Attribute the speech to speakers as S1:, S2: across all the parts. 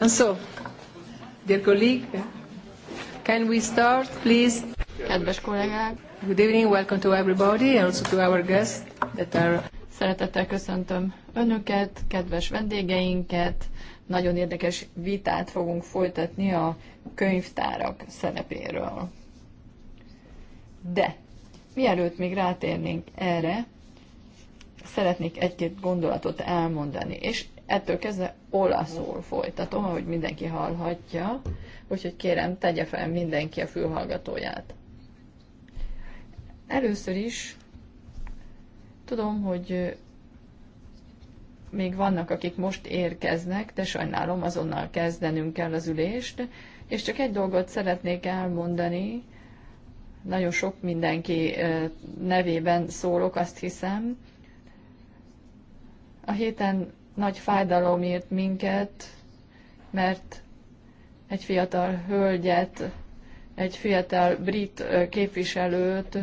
S1: And so, dear colleague, can we start, please? Kedves kollégák! Good evening, welcome to everybody, and also to our guests that are... Szeretettel köszöntöm Önöket, kedves vendégeinket. Nagyon érdekes vitát fogunk folytatni a könyvtárak szerepéről. De mielőtt még rátérnénk erre, szeretnék egy-két gondolatot elmondani, és Ettől kezdve olaszul folytatom, ahogy mindenki hallhatja, úgyhogy kérem, tegye fel mindenki a fülhallgatóját. Először is tudom, hogy még vannak, akik most érkeznek, de sajnálom, azonnal kezdenünk kell az ülést, és csak egy dolgot szeretnék elmondani, nagyon sok mindenki nevében szólok, azt hiszem. A héten nagy fájdalom írt minket, mert egy fiatal hölgyet, egy fiatal brit képviselőt,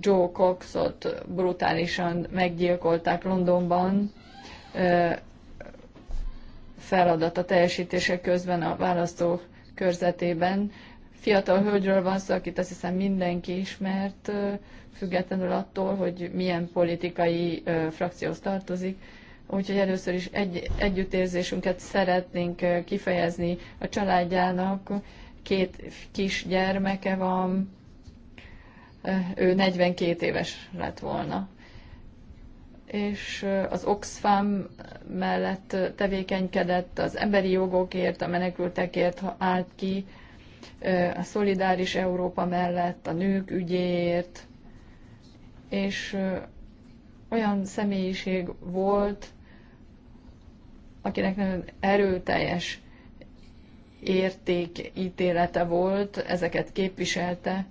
S1: Joe Coxot brutálisan meggyilkolták Londonban feladata teljesítése közben a választó körzetében. Fiatal hölgyről van szó, akit azt hiszem mindenki ismert, függetlenül attól, hogy milyen politikai frakcióhoz tartozik Úgyhogy először is egy, együttérzésünket szeretnénk kifejezni a családjának. Két kis gyermeke van, ő 42 éves lett volna. És az Oxfam mellett tevékenykedett, az emberi jogokért, a menekültekért állt ki, a szolidáris Európa mellett, a nők ügyéért, és olyan személyiség volt, akinek nagyon erőteljes értékítélete volt, ezeket képviselte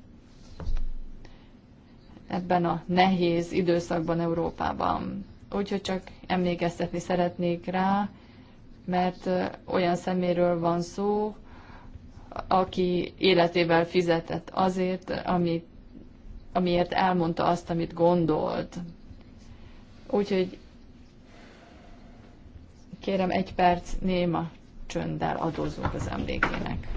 S1: ebben a nehéz időszakban Európában. Úgyhogy csak emlékeztetni szeretnék rá, mert olyan szeméről van szó, aki életével fizetett azért, ami, amiért elmondta azt, amit gondolt. Úgyhogy Kérem, egy perc néma csönddel adózzunk az emlékének.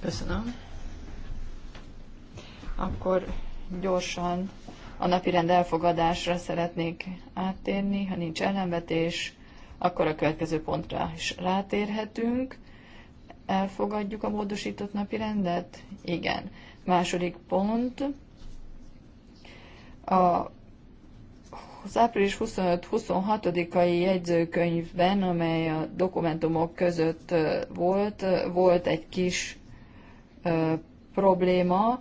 S1: Köszönöm. Akkor gyorsan a rend elfogadásra szeretnék áttérni, ha nincs ellenvetés, akkor a következő pontra is rátérhetünk. Elfogadjuk a módosított napi rendet? Igen. Második pont. A az április 25-26-ai jegyzőkönyvben, amely a dokumentumok között volt, volt egy kis probléma,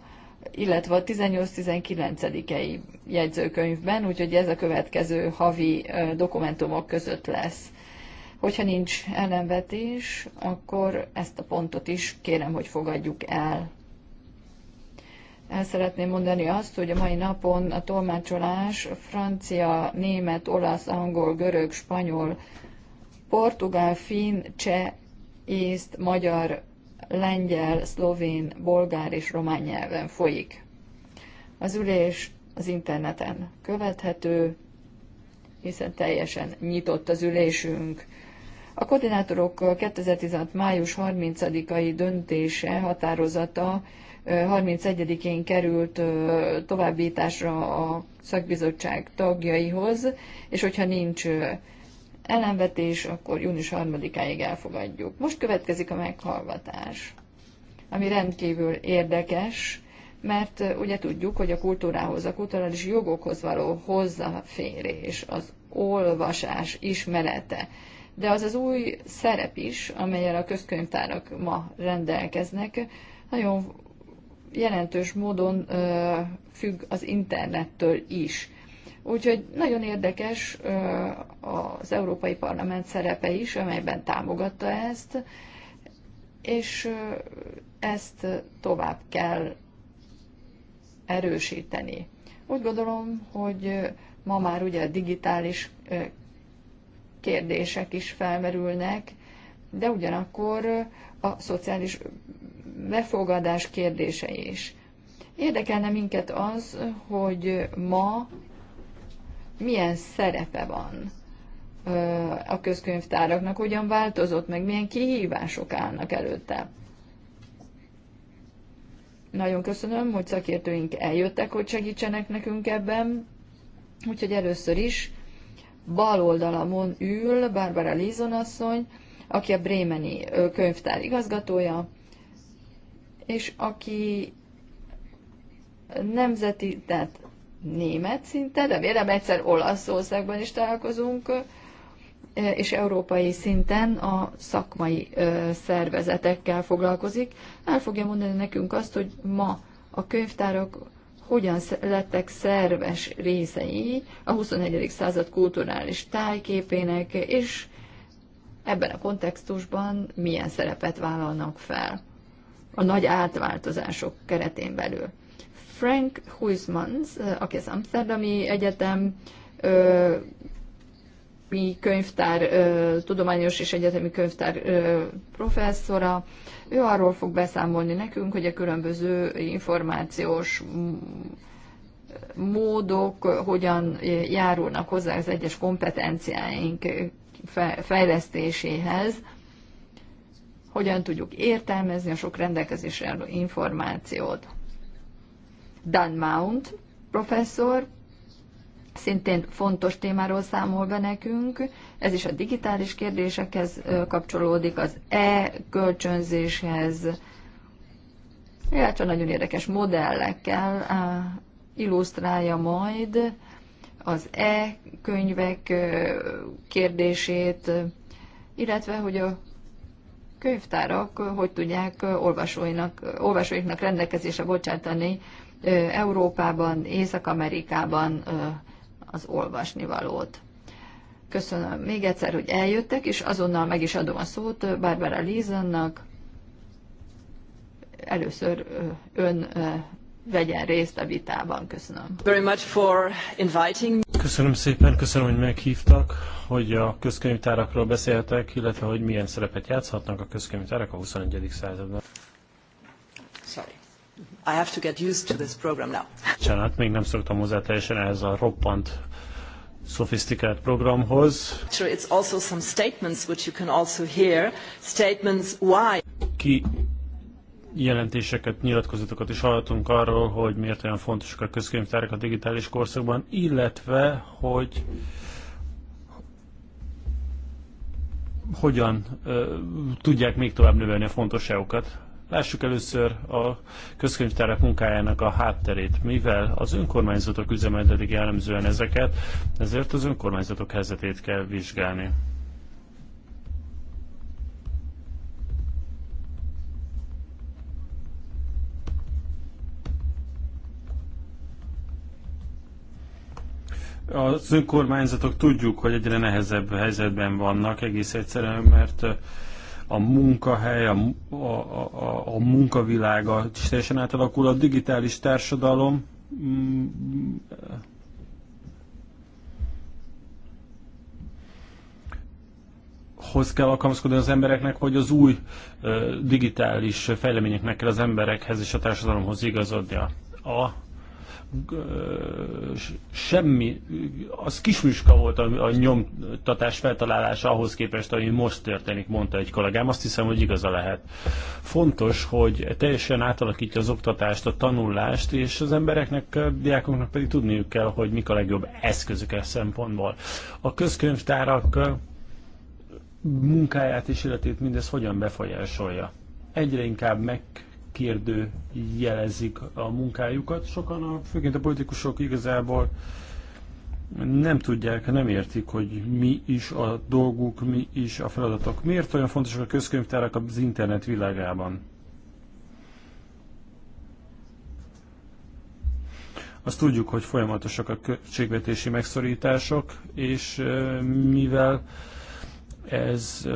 S1: illetve a 18-19-ei jegyzőkönyvben, úgyhogy ez a következő havi dokumentumok között lesz. Hogyha nincs ellenvetés, akkor ezt a pontot is kérem, hogy fogadjuk el. El szeretném mondani azt, hogy a mai napon a tolmácsolás francia, német, olasz, angol, görög, spanyol, portugál, finn, cseh, észt, magyar, lengyel, szlovén, bolgár és román nyelven folyik. Az ülés az interneten követhető, hiszen teljesen nyitott az ülésünk. A koordinátorok 2016. május 30-ai döntése, határozata 31-én került továbbításra a szakbizottság tagjaihoz, és hogyha nincs ellenvetés, akkor június 3-áig elfogadjuk. Most következik a meghallgatás, ami rendkívül érdekes, mert ugye tudjuk, hogy a kultúrához, a kulturális jogokhoz való hozzáférés, az olvasás ismerete, de az az új szerep is, amelyel a közkönyvtárak ma rendelkeznek, nagyon jelentős módon függ az internettől is. Úgyhogy nagyon érdekes az Európai Parlament szerepe is, amelyben támogatta ezt, és ezt tovább kell erősíteni. Úgy gondolom, hogy ma már ugye a digitális kérdések is felmerülnek, de ugyanakkor a szociális befogadás kérdése is. Érdekelne minket az, hogy ma milyen szerepe van a közkönyvtáraknak, hogyan változott meg, milyen kihívások állnak előtte. Nagyon köszönöm, hogy szakértőink eljöttek, hogy segítsenek nekünk ebben. Úgyhogy először is bal oldalamon ül Barbara Lizon asszony, aki a Brémeni könyvtár igazgatója, és aki nemzeti, tehát német szinten, de remélem egyszer Olaszországban is találkozunk, és európai szinten a szakmai szervezetekkel foglalkozik. El fogja mondani nekünk azt, hogy ma a könyvtárak hogyan lettek szerves részei a 21. század kulturális tájképének, és ebben a kontextusban milyen szerepet vállalnak fel a nagy átváltozások keretén belül. Frank Huismans aki az Amsterdami Egyetem mi könyvtár, tudományos és egyetemi könyvtár professzora, ő arról fog beszámolni nekünk, hogy a különböző információs módok hogyan járulnak hozzá az egyes kompetenciáink fejlesztéséhez hogyan tudjuk értelmezni a sok rendelkezésre álló információt. Dan Mount professzor szintén fontos témáról számol be nekünk, ez is a digitális kérdésekhez kapcsolódik, az e-kölcsönzéshez, illetve nagyon érdekes modellekkel illusztrálja majd az e-könyvek kérdését, illetve hogy a könyvtárak hogy tudják olvasóinak, olvasóiknak rendelkezésre bocsátani Európában, Észak-Amerikában az olvasnivalót. Köszönöm még egyszer, hogy eljöttek, és azonnal meg is adom a szót Barbara Leasonnak. Először ön vegyen részt a
S2: vitában. Köszönöm. Very much for inviting.
S3: Köszönöm szépen, köszönöm, hogy meghívtak, hogy a közkönyvtárakról beszélhetek, illetve hogy milyen szerepet játszhatnak a közkönyvtárak a 21. században.
S2: Sorry. I have to get used to this program now.
S3: Csánat, még nem szoktam hozzá teljesen ehhez a roppant szofisztikált programhoz.
S2: It's also some statements which you can also hear, statements why.
S3: Ki jelentéseket, nyilatkozatokat is hallottunk arról, hogy miért olyan fontosak a közkönyvtárak a digitális korszakban, illetve, hogy hogyan ö, tudják még tovább növelni a fontosságukat. Lássuk először a közkönyvtárak munkájának a hátterét, mivel az önkormányzatok üzemeltetik jellemzően ezeket, ezért az önkormányzatok helyzetét kell vizsgálni. Az önkormányzatok tudjuk, hogy egyre nehezebb helyzetben vannak egész egyszerűen, mert eh, a munkahely, a, a, a, a munkavilága is teljesen átalakul, a digitális társadalom mm, eh, hoz kell alkalmazkodni az embereknek, hogy az új eh, digitális fejleményeknek kell az emberekhez és a társadalomhoz igazodnia. A semmi, az kismüska volt a, a nyomtatás feltalálása ahhoz képest, ami most történik, mondta egy kollégám. Azt hiszem, hogy igaza lehet. Fontos, hogy teljesen átalakítja az oktatást, a tanulást, és az embereknek, a diákoknak pedig tudniuk kell, hogy mik a legjobb eszközök ezt szempontból. A közkönyvtárak munkáját és életét mindez hogyan befolyásolja? Egyre inkább meg kérdő jelezik a munkájukat. Sokan, a, főként a politikusok igazából nem tudják, nem értik, hogy mi is a dolguk, mi is a feladatok. Miért olyan fontosak a közkönyvtárak az internet világában? Azt tudjuk, hogy folyamatosak a költségvetési megszorítások, és mivel ez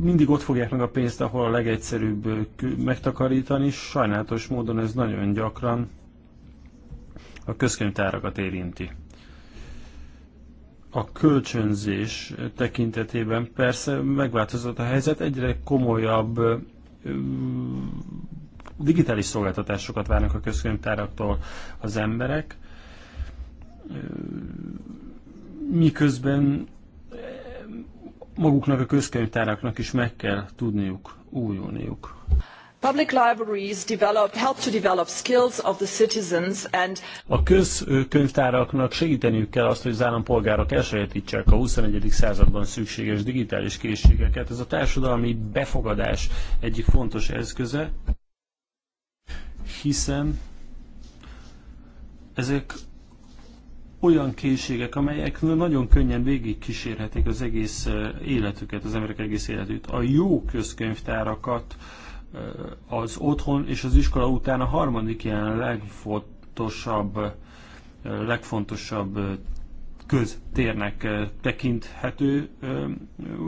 S3: mindig ott fogják meg a pénzt, ahol a legegyszerűbb eh, megtakarítani. Sajnálatos módon ez nagyon gyakran a közkönyvtárakat érinti. A kölcsönzés tekintetében persze megváltozott a helyzet, egyre komolyabb eh, digitális szolgáltatásokat várnak a közkönyvtáraktól az emberek, eh, miközben maguknak a közkönyvtáraknak is meg kell tudniuk újulniuk.
S2: Public libraries develop, help to develop skills of the citizens and
S3: a közkönyvtáraknak segíteniük kell azt, hogy az állampolgárok elsajátítsák a 21. században szükséges digitális készségeket. Ez a társadalmi befogadás egyik fontos eszköze, hiszen ezek olyan készségek, amelyek nagyon könnyen végigkísérhetik az egész életüket, az emberek egész életét. A jó közkönyvtárakat az otthon és az iskola után a harmadik ilyen legfontosabb, legfontosabb köztérnek tekinthető.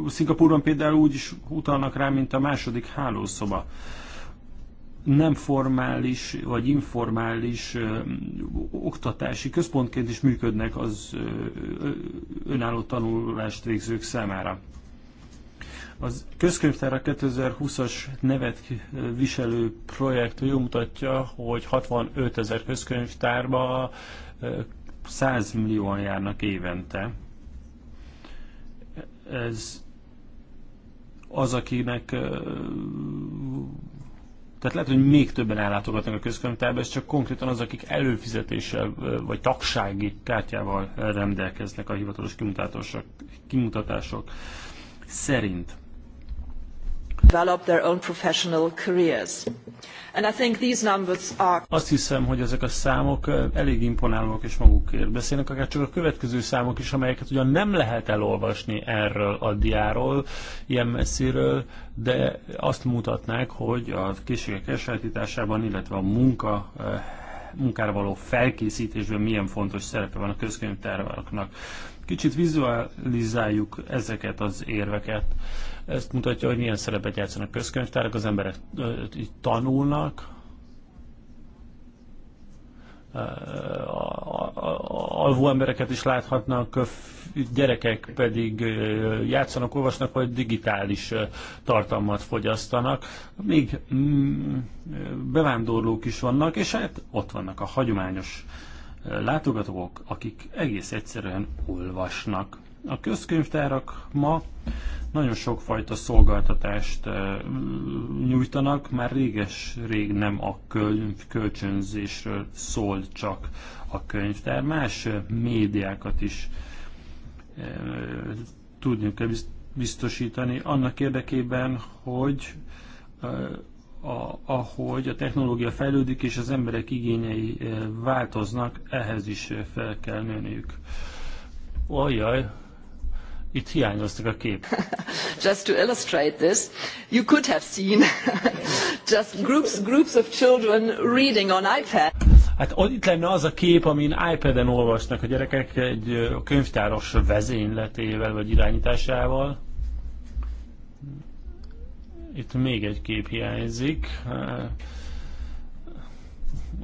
S3: Szingapúron például úgy is utalnak rá, mint a második hálószoba nem formális vagy informális ö, oktatási központként is működnek az ö, ö, önálló tanulást végzők számára. Az közkönyvtár a 2020-as nevet viselő projekt jól mutatja, hogy 65 ezer közkönyvtárba 100 millióan járnak évente. Ez az, akinek tehát lehet, hogy még többen ellátogatnak a közkönyvtárba, ez csak konkrétan az, akik előfizetéssel vagy tagsági kártyával rendelkeznek a hivatalos kimutatások, kimutatások szerint
S2: develop their own professional careers. And I think these numbers are...
S3: Azt hiszem, hogy ezek a számok elég imponálóak és magukért beszélnek, akár csak a következő számok is, amelyeket ugyan nem lehet elolvasni erről a diáról, ilyen messziről, de azt mutatnák, hogy a készségek elsajátításában, illetve a munka munkára való felkészítésben milyen fontos szerepe van a közkönyvtároknak. Kicsit vizualizáljuk ezeket az érveket. Ezt mutatja, hogy milyen szerepet játszanak közkönyvtárak, az emberek tanulnak, alvó embereket is láthatnak, gyerekek pedig játszanak, olvasnak, vagy digitális tartalmat fogyasztanak. Még mm, bevándorlók is vannak, és hát ott vannak a hagyományos látogatók, akik egész egyszerűen olvasnak. A közkönyvtárak ma nagyon sokfajta szolgáltatást nyújtanak, már réges-rég nem a könyv kölcsönzésről szól csak a könyvtár, más médiákat is tudjuk kell biztosítani annak érdekében, hogy a, ahogy a technológia fejlődik és az emberek igényei változnak, ehhez is fel kell nőniük. Ojjaj, itt hiányoztak a kép.
S2: Just to illustrate this, you could have seen just groups, groups of children reading on iPad.
S3: Hát itt lenne az a kép, amin iPad-en olvasnak a gyerekek egy könyvtáros vezényletével vagy irányításával. Itt még egy kép hiányzik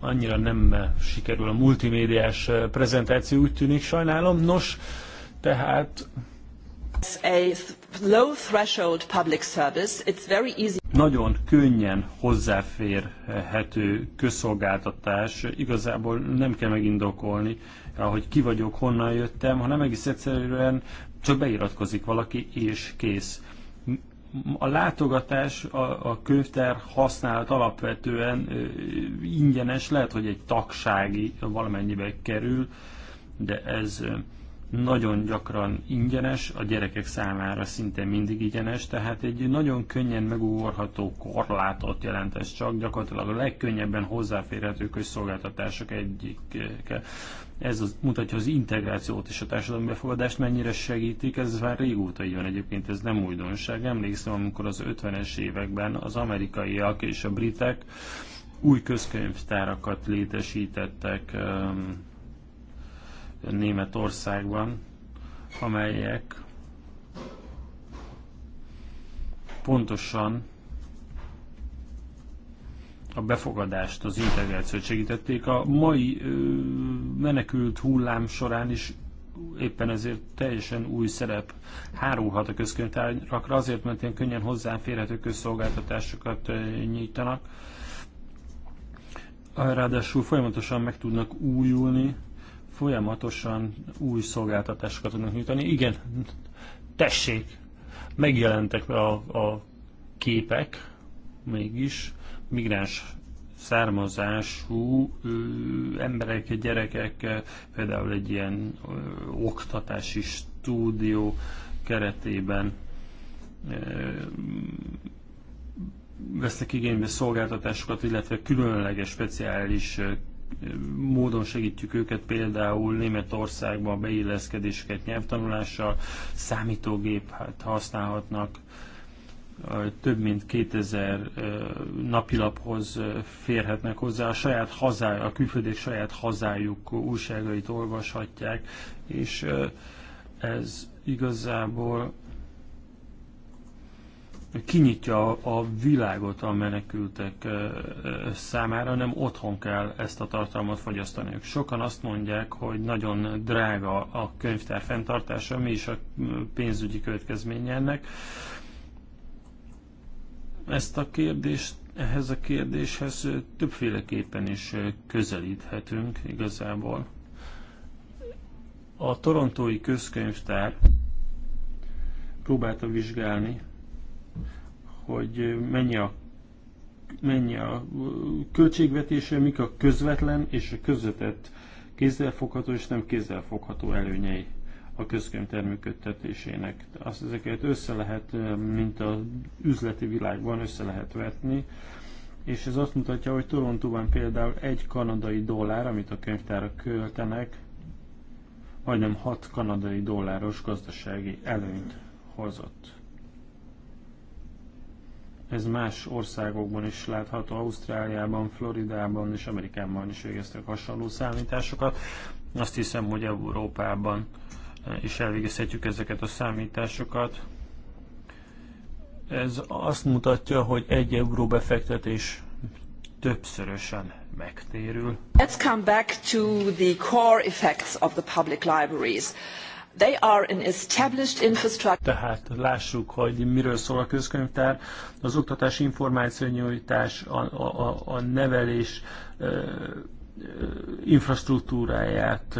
S3: annyira nem sikerül a multimédiás prezentáció, úgy tűnik,
S2: sajnálom. Nos, tehát
S3: nagyon könnyen hozzáférhető közszolgáltatás, igazából nem kell megindokolni, hogy ki vagyok, honnan jöttem, hanem egész egyszerűen csak beiratkozik valaki, és kész. A látogatás, a, a könyvtár használat alapvetően ingyenes, lehet, hogy egy tagsági valamennyibe kerül, de ez nagyon gyakran ingyenes, a gyerekek számára szinte mindig ingyenes, tehát egy nagyon könnyen megugorható korlátot jelent ez csak, gyakorlatilag a legkönnyebben hozzáférhető közszolgáltatások egyik. Ez az, mutatja az integrációt és a társadalmi befogadást, mennyire segítik, ez már régóta így van egyébként, ez nem újdonság. Emlékszem, amikor az 50-es években az amerikaiak és a britek új közkönyvtárakat létesítettek, um, Németországban, amelyek pontosan a befogadást, az integrációt segítették. A mai menekült hullám során is éppen ezért teljesen új szerep hárulhat a közkönyvtárakra, azért, mert ilyen könnyen hozzáférhető közszolgáltatásokat nyítanak. Ráadásul folyamatosan meg tudnak újulni, folyamatosan új szolgáltatásokat tudnak nyújtani. Igen, tessék, megjelentek a, a képek, mégis migráns származású ö, emberek, gyerekek, például egy ilyen ö, oktatási stúdió keretében ö, vesznek igénybe szolgáltatásokat, illetve különleges, speciális módon segítjük őket, például Németországban beilleszkedéseket nyelvtanulással, számítógép hát, használhatnak, több mint 2000 napilaphoz férhetnek hozzá, a, saját hazája a külföldiek saját hazájuk újságait olvashatják, és ez igazából kinyitja a világot a menekültek számára, nem otthon kell ezt a tartalmat fogyasztaniuk. Sokan azt mondják, hogy nagyon drága a könyvtár fenntartása, mi is a pénzügyi következménye ennek. Ezt a kérdést, ehhez a kérdéshez többféleképpen is közelíthetünk igazából. A torontói közkönyvtár próbálta vizsgálni hogy mennyi a, mennyi a költségvetése, mik a közvetlen és a közvetett kézzelfogható és nem kézzelfogható előnyei a közkönyvtár működtetésének. Azt ezeket össze lehet, mint az üzleti világban össze lehet vetni, és ez azt mutatja, hogy Torontóban például egy kanadai dollár, amit a könyvtárak költenek, majdnem 6 kanadai dolláros gazdasági előnyt hozott. Ez más országokban is látható, Ausztráliában, Floridában és Amerikában is végeztek hasonló számításokat. Azt hiszem, hogy Európában eh, is elvégezhetjük ezeket a számításokat. Ez azt mutatja, hogy egy euró befektetés többszörösen
S2: megtérül. Let's come back to the core effects of the public libraries. They are an established infrastructure. Tehát lássuk, hogy miről szól
S3: a közkönyvtár. Az oktatási információnyújtás, a, a, a nevelés ö, infrastruktúráját,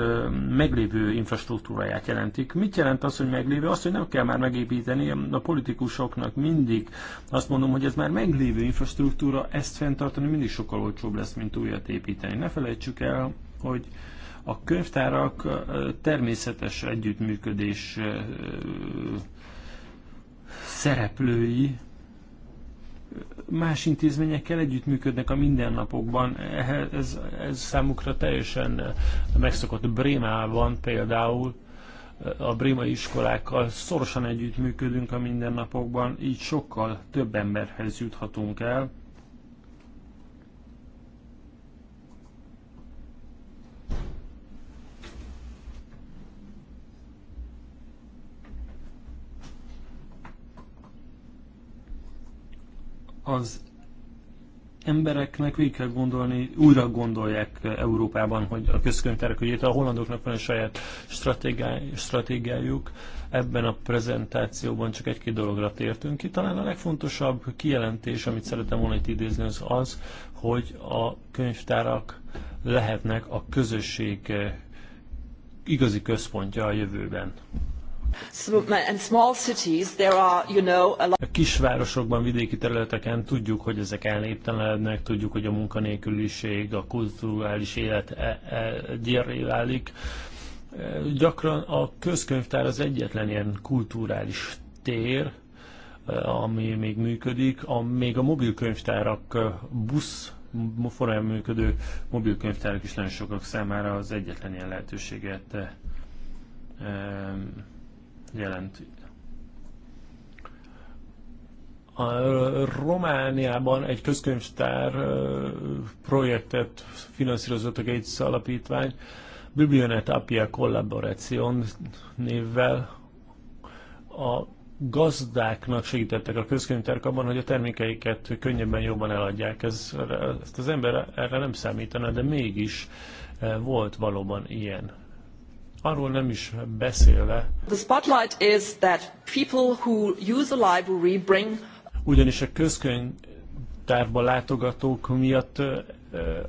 S3: meglévő infrastruktúráját jelentik. Mit jelent az, hogy meglévő? Azt, hogy nem kell már megépíteni. A politikusoknak mindig azt mondom, hogy ez már meglévő infrastruktúra, ezt fenntartani mindig sokkal olcsóbb lesz, mint újat építeni. Ne felejtsük el, hogy a könyvtárak természetes együttműködés szereplői más intézményekkel együttműködnek a mindennapokban. Ez, ez számukra teljesen megszokott Brémában például a brémai iskolákkal szorosan együttműködünk a mindennapokban, így sokkal több emberhez juthatunk el. az embereknek végig kell gondolni, újra gondolják Európában, hogy a közkönyvtárak itt A hollandoknak van a saját stratégiájuk. Ebben a prezentációban csak egy-két dologra tértünk ki. Talán a legfontosabb kijelentés, amit szeretem volna itt idézni, az az, hogy a könyvtárak lehetnek a közösség eh, igazi központja a jövőben. A kisvárosokban, vidéki területeken tudjuk, hogy ezek elnéptelenednek, tudjuk, hogy a munkanélküliség, a kulturális élet e- e- gyérré válik. E, gyakran a közkönyvtár az egyetlen ilyen kulturális tér, ami még működik. A, még a mobilkönyvtárak busz forrán működő mobilkönyvtárak is nagyon sokak számára az egyetlen ilyen lehetőséget jelent. A Romániában egy közkönyvtár projektet finanszírozott a Gates alapítvány, Biblionet Apia Collaboration névvel a gazdáknak segítettek a közkönyvtárk abban, hogy a termékeiket könnyebben, jobban eladják. Ez, ezt az ember erre nem számítana, de mégis eh, volt valóban ilyen Arról nem is beszélve.
S2: The spotlight is that people who use a library bring
S3: ugyanis a közkönyvtárba látogatók miatt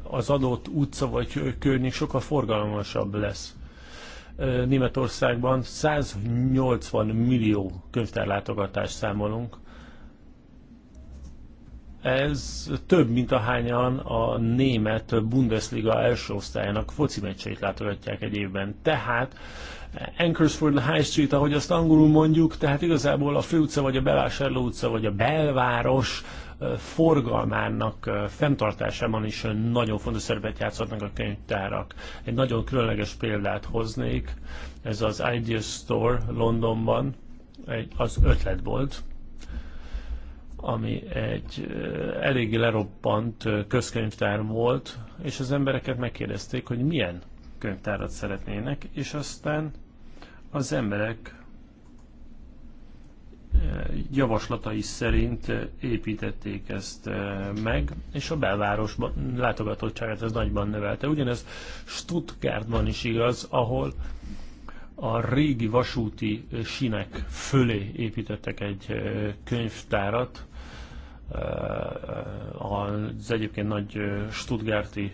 S3: az adott utca vagy környék sokkal forgalmasabb lesz. Németországban 180 millió könyvtárlátogatást számolunk, ez több, mint ahányan a német Bundesliga első osztályának foci meccseit látogatják egy évben. Tehát eh, the High Street, ahogy azt angolul mondjuk, tehát igazából a főutca, vagy a bevásárló utca, vagy a belváros eh, forgalmának eh, fenntartásában is nagyon fontos szerepet játszhatnak a könyvtárak. Egy nagyon különleges példát hoznék, ez az Idea Store Londonban, egy, az ötletbolt, ami egy eléggé leroppant közkönyvtár volt, és az embereket megkérdezték, hogy milyen könyvtárat szeretnének, és aztán az emberek javaslatai szerint építették ezt meg, és a belvárosban látogatottságát ez nagyban növelte. Ugyanez Stuttgartban is igaz, ahol a régi vasúti sinek fölé építettek egy könyvtárat, az egyébként nagy Stuttgarti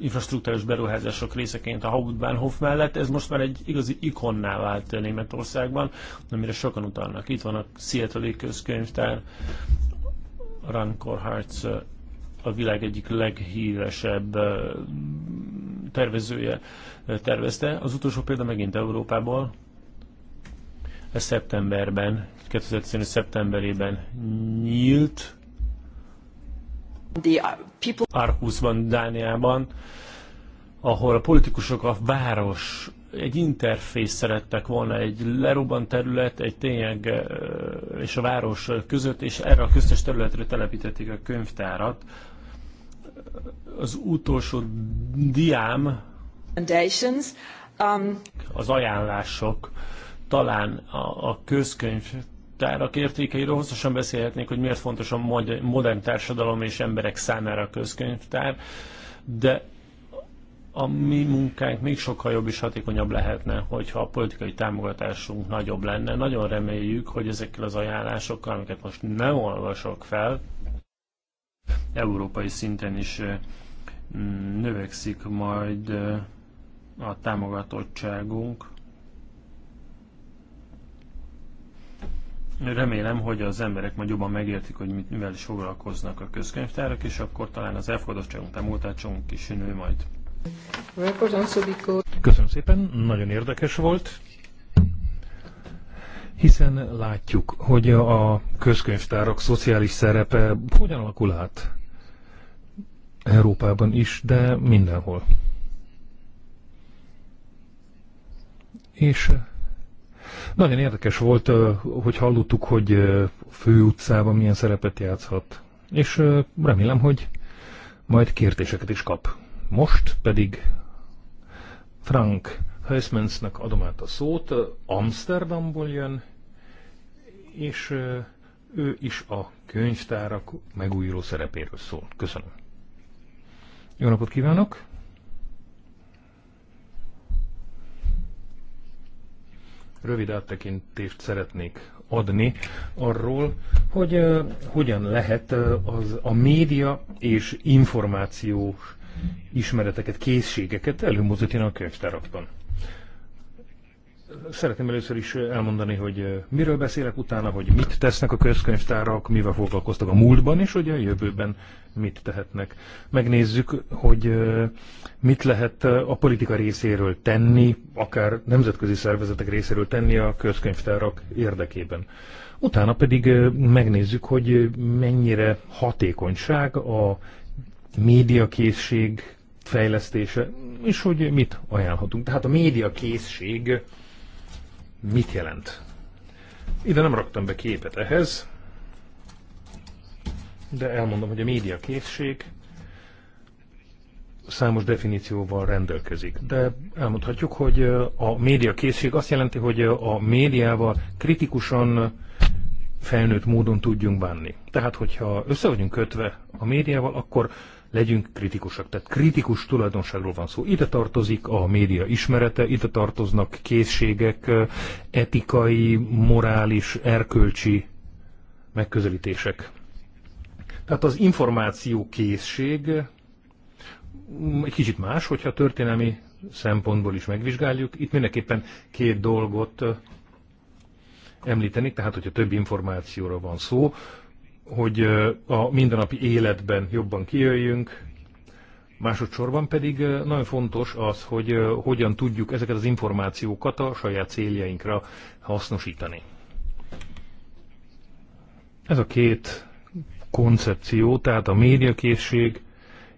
S3: infrastruktúrás beruházások részeként a Hauptbahnhof mellett, ez most már egy igazi ikonná vált Németországban, amire sokan utalnak. Itt van a Seattle-i közkönyvtár, Rankor Hartz a világ egyik leghíresebb tervezője tervezte. Az utolsó példa megint Európából, ez szeptemberben, 2015. szeptemberében nyílt. Uh, Arkuszban, Dániában, ahol a politikusok a város egy interfész szerettek volna, egy lerobban terület, egy tényleg és a város között, és erre a köztes területre telepítették a könyvtárat. Az utolsó diám um, az ajánlások talán a, a tárak értékeiről hosszasan beszélhetnék, hogy miért fontos a modern társadalom és emberek számára a közkönyvtár, de a mi munkánk még sokkal jobb és hatékonyabb lehetne, hogyha a politikai támogatásunk nagyobb lenne. Nagyon reméljük, hogy ezekkel az ajánlásokkal, amiket most nem olvasok fel, európai szinten is növekszik majd a támogatottságunk. Remélem, hogy az emberek majd jobban megértik, hogy mit, mivel is foglalkoznak a közkönyvtárak, és akkor talán az elfogadottságunk, támoltátságunk is nő majd.
S4: Köszönöm szépen, nagyon érdekes volt, hiszen látjuk, hogy a közkönyvtárak szociális szerepe hogyan alakul át Európában is, de mindenhol. És nagyon érdekes volt, hogy hallottuk, hogy a főutcában milyen szerepet játszhat. És remélem, hogy majd kérdéseket is kap. Most pedig Frank Heismansnak adom át a szót, Amsterdamból jön, és ő is a könyvtárak megújuló szerepéről szól. Köszönöm. Jó napot kívánok! rövid áttekintést szeretnék adni arról, hogy uh, hogyan lehet az, a média és információ ismereteket, készségeket előmozdítani a könyvtárakban. Szeretném először is elmondani, hogy miről beszélek utána, hogy mit tesznek a közkönyvtárak, mivel foglalkoztak a múltban, és hogy a jövőben mit tehetnek. Megnézzük, hogy mit lehet a politika részéről tenni, akár nemzetközi szervezetek részéről tenni a közkönyvtárak érdekében. Utána pedig megnézzük, hogy mennyire hatékonyság a médiakészség fejlesztése, és hogy mit ajánlhatunk. Tehát a médiakészség mit jelent. Ide nem raktam be képet ehhez, de elmondom, hogy a média készség számos definícióval rendelkezik. De elmondhatjuk, hogy a média készség azt jelenti, hogy a médiával kritikusan felnőtt módon tudjunk bánni. Tehát, hogyha össze vagyunk kötve a médiával, akkor legyünk kritikusak. Tehát kritikus tulajdonságról van szó. Ide tartozik a média ismerete, ide tartoznak készségek, etikai, morális, erkölcsi megközelítések. Tehát az információ készség mm, egy kicsit más, hogyha történelmi szempontból is megvizsgáljuk. Itt mindenképpen két dolgot említeni, tehát hogyha több információra van szó, hogy a mindennapi életben jobban kijöjjünk, másodszorban pedig nagyon fontos az, hogy hogyan tudjuk ezeket az információkat a saját céljainkra hasznosítani. Ez a két koncepció, tehát a médiakészség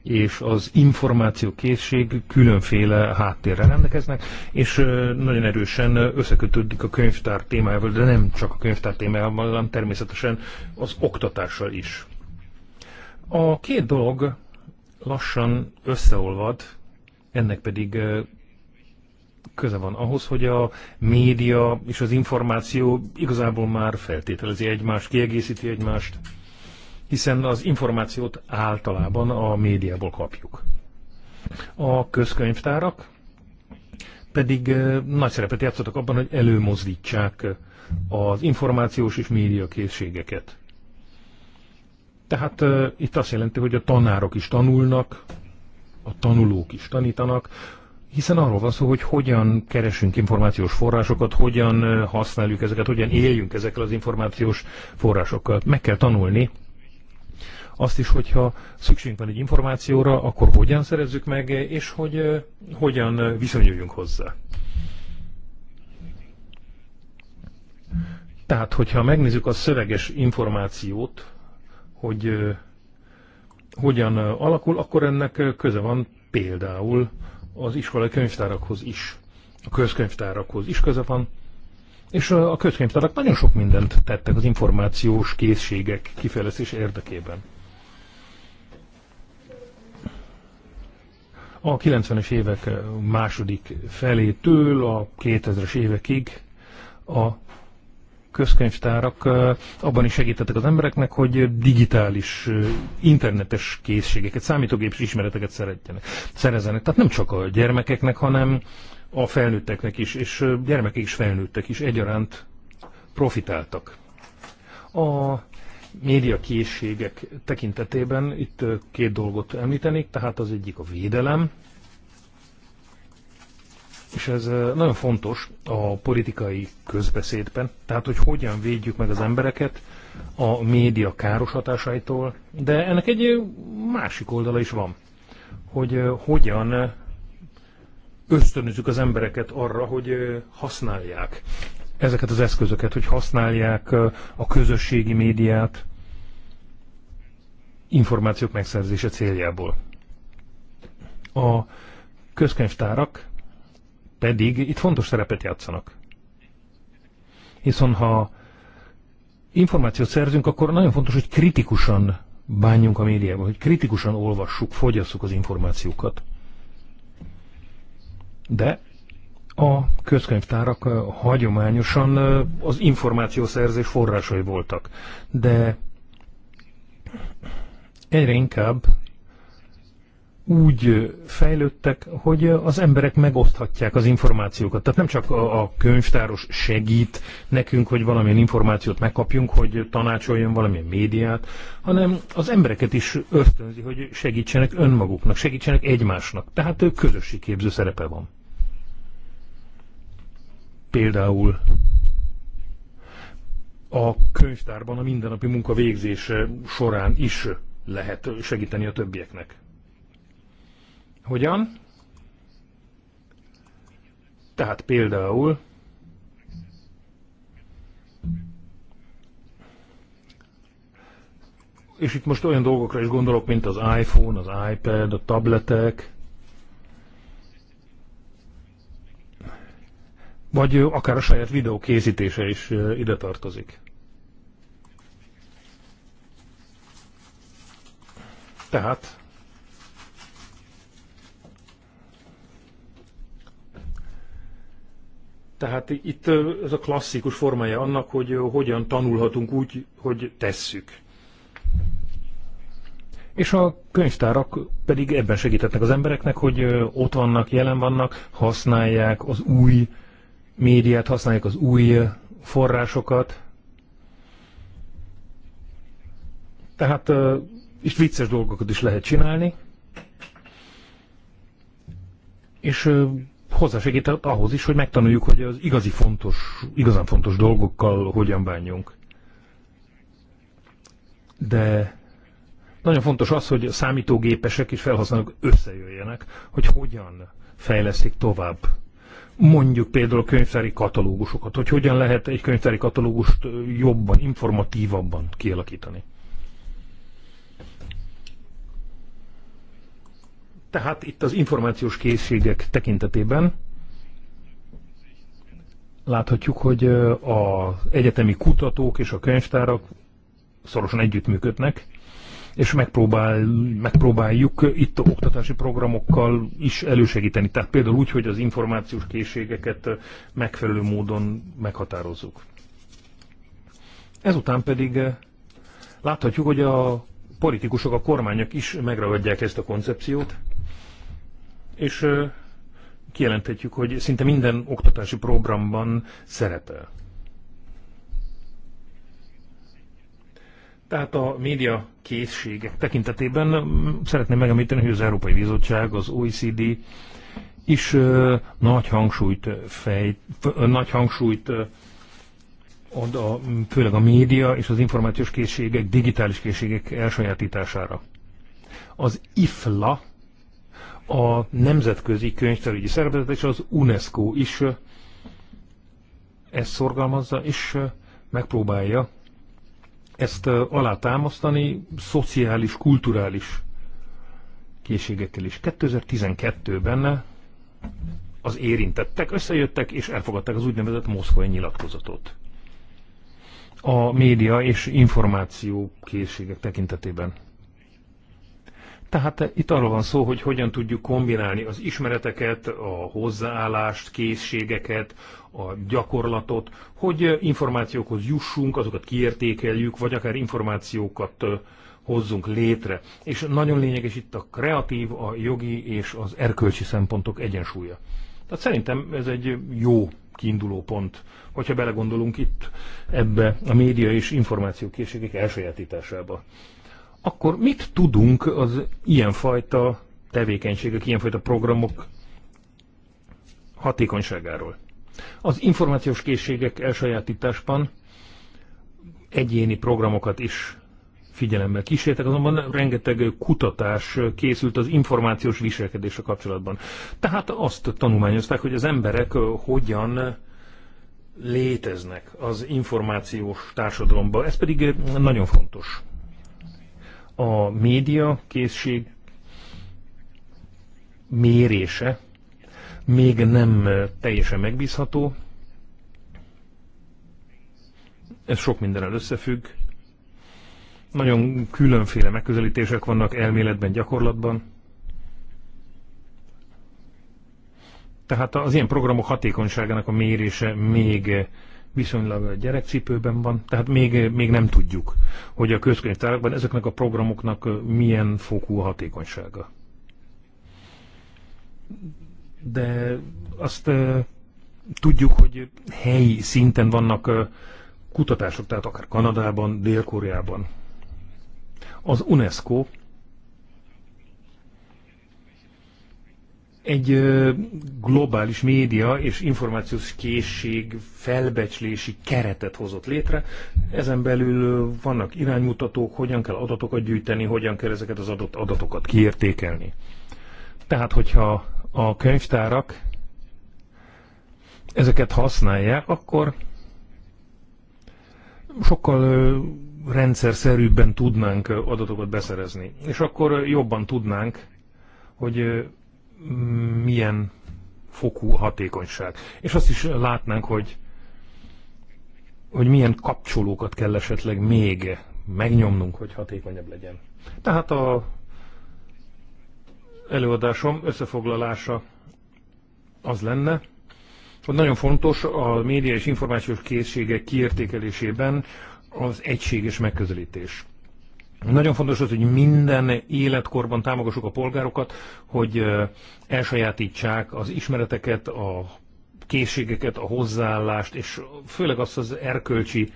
S4: és az információ készség különféle háttérre rendelkeznek, és nagyon erősen összekötődik a könyvtár témájával, de nem csak a könyvtár témájával, hanem természetesen az oktatással is. A két dolog lassan összeolvad, ennek pedig köze van ahhoz, hogy a média és az információ igazából már feltételezi egymást, kiegészíti egymást hiszen az információt általában a médiából kapjuk. A közkönyvtárak pedig nagy szerepet játszottak abban, hogy előmozdítsák az információs és média készségeket. Tehát uh, itt azt jelenti, hogy a tanárok is tanulnak, a tanulók is tanítanak, hiszen arról van szó, hogy hogyan keresünk információs forrásokat, hogyan használjuk ezeket, hogyan éljünk ezekkel az információs forrásokkal. Meg kell tanulni azt is, hogyha szükségünk van egy információra, akkor hogyan szerezzük meg, és hogy hogyan viszonyuljunk hozzá. Tehát, hogyha megnézzük a szöveges információt, hogy hogyan alakul, akkor ennek köze van például az iskolai könyvtárakhoz is, a közkönyvtárakhoz is köze van, és a közkönyvtárak nagyon sok mindent tettek az információs készségek kifejlesztés érdekében. A 90-es évek második felétől a 2000-es évekig a közkönyvtárak abban is segítettek az embereknek, hogy digitális, internetes készségeket, számítógépes ismereteket szeretjenek, szerezzenek. Tehát nem csak a gyermekeknek, hanem a felnőtteknek is, és gyermekek is, felnőttek is egyaránt profitáltak. A média készségek tekintetében itt két dolgot említenék, tehát az egyik a védelem, és ez nagyon fontos a politikai közbeszédben, tehát hogy hogyan védjük meg az embereket a média káros hatásaitól, de ennek egy másik oldala is van, hogy hogyan ösztönözzük az embereket arra, hogy használják ezeket az eszközöket, hogy használják a közösségi médiát információk megszerzése céljából. A közkönyvtárak pedig itt fontos szerepet játszanak. Hiszen ha információt szerzünk, akkor nagyon fontos, hogy kritikusan bánjunk a médiában, hogy kritikusan olvassuk, fogyasszuk az információkat. De a közkönyvtárak hagyományosan az információszerzés forrásai voltak, de egyre inkább úgy fejlődtek, hogy az emberek megoszthatják az információkat. Tehát nem csak a könyvtáros segít nekünk, hogy valamilyen információt megkapjunk, hogy tanácsoljon valamilyen médiát, hanem az embereket is ösztönzi, hogy segítsenek önmaguknak, segítsenek egymásnak. Tehát közösségképző szerepe van. Például a könyvtárban a mindennapi munka végzése során is lehet segíteni a többieknek. Hogyan? Tehát például és itt most olyan dolgokra is gondolok, mint az iPhone, az iPad, a tabletek, Vagy akár a saját videó készítése is ide tartozik. Tehát Tehát itt ez a klasszikus formája annak, hogy hogyan tanulhatunk úgy, hogy tesszük. És a könyvtárak pedig ebben segítetnek az embereknek, hogy ott vannak, jelen vannak, használják az új médiát, használják az új forrásokat. Tehát és vicces dolgokat is lehet csinálni. És hozzásegít ahhoz is, hogy megtanuljuk, hogy az igazi fontos, igazán fontos dolgokkal hogyan bánjunk. De nagyon fontos az, hogy a számítógépesek és felhasználók összejöjjenek, hogy hogyan fejleszik tovább mondjuk például a könyvtári katalógusokat, hogy hogyan lehet egy könyvtári katalógust jobban, informatívabban kialakítani. Tehát itt az információs készségek tekintetében láthatjuk, hogy az egyetemi kutatók és a könyvtárak szorosan együttműködnek, és megpróbál, megpróbáljuk itt a oktatási programokkal is elősegíteni. Tehát például úgy, hogy az információs készségeket megfelelő módon meghatározzuk. Ezután pedig eh, láthatjuk, hogy a politikusok, a kormányok is megragadják ezt a koncepciót, és eh, kijelenthetjük, hogy szinte minden oktatási programban szerepel. Tehát a média készségek tekintetében mm, szeretném megemlíteni, hogy az Európai Bizottság, az OECD is ö, nagy hangsúlyt, fejt, ö, nagy hangsúlyt ö, ad a, főleg a média és az információs készségek, digitális készségek elsajátítására. Az IFLA, a Nemzetközi Könyvtárügyi Szervezet és az UNESCO is ezt szorgalmazza, és megpróbálja ezt alátámasztani szociális, kulturális készségekkel is. 2012-ben az érintettek összejöttek és elfogadták az úgynevezett moszkvai nyilatkozatot. A média és információ készségek tekintetében. Tehát itt arról van szó, hogy hogyan tudjuk kombinálni az ismereteket, a hozzáállást, készségeket, a gyakorlatot, hogy információkhoz jussunk, azokat kiértékeljük, vagy akár információkat hozzunk létre. És nagyon lényeges itt a kreatív, a jogi és az erkölcsi szempontok egyensúlya. Tehát szerintem ez egy jó kiinduló pont, hogyha belegondolunk itt ebbe a média és információkészségek elsajátításába akkor mit tudunk az ilyenfajta tevékenységek, ilyenfajta programok hatékonyságáról? Az információs készségek elsajátításban egyéni programokat is figyelemmel kísértek, azonban rengeteg kutatás készült az információs viselkedésre kapcsolatban. Tehát azt tanulmányozták, hogy az emberek hogyan léteznek az információs társadalomban. Ez pedig nagyon fontos a média készség mérése még nem teljesen megbízható. Ez sok mindenrel összefügg. Nagyon különféle megközelítések vannak elméletben, gyakorlatban. Tehát az ilyen programok hatékonyságának a mérése még viszonylag a gyerekcipőben van, tehát még, még nem tudjuk, hogy a közkönyvtárakban ezeknek a programoknak milyen fokú a hatékonysága. De azt tudjuk, hogy helyi szinten vannak kutatások, tehát akár Kanadában, Dél-Koreában. Az UNESCO egy globális média és információs készség felbecslési keretet hozott létre. Ezen belül vannak iránymutatók, hogyan kell adatokat gyűjteni, hogyan kell ezeket az adott adatokat kiértékelni. Tehát, hogyha a könyvtárak ezeket használják, akkor sokkal rendszer szerűbben tudnánk adatokat beszerezni. És akkor jobban tudnánk, hogy milyen fokú hatékonyság. És azt is látnánk, hogy, hogy milyen kapcsolókat kell esetleg még megnyomnunk, hogy hatékonyabb legyen. Tehát a előadásom összefoglalása az lenne, hogy nagyon fontos a média és információs készségek kiértékelésében az egységes megközelítés. Nagyon fontos az, hogy minden életkorban támogassuk a polgárokat, hogy elsajátítsák az ismereteket, a készségeket, a hozzáállást, és főleg azt az erkölcsi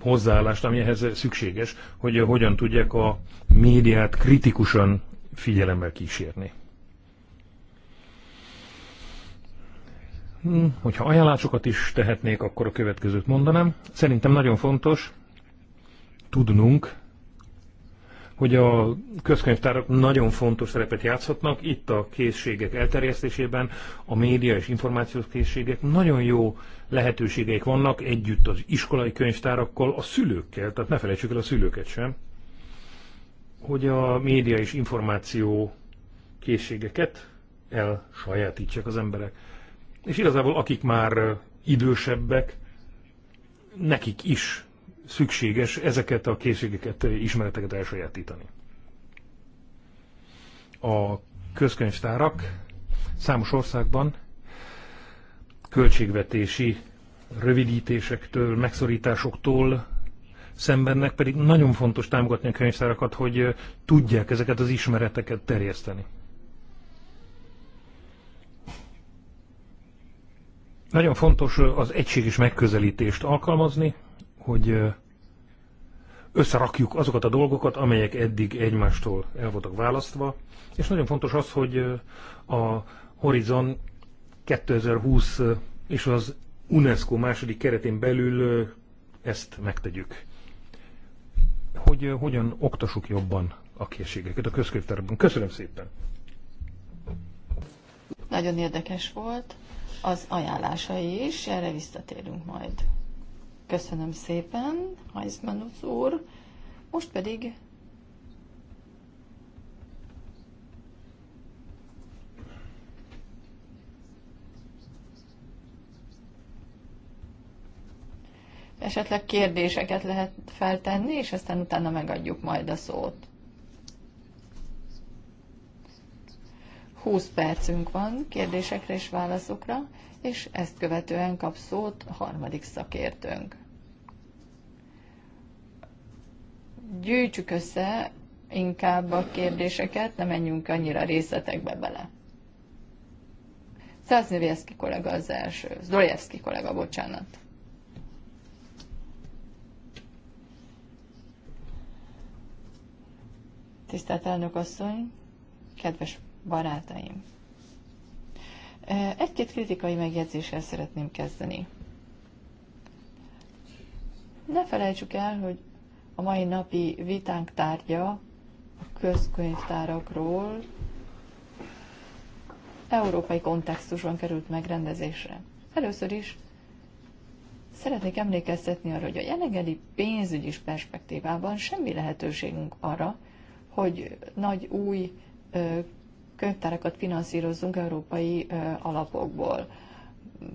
S4: hozzáállást, ami ehhez szükséges, hogy hogyan tudják a médiát kritikusan figyelemmel kísérni. Hm, hogyha ajánlásokat is tehetnék, akkor a következőt mondanám. Szerintem nagyon fontos tudnunk, hogy a közkönyvtárak nagyon fontos szerepet játszhatnak itt a készségek elterjesztésében, a média és információs készségek nagyon jó lehetőségeik vannak együtt az iskolai könyvtárakkal, a szülőkkel, tehát ne felejtsük el a szülőket sem, hogy a média és információ készségeket elsajátítsák az emberek. És igazából akik már idősebbek, nekik is szükséges ezeket a készségeket, eh, ismereteket elsajátítani. A közkönyvtárak számos országban költségvetési rövidítésektől, megszorításoktól szembennek, pedig nagyon fontos támogatni a könyvtárakat, hogy eh, tudják ezeket az ismereteket terjeszteni. Nagyon fontos eh, az egységes megközelítést alkalmazni, hogy összerakjuk azokat a dolgokat, amelyek eddig egymástól el voltak választva, és nagyon fontos az, hogy a Horizon 2020 és az UNESCO második keretén belül ezt megtegyük. Hogy hogyan oktassuk jobban a készségeket a közkönyvtárban. Köszönöm szépen!
S1: Nagyon érdekes volt az ajánlása is, erre visszatérünk majd. Köszönöm szépen, Heismanus úr. Most pedig esetleg kérdéseket lehet feltenni, és aztán utána megadjuk majd a szót. 20 percünk van kérdésekre és válaszokra, és ezt követően kap szót a harmadik szakértőnk. Gyűjtsük össze inkább a kérdéseket, ne menjünk annyira részletekbe bele. Száznövjeszki kollega az első, Zdorjevszki kollega, bocsánat. Tisztelt elnök asszony, kedves barátaim! Egy-két kritikai megjegyzéssel szeretném kezdeni. Ne felejtsük el, hogy a mai napi vitánk tárgya a közkönyvtárakról európai kontextusban került megrendezésre. Először is szeretnék emlékeztetni arra, hogy a jelenlegi pénzügyi perspektívában semmi lehetőségünk arra, hogy nagy új könyvtárakat finanszírozzunk európai alapokból.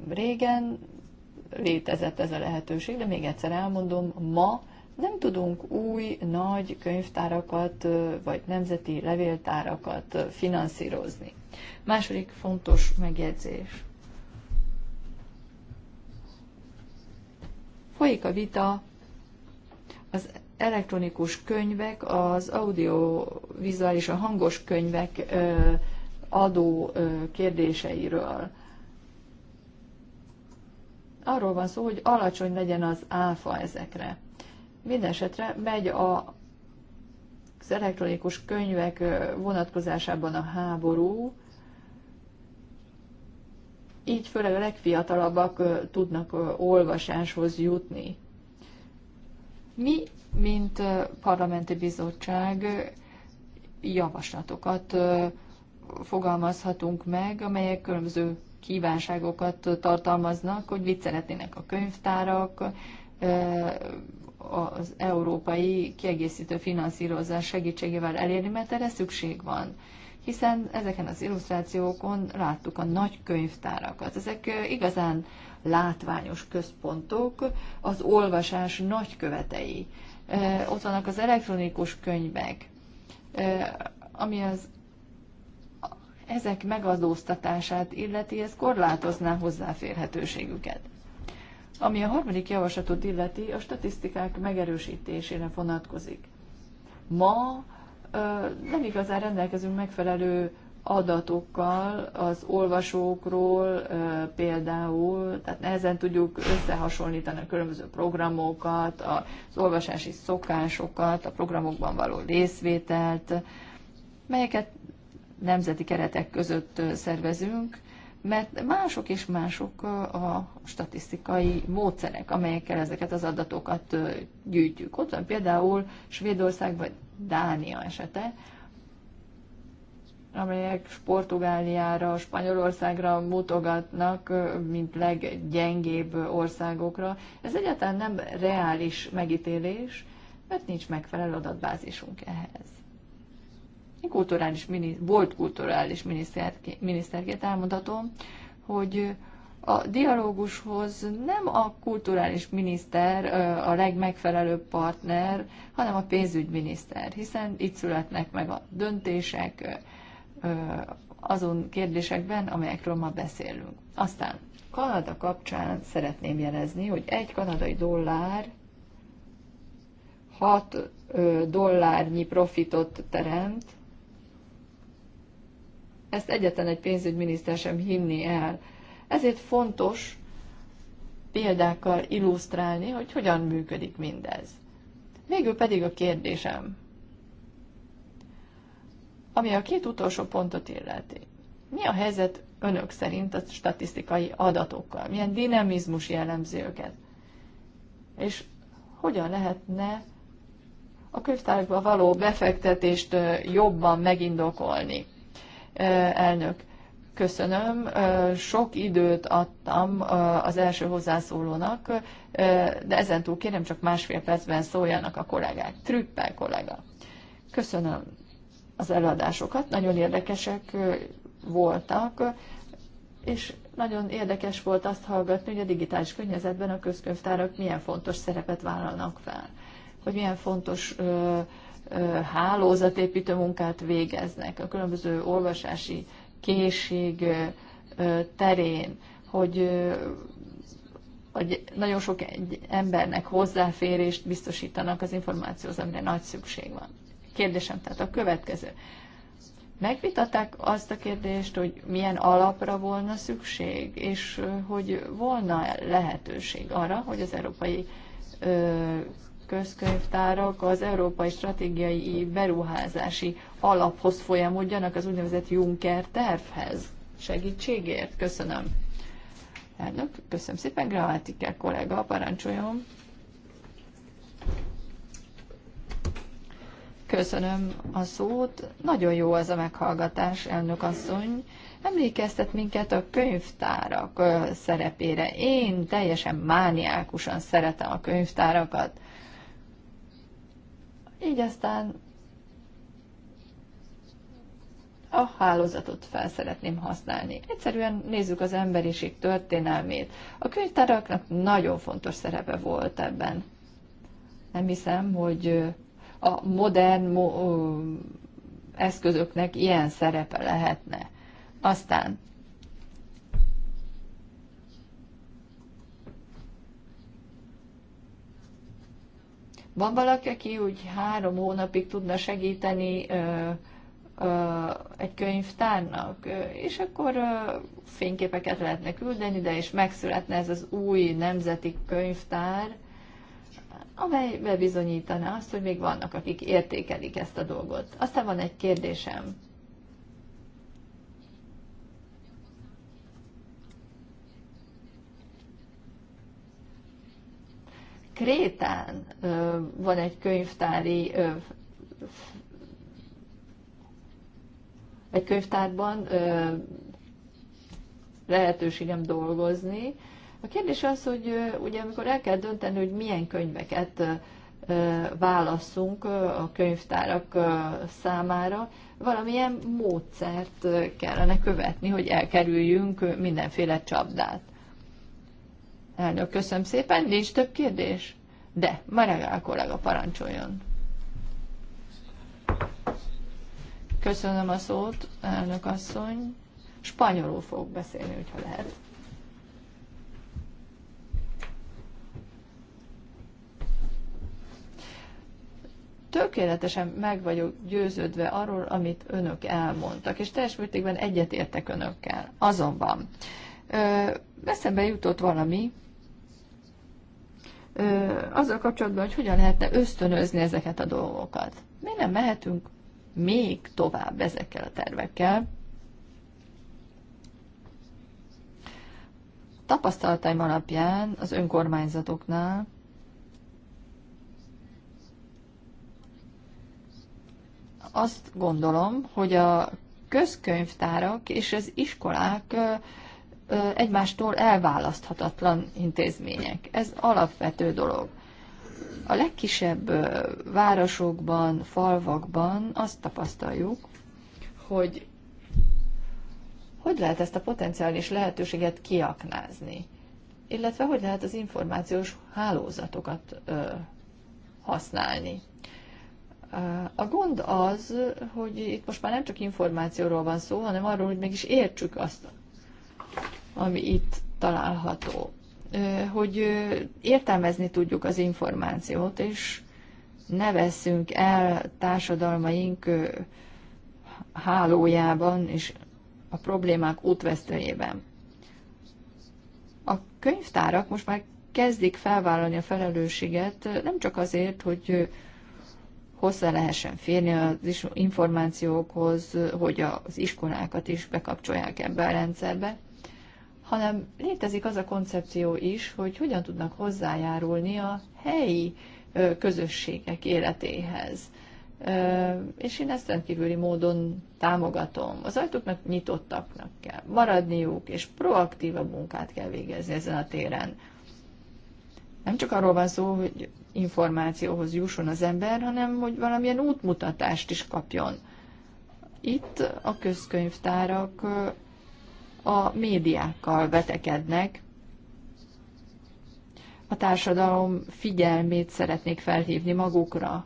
S1: Régen létezett ez a lehetőség, de még egyszer elmondom, ma nem tudunk új, nagy könyvtárakat vagy nemzeti levéltárakat finanszírozni. Második fontos megjegyzés. Folyik a vita az elektronikus könyvek, az audiovizuális, a hangos könyvek adó kérdéseiről. Arról van szó, hogy alacsony legyen az áfa ezekre. Mindenesetre megy a, az elektronikus könyvek vonatkozásában a háború, így főleg a legfiatalabbak tudnak olvasáshoz jutni. Mi mint parlamenti bizottság javaslatokat fogalmazhatunk meg, amelyek különböző kívánságokat tartalmaznak, hogy mit szeretnének a könyvtárak, az európai kiegészítő finanszírozás segítségével elérni, mert erre szükség van. Hiszen ezeken az illusztrációkon láttuk a nagy könyvtárakat. Ezek igazán látványos központok, az olvasás nagykövetei. követei ott vannak az elektronikus könyvek, ami az ezek megadóztatását illeti, ez korlátozná hozzáférhetőségüket. Ami a harmadik javaslatot illeti, a statisztikák megerősítésére vonatkozik. Ma ö, nem igazán rendelkezünk megfelelő adatokkal az olvasókról például, tehát nehezen tudjuk összehasonlítani a különböző programokat, az olvasási szokásokat, a programokban való részvételt, melyeket nemzeti keretek között szervezünk, mert mások és mások a statisztikai módszerek, amelyekkel ezeket az adatokat gyűjtjük. Ott van például Svédország vagy Dánia esete, amelyek Portugáliára, Spanyolországra mutogatnak, mint leggyengébb országokra. Ez egyáltalán nem reális megítélés, mert nincs megfelelő adatbázisunk ehhez. Én kulturális, volt kulturális miniszterként elmondhatom, hogy a dialógushoz nem a kulturális miniszter a legmegfelelőbb partner, hanem a pénzügyminiszter, hiszen itt születnek meg a döntések, azon kérdésekben, amelyekről ma beszélünk. Aztán Kanada kapcsán szeretném jelezni, hogy egy kanadai dollár 6 dollárnyi profitot teremt. Ezt egyetlen egy pénzügyminiszter sem hinni el. Ezért fontos példákkal illusztrálni, hogy hogyan működik mindez. Végül pedig a kérdésem, ami a két utolsó pontot illeti, mi a helyzet önök szerint a statisztikai adatokkal? Milyen dinamizmus jellemzi őket? És hogyan lehetne a könyvtárakba való befektetést jobban megindokolni? Elnök, köszönöm. Sok időt adtam az első hozzászólónak, de ezentúl kérem csak másfél percben szóljanak a kollégák. Trüppel kollega. Köszönöm az előadásokat. Nagyon érdekesek voltak, és nagyon érdekes volt azt hallgatni, hogy a digitális környezetben a közkönyvtárak milyen fontos szerepet vállalnak fel, hogy milyen fontos ö, ö, hálózatépítő munkát végeznek a különböző olvasási készség ö, terén, hogy, ö, hogy nagyon sok egy embernek hozzáférést biztosítanak az információhoz, amire nagy szükség van kérdésem tehát a következő. Megvitatták azt a kérdést, hogy milyen alapra volna szükség, és hogy volna lehetőség arra, hogy az európai közkönyvtárak az Európai Stratégiai Beruházási Alaphoz folyamodjanak az úgynevezett Juncker tervhez. Segítségért köszönöm. Elnök, köszönöm szépen, Gramatikkel kollega, parancsoljon. Köszönöm a szót. Nagyon jó az a meghallgatás, elnök asszony. Emlékeztet minket a könyvtárak szerepére. Én teljesen mániákusan szeretem a könyvtárakat. Így aztán a hálózatot fel szeretném használni. Egyszerűen nézzük az emberiség történelmét. A könyvtáraknak nagyon fontos szerepe volt ebben. Nem hiszem, hogy a modern eszközöknek ilyen szerepe lehetne. Aztán Van valaki, aki úgy három hónapig tudna segíteni ö, ö, egy könyvtárnak, és akkor ö, fényképeket lehetne küldeni, de és megszületne ez az új nemzeti könyvtár, amely bebizonyítaná azt, hogy még vannak, akik értékelik ezt a dolgot. Aztán van egy kérdésem. Krétán van egy könyvtári egy könyvtárban lehetőségem dolgozni, a kérdés az, hogy ugye amikor el kell dönteni, hogy milyen könyveket válaszunk a könyvtárak számára, valamilyen módszert kellene követni, hogy elkerüljünk mindenféle csapdát. Elnök, köszönöm szépen, nincs több kérdés? De, Maragál kollega parancsoljon. Köszönöm a szót, elnök asszony. Spanyolul fog beszélni, hogyha lehet. tökéletesen meg vagyok győződve arról, amit önök elmondtak, és teljes mértékben egyetértek önökkel. Azonban ö, eszembe jutott valami ö, azzal kapcsolatban, hogy hogyan lehetne ösztönözni ezeket a dolgokat. Mi nem mehetünk még tovább ezekkel a tervekkel. Tapasztalataim alapján az önkormányzatoknál azt gondolom, hogy a közkönyvtárak és az iskolák egymástól elválaszthatatlan intézmények. Ez alapvető dolog. A legkisebb városokban, falvakban azt tapasztaljuk, hogy hogy lehet ezt a potenciális lehetőséget kiaknázni, illetve hogy lehet az információs hálózatokat ö, használni. A gond az, hogy itt most már nem csak információról van szó, hanem arról, hogy mégis értsük azt, ami itt található. Hogy értelmezni tudjuk az információt, és ne veszünk el társadalmaink hálójában és a problémák útvesztőjében. A könyvtárak most már kezdik felvállalni a felelősséget, nem csak azért, hogy hozzá lehessen férni az információkhoz, hogy az iskolákat is bekapcsolják ebbe a rendszerbe, hanem létezik az a koncepció is, hogy hogyan tudnak hozzájárulni a helyi közösségek életéhez. És én ezt rendkívüli módon támogatom. Az ajtóknak nyitottaknak kell maradniuk, és proaktívabb munkát kell végezni ezen a téren. Nem csak arról van szó, hogy információhoz jusson az ember, hanem hogy valamilyen útmutatást is kapjon. Itt a közkönyvtárak a médiákkal vetekednek. A társadalom figyelmét szeretnék felhívni magukra.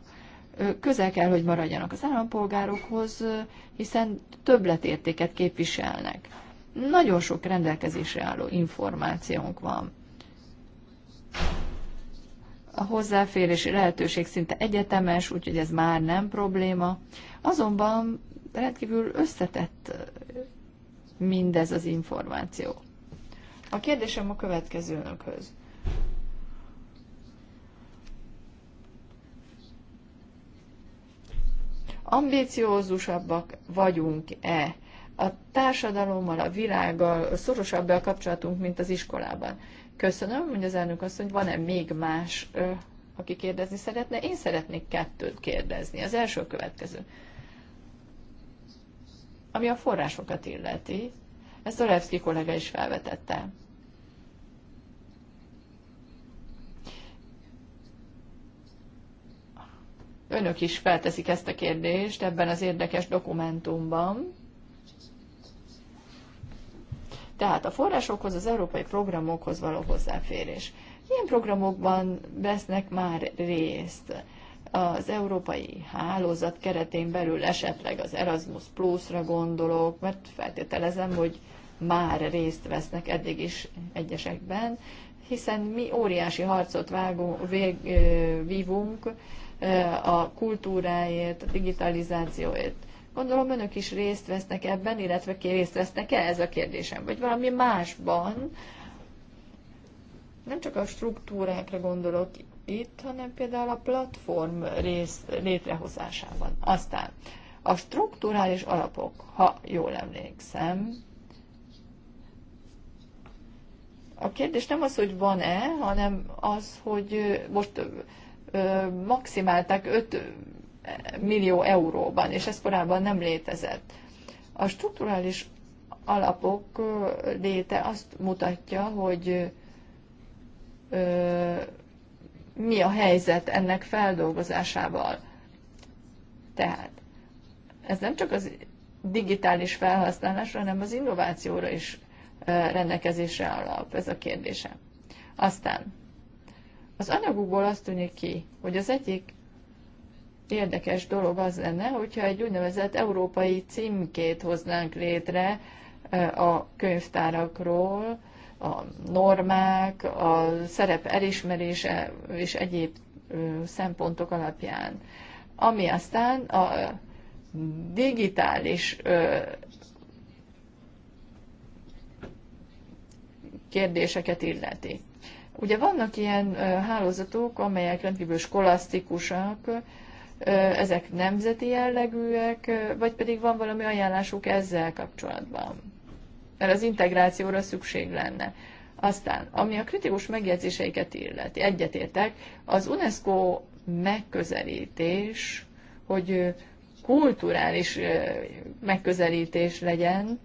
S1: Közel kell, hogy maradjanak az állampolgárokhoz, hiszen többletértéket képviselnek. Nagyon sok rendelkezésre álló információnk van a hozzáférési lehetőség szinte egyetemes, úgyhogy ez már nem probléma. Azonban rendkívül összetett mindez az információ. A kérdésem a következő önökhöz. Ambíciózusabbak vagyunk-e? A társadalommal, a világgal szorosabb a kapcsolatunk, mint az iskolában. Köszönöm, hogy az elnök azt, hogy van-e még más, aki kérdezni szeretne. Én szeretnék kettőt kérdezni. Az első a következő. Ami a forrásokat illeti, ezt a Levski kollega is felvetette. Önök is felteszik ezt a kérdést ebben az érdekes dokumentumban, tehát a forrásokhoz, az európai programokhoz való hozzáférés. Milyen programokban vesznek már részt? Az európai hálózat keretén belül esetleg az Erasmus Plus-ra gondolok, mert feltételezem, hogy már részt vesznek eddig is egyesekben, hiszen mi óriási harcot vágó, vég, vívunk a kultúráért, a digitalizációért. Gondolom önök is részt vesznek ebben, illetve ki részt vesznek-e ez a kérdésem, vagy valami másban. Nem csak a struktúrákra gondolok itt, hanem például a platform rész létrehozásában. Aztán a struktúrális alapok, ha jól emlékszem, a kérdés nem az, hogy van-e, hanem az, hogy most maximálták öt millió euróban, és ez korábban nem létezett. A strukturális alapok léte azt mutatja, hogy mi a helyzet ennek feldolgozásával. Tehát ez nem csak az digitális felhasználásra, hanem az innovációra is rendelkezésre alap, ez a kérdése. Aztán az anyagukból azt tűnik ki, hogy az egyik érdekes dolog az lenne, hogyha egy úgynevezett európai címkét hoznánk létre a könyvtárakról, a normák, a szerep elismerése és egyéb szempontok alapján. Ami aztán a digitális kérdéseket illeti. Ugye vannak ilyen hálózatok, amelyek rendkívül skolasztikusak, ezek nemzeti jellegűek, vagy pedig van valami ajánlásuk ezzel kapcsolatban? Mert az integrációra szükség lenne. Aztán, ami a kritikus megjegyzéseiket illeti, egyetértek, az UNESCO megközelítés, hogy kulturális megközelítés legyen,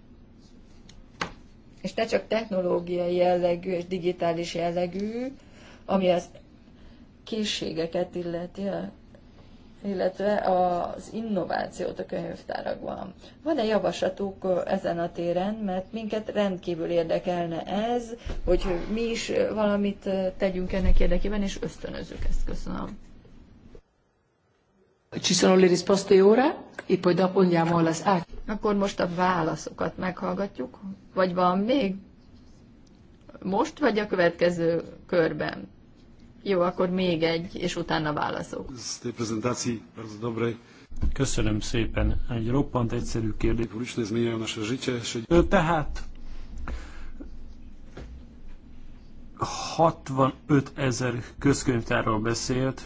S1: és ne csak technológiai jellegű és digitális jellegű, ami az készségeket illeti, a illetve az innovációt a könyvtárakban. Van-e javaslatuk ezen a téren, mert minket rendkívül érdekelne ez, hogy mi is valamit tegyünk ennek érdekében, és ösztönözzük ezt. Köszönöm. Ci sono le risposte ora, e poi dopo andiamo alla... Ah. Akkor most a válaszokat meghallgatjuk, vagy van még? Most, vagy a következő körben? Jó, akkor még egy, és utána válaszok.
S3: Köszönöm szépen. Egy roppant egyszerű kérdés. Tehát 65 ezer közkönyvtárról beszélt,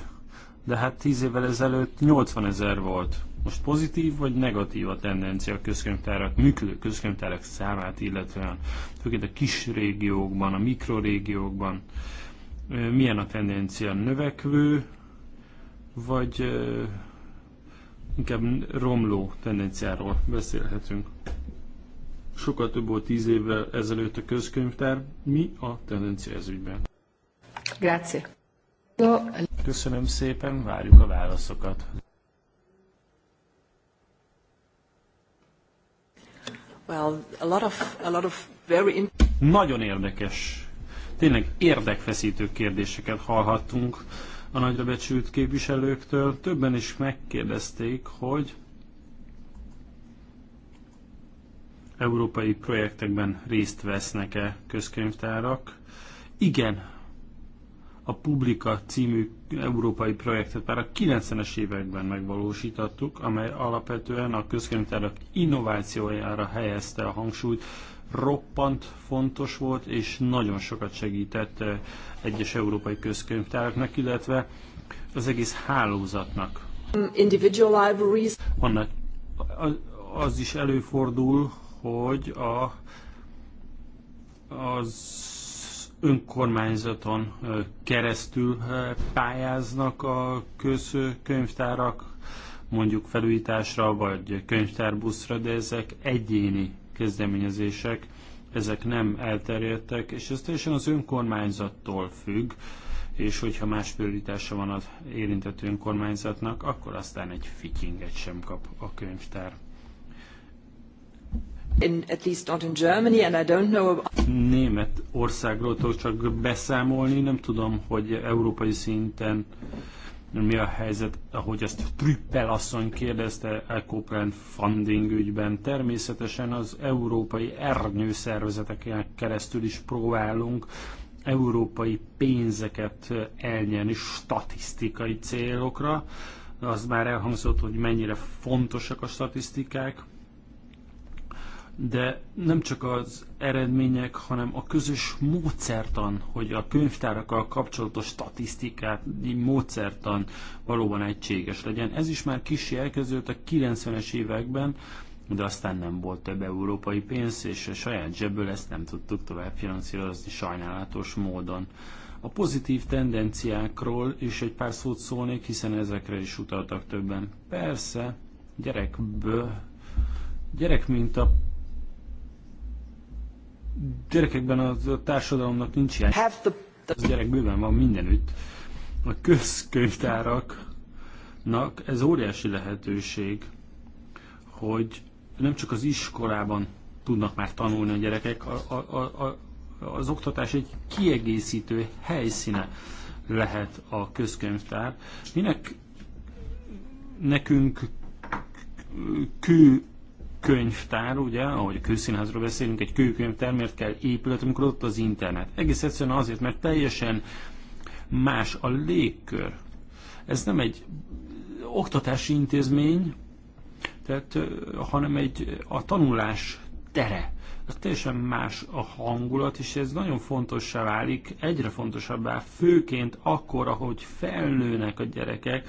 S3: de hát 10 évvel ezelőtt 80 ezer volt. Most pozitív vagy negatív a tendencia a közkönyvtárak, működő közkönyvtárak számát illetően, főként a kis régiókban, a mikrorégiókban. régiókban milyen a tendencia növekvő, vagy inkább romló tendenciáról beszélhetünk. Sokkal több volt tíz évvel ezelőtt a közkönyvtár. Mi a tendencia ez ügyben? Grazie. Köszönöm szépen, várjuk a válaszokat.
S2: Well, a lot of, a lot of very...
S3: Nagyon érdekes Tényleg érdekfeszítő kérdéseket hallhattunk a nagyra becsült képviselőktől. Többen is megkérdezték, hogy európai projektekben részt vesznek-e közkönyvtárak. Igen, a Publika című európai projektet már a 90-es években megvalósítottuk, amely alapvetően a közkönyvtárak innovációjára helyezte a hangsúlyt, roppant fontos volt, és nagyon sokat segített eh, egyes európai közkönyvtáraknak, illetve az egész hálózatnak.
S2: Individual libraries.
S3: Annak az is előfordul, hogy a, az önkormányzaton eh, keresztül eh, pályáznak a közkönyvtárak, mondjuk felújításra vagy könyvtárbuszra, de ezek egyéni kezdeményezések, ezek nem elterjedtek, és ez teljesen az önkormányzattól függ, és hogyha más prioritása van az érintett önkormányzatnak, akkor aztán egy fityinget sem kap a könyvtár.
S2: In, at least not in Germany, and I don't know about...
S3: Német országról csak beszámolni, nem tudom, hogy európai szinten uh, mi a helyzet, ahogy ezt Trüppel asszony kérdezte Ecoplan funding ügyben. Természetesen az európai ernyőszervezeteken keresztül is próbálunk európai pénzeket elnyerni statisztikai célokra. Az már elhangzott, hogy mennyire fontosak a statisztikák de nem csak az eredmények, hanem a közös módszertan, hogy a könyvtárakkal kapcsolatos statisztikát, módszertan valóban egységes legyen. Ez is már kicsi elkezdődött a 90-es években, de aztán nem volt több európai pénz, és a saját zsebből ezt nem tudtuk tovább finanszírozni sajnálatos módon. A pozitív tendenciákról is egy pár szót szólnék, hiszen ezekre is utaltak többen. Persze, gyerekből, gyerek mint a gyerekekben az a társadalomnak nincs ilyen. Az gyerek bőven van mindenütt. A közkönyvtáraknak ez óriási lehetőség, hogy nem csak az iskolában tudnak már tanulni a gyerekek, a, a, a, az oktatás egy kiegészítő helyszíne lehet a közkönyvtár. Minek nekünk kő könyvtár, ugye, ahogy a kőszínházról beszélünk, egy kőkönyvtár, miért kell épület, amikor ott az internet? Egész egyszerűen azért, mert teljesen más a légkör. Ez nem egy oktatási intézmény, tehát, hanem egy a tanulás tere. Ez teljesen más a hangulat, és ez nagyon fontossá válik, egyre fontosabbá, főként akkor, ahogy felnőnek a gyerekek,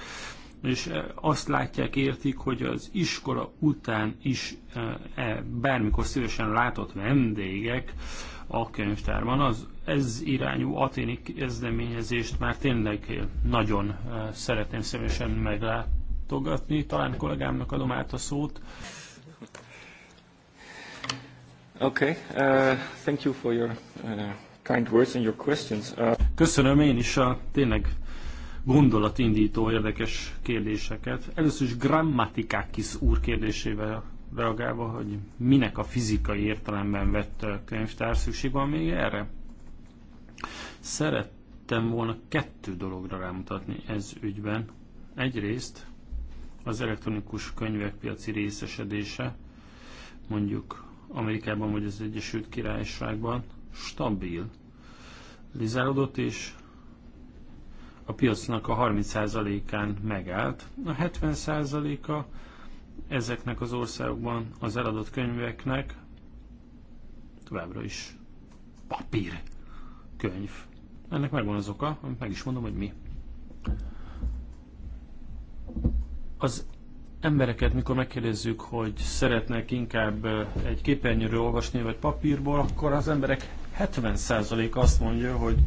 S3: és e, azt látják, értik, hogy az iskola után is e, e, bármikor szívesen látott vendégek a könyvtárban. Az ez irányú aténi kezdeményezést már tényleg nagyon szeretném szívesen meglátogatni. Talán kollégámnak adom át a szót.
S4: Okay, uh, thank you for your
S3: uh, kind words and your questions. Uh... Köszönöm én is a tényleg gondolatindító érdekes kérdéseket. Először is Grammatikákis úr kérdésével reagálva, hogy minek a fizikai értelemben vett könyvtár szükség van még erre? Szerettem volna kettő dologra rámutatni ez ügyben. Egyrészt az elektronikus könyvek piaci részesedése, mondjuk Amerikában vagy az Egyesült Királyságban stabil. Lizárodott és a piacnak a 30%-án megállt, a 70%-a ezeknek az országokban az eladott könyveknek továbbra is papír könyv. Ennek megvan az oka, amit meg is mondom, hogy mi. Az embereket, mikor megkérdezzük, hogy szeretnek inkább egy képernyőről olvasni, vagy papírból, akkor az emberek 70%-a azt mondja, hogy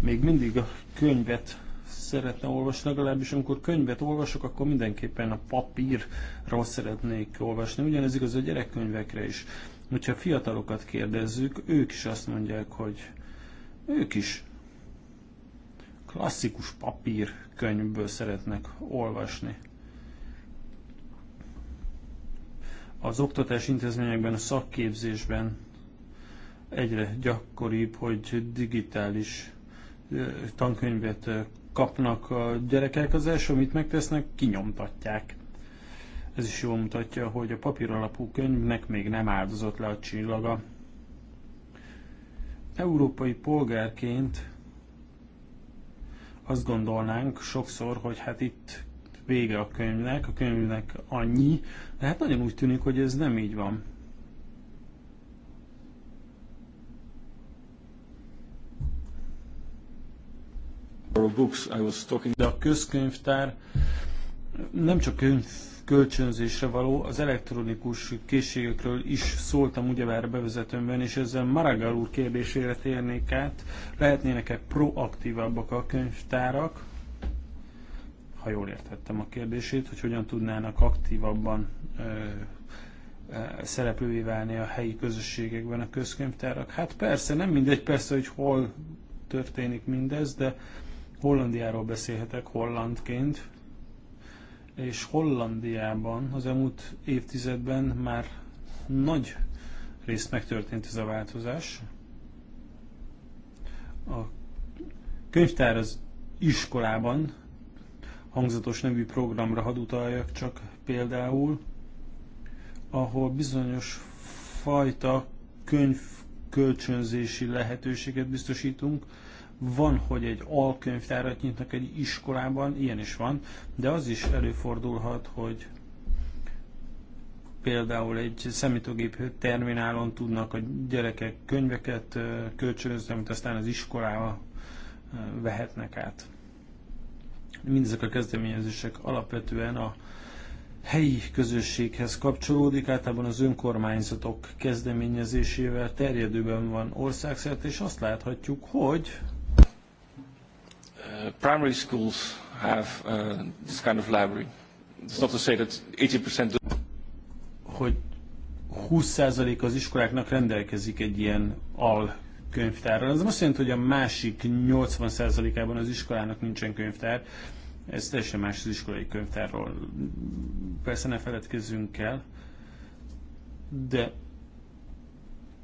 S3: még mindig könyvet szeretne olvasni, legalábbis amikor könyvet olvasok, akkor mindenképpen a papírról szeretnék olvasni. Ugyanez igaz a gyerekkönyvekre is. Hogyha fiatalokat kérdezzük, ők is azt mondják, hogy ők is klasszikus papír könyvből szeretnek olvasni. Az oktatás intézményekben, a szakképzésben egyre gyakoribb, hogy digitális tankönyvet kapnak a gyerekek, az első, amit megtesznek, kinyomtatják. Ez is jól mutatja, hogy a papír alapú könyvnek még nem áldozott le a csillaga. Európai polgárként azt gondolnánk sokszor, hogy hát itt vége a könyvnek, a könyvnek annyi, de hát nagyon úgy tűnik, hogy ez nem így van. De a közkönyvtár nem csak könyv kölcsönzésre való, az elektronikus készségekről is szóltam ugyebár a bevezetőmben, és ezzel Maragall úr kérdésére térnék át. Lehetnének-e proaktívabbak a könyvtárak? Ha jól értettem a kérdését, hogy hogyan tudnának aktívabban ö, ö, szereplővé válni a helyi közösségekben a közkönyvtárak. Hát persze, nem mindegy persze, hogy hol történik mindez, de Hollandiáról beszélhetek hollandként, és Hollandiában az elmúlt évtizedben már nagy részt megtörtént ez a változás. A könyvtár az iskolában hangzatos nevű programra hadd utaljak csak például, ahol bizonyos fajta könyvkölcsönzési lehetőséget biztosítunk, van, hogy egy alkönyvtárat nyitnak egy iskolában, ilyen is van, de az is előfordulhat, hogy például egy szemítógép terminálon tudnak a gyerekek könyveket kölcsönözni, amit aztán az iskolába vehetnek át. Mindezek a kezdeményezések alapvetően a helyi közösséghez kapcsolódik, általában az önkormányzatok kezdeményezésével terjedőben van országszerte, és azt láthatjuk, hogy
S4: Uh, primary schools have uh, this kind of library. It's not to say that 80%
S3: hogy 20% az iskoláknak rendelkezik egy ilyen al könyvtárral. Ez azt jelenti, hogy a másik 80%-ában az iskolának nincsen könyvtár. Ez teljesen más az iskolai könyvtárról. Persze ne feledkezzünk el, de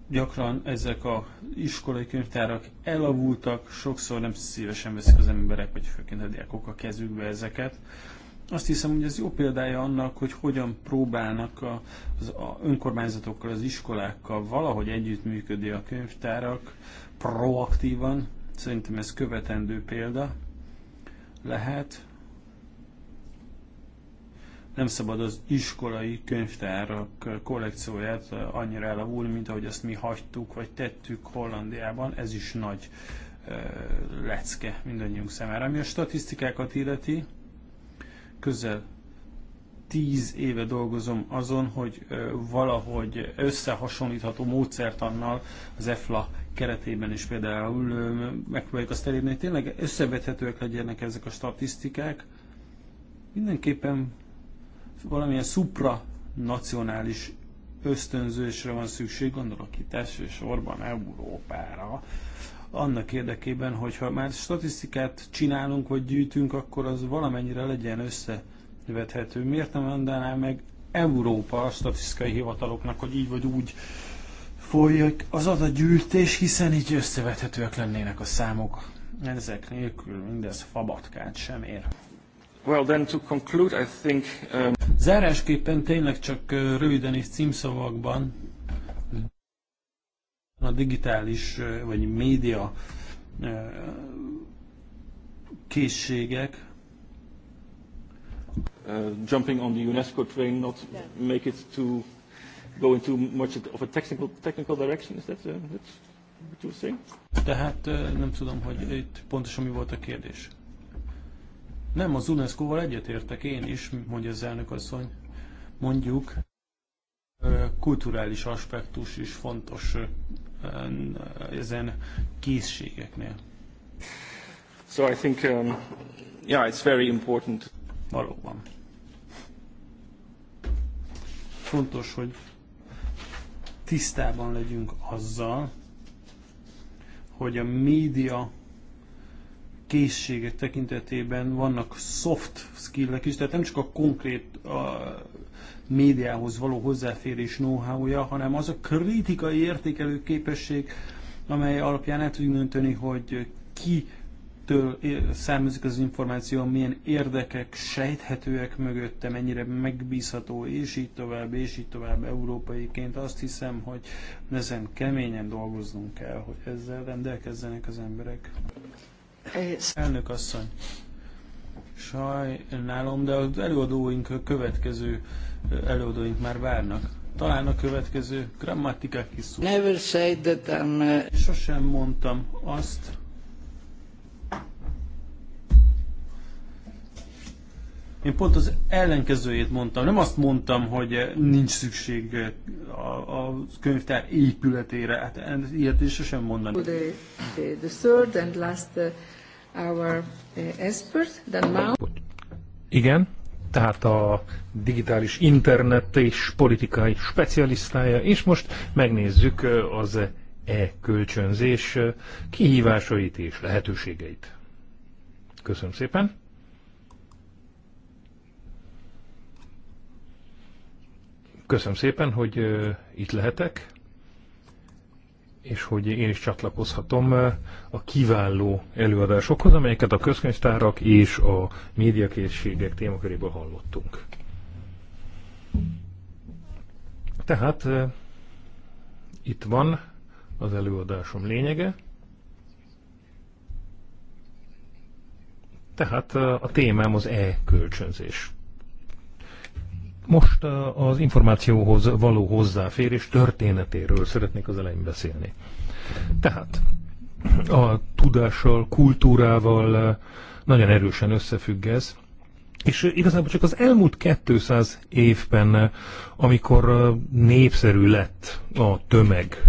S3: gyakran ezek a iskolai könyvtárak elavultak, sokszor nem szívesen veszik az emberek, vagy főként a diákok a kezükbe ezeket. Azt hiszem, hogy ez jó példája annak, hogy hogyan próbálnak a, az a önkormányzatokkal, az iskolákkal valahogy együttműködni a könyvtárak proaktívan. Szerintem ez követendő példa lehet nem szabad az iskolai könyvtárak kollekcióját annyira elavulni, mint ahogy azt mi hagytuk, vagy tettük Hollandiában. Ez is nagy lecke mindannyiunk szemére. Ami a statisztikákat illeti, közel tíz éve dolgozom azon, hogy valahogy összehasonlítható módszertannal az EFLA keretében is például megpróbáljuk azt elérni, hogy tényleg összevethetőek legyenek ezek a statisztikák. Mindenképpen valamilyen supranacionális ösztönzősre van szükség, gondolok itt elsősorban Európára, annak érdekében, hogyha már statisztikát csinálunk vagy gyűjtünk, akkor az valamennyire legyen összevethető. Miért nem mondaná meg Európa a statisztikai hivataloknak, hogy így vagy úgy folyik az adatgyűjtés, hiszen így összevethetőek lennének a számok. Ezek nélkül mindez fabatkát sem ér. Well, then to conclude, I think, um... Zárásképpen tényleg csak röviden és címszavakban a digitális vagy média készségek. Uh, jumping on the UNESCO train, not make it to go into much of a technical technical direction. Is that uh, that's what you're saying? Tehát nem tudom, hogy itt pontosan mi volt a kérdés. Nem, az UNESCO-val egyetértek én is, mondja az elnök asszony. Mondjuk kulturális aspektus is fontos ezen készségeknél. So I think, um, yeah, it's very important. Valóban. Fontos, hogy tisztában legyünk azzal, hogy a média készségek tekintetében vannak soft skillek is, tehát nem csak a konkrét a médiához való hozzáférés know-how-ja, hanem az a kritikai értékelő képesség, amely alapján el tudjuk dönteni, hogy ki től származik az információ, milyen érdekek sejthetőek mögötte, mennyire megbízható, és így tovább, és így tovább európaiként. Azt hiszem, hogy ezen keményen dolgoznunk kell, hogy ezzel rendelkezzenek az emberek. Elnök asszony, sajnálom, de az előadóink, a következő eh, előadóink már várnak. Talán a következő grammatikák is
S1: szó. Never said that I'm... Eh, Sosem
S3: mondtam azt, Én pont az ellenkezőjét mondtam. Nem azt mondtam, hogy eh, nincs szükség eh, a, a könyvtár épületére. Hát ilyet is sem mondani. The,
S2: the, the third and last eh, our expert,
S4: Igen, tehát a digitális internet és politikai specialistája, és most megnézzük az e-kölcsönzés kihívásait és lehetőségeit. Köszönöm szépen! Köszönöm szépen, hogy itt lehetek, és hogy én is csatlakozhatom a kiváló előadásokhoz, amelyeket a közkönyvtárak és a médiakészségek témaköréből hallottunk. Tehát itt van az előadásom lényege. Tehát a témám az e-kölcsönzés. Most az információhoz való hozzáférés történetéről szeretnék az elején beszélni. Tehát a tudással, kultúrával nagyon erősen összefügg ez, és igazából csak az elmúlt 200 évben, amikor népszerű lett a tömeg,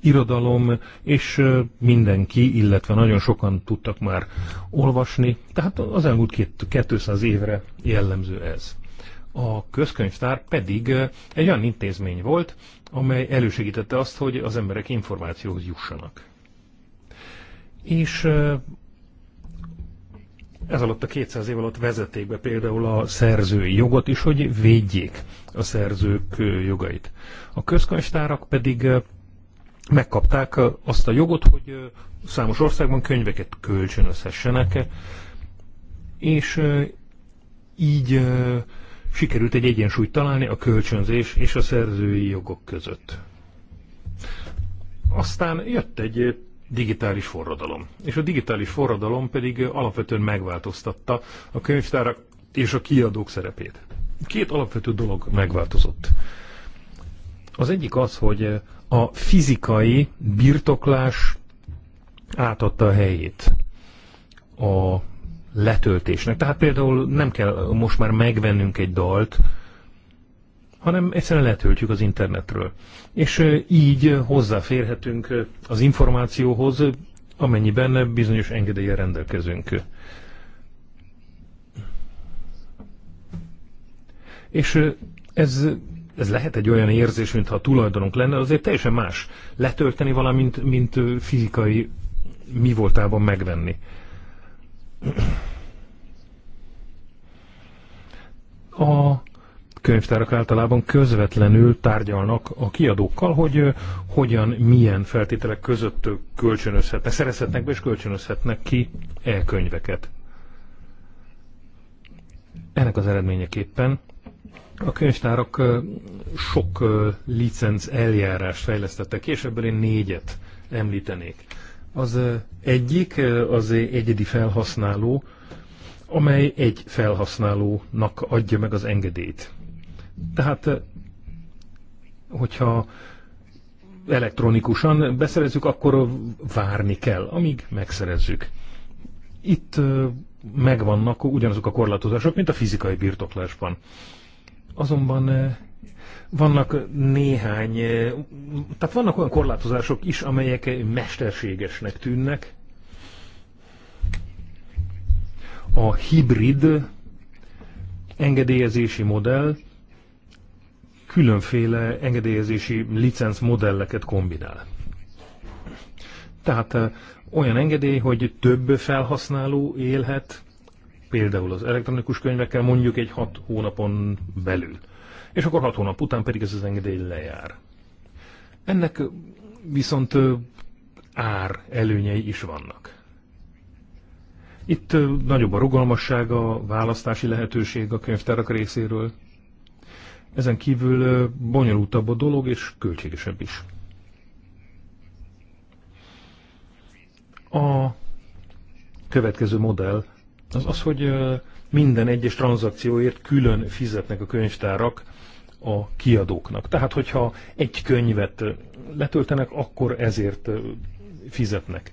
S4: irodalom, és mindenki, illetve nagyon sokan tudtak már olvasni, tehát az elmúlt 200 évre jellemző ez. A közkönyvtár pedig egy olyan intézmény volt, amely elősegítette azt, hogy az emberek információhoz jussanak. És ez alatt a 200 év alatt vezették be például a szerzői jogot is, hogy védjék a szerzők jogait. A közkönyvtárak pedig megkapták azt a jogot, hogy számos országban könyveket kölcsönözhessenek, és így sikerült egy egyensúlyt találni a kölcsönzés és a szerzői jogok között. Aztán jött egy digitális forradalom. És a digitális forradalom pedig alapvetően megváltoztatta a könyvtárak és a kiadók szerepét. Két alapvető dolog megváltozott. Az egyik az, hogy a fizikai birtoklás átadta a helyét a letöltésnek. Tehát például nem kell most már megvennünk egy dalt, hanem egyszerűen letöltjük az internetről. És így hozzáférhetünk az információhoz, amennyiben bizonyos engedélye rendelkezünk. És ez, ez lehet egy olyan érzés, mintha a tulajdonunk lenne, azért teljesen más letölteni valamint, mint fizikai mi voltában megvenni. A könyvtárak általában közvetlenül tárgyalnak a kiadókkal, hogy hogyan, milyen feltételek között kölcsönözhetnek, szerezhetnek be és kölcsönözhetnek ki e-könyveket. Ennek az eredményeképpen a könyvtárak sok licenc eljárást fejlesztettek, és ebből én négyet említenék. Az egyik az egyedi felhasználó, amely egy felhasználónak adja meg az engedélyt. Tehát, hogyha elektronikusan beszerezzük, akkor várni kell, amíg megszerezzük. Itt megvannak ugyanazok a korlátozások, mint a fizikai birtoklásban. Azonban vannak néhány, tehát vannak olyan korlátozások is, amelyek mesterségesnek tűnnek. A hibrid engedélyezési modell különféle engedélyezési licenc modelleket kombinál. Tehát olyan engedély, hogy több felhasználó élhet például az elektronikus könyvekkel mondjuk egy hat hónapon belül. És akkor hat hónap után pedig ez az engedély lejár. Ennek viszont ár előnyei is vannak. Itt nagyobb a rugalmasság, a választási lehetőség a könyvtárak részéről. Ezen kívül bonyolultabb a dolog, és költségesebb is. A következő modell az az, hogy minden egyes tranzakcióért külön fizetnek a könyvtárak a kiadóknak. Tehát, hogyha egy könyvet letöltenek, akkor ezért fizetnek.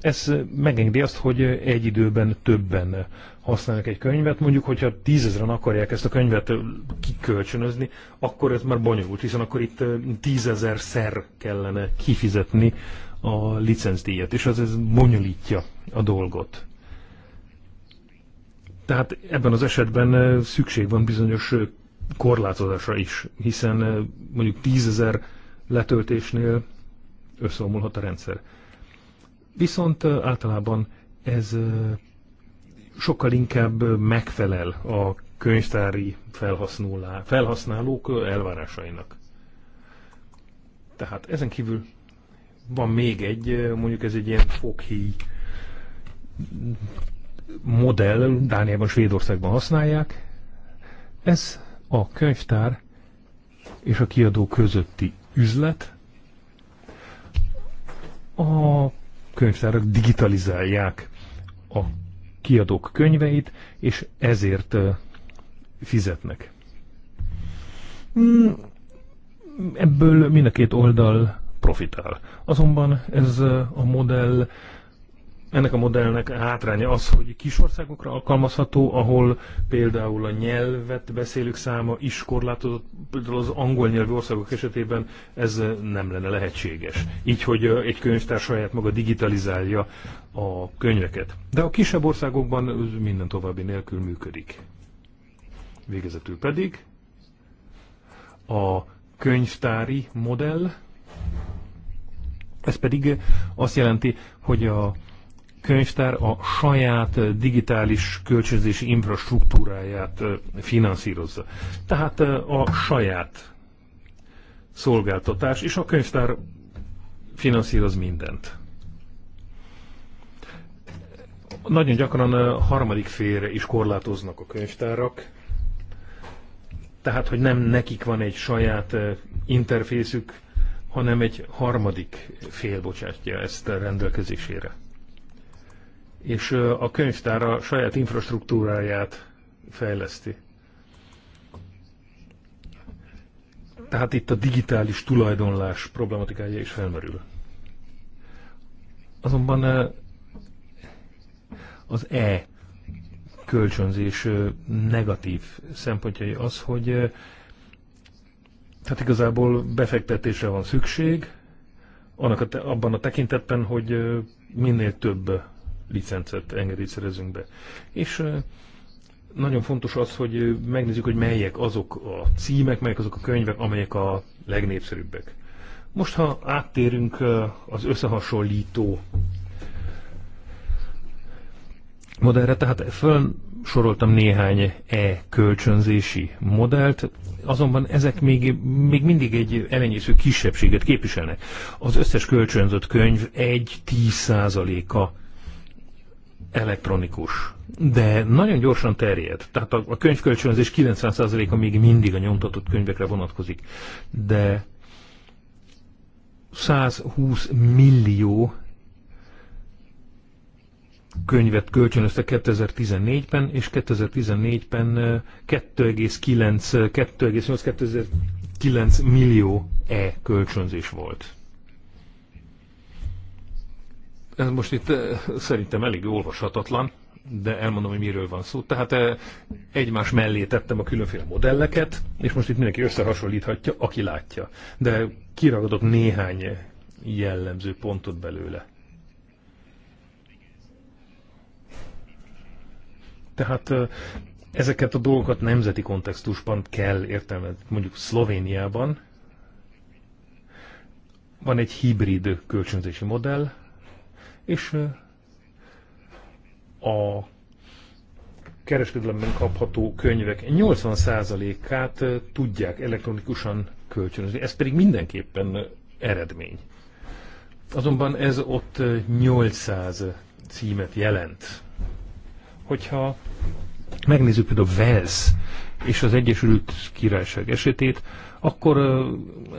S4: Ez megengedi azt, hogy egy időben többen használnak egy könyvet. Mondjuk, hogyha tízezren akarják ezt a könyvet kikölcsönözni, akkor ez már bonyolult, hiszen akkor itt tízezer szer kellene kifizetni a licencdíjat, és az ez bonyolítja a dolgot. Tehát ebben az esetben szükség van bizonyos korlátozásra is, hiszen mondjuk tízezer letöltésnél összeomolhat a rendszer. Viszont általában ez sokkal inkább megfelel a könyvtári felhasználók elvárásainak. Tehát ezen kívül van még egy, mondjuk ez egy ilyen fokhíj modell, Dániában, Svédországban használják. Ez a könyvtár és a kiadó közötti üzlet. A könyvtárak digitalizálják a kiadók könyveit, és ezért fizetnek. Hmm, ebből mind a két oldal profitál. Azonban ez a modell ennek a modellnek hátránya az, hogy kis országokra alkalmazható, ahol például a nyelvet beszélők száma is korlátozott, például az angol nyelvű országok esetében ez nem lenne lehetséges. Így, hogy egy könyvtár saját maga digitalizálja a könyveket. De a kisebb országokban minden további nélkül működik. Végezetül pedig a könyvtári modell, ez pedig azt jelenti, hogy a könyvtár a saját digitális kölcsönzési infrastruktúráját finanszírozza. Tehát a saját szolgáltatás, és a könyvtár finanszíroz mindent. Nagyon gyakran a harmadik félre is korlátoznak a könyvtárak, tehát, hogy nem nekik van egy saját interfészük, hanem egy harmadik fél bocsátja ezt rendelkezésére és a könyvtár a saját infrastruktúráját fejleszti. Tehát itt a digitális tulajdonlás problematikája is felmerül. Azonban az E kölcsönzés negatív szempontjai az, hogy tehát igazából befektetésre van szükség, annak a, abban a tekintetben, hogy minél több licencet, engedélyt szerezünk be. És nagyon fontos az, hogy megnézzük, hogy melyek azok a címek, melyek azok a könyvek, amelyek a legnépszerűbbek. Most, ha áttérünk az összehasonlító modellre, tehát felsoroltam néhány e-kölcsönzési modellt, azonban ezek még, még mindig egy elenyésző kisebbséget képviselnek. Az összes kölcsönzött könyv egy 10 a elektronikus, de nagyon gyorsan terjed. Tehát a, a könyvkölcsönzés 90%-a még mindig a nyomtatott könyvekre vonatkozik, de 120 millió könyvet kölcsönözte 2014-ben, és 2014-ben 2,9 millió e-kölcsönzés volt ez most itt eh, szerintem elég olvashatatlan, de elmondom, hogy miről van szó. Tehát eh, egymás mellé tettem a különféle modelleket, és most itt mindenki összehasonlíthatja, aki látja. De kiragadok néhány jellemző pontot belőle. Tehát eh, ezeket a dolgokat nemzeti kontextusban kell értelmezni. Mondjuk Szlovéniában van egy hibrid kölcsönzési modell, és a kereskedelemben kapható könyvek 80%-át tudják elektronikusan kölcsönözni. Ez pedig mindenképpen eredmény. Azonban ez ott 800 címet jelent. Hogyha megnézzük például Wells és az Egyesült Királyság esetét, akkor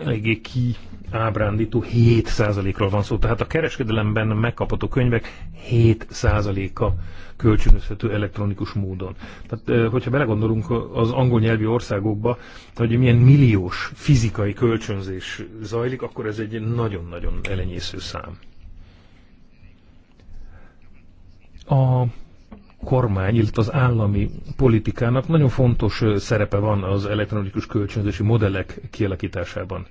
S4: eléggé ki ábrándító 7%-ról van szó. Tehát a kereskedelemben megkapható könyvek 7%-a kölcsönözhető elektronikus módon. Tehát, hogyha belegondolunk az angol nyelvi országokba, hogy milyen milliós fizikai kölcsönzés zajlik, akkor ez egy nagyon-nagyon elenyésző szám. A kormány, illetve az állami politikának nagyon fontos szerepe van az elektronikus kölcsönzési modellek kialakításában.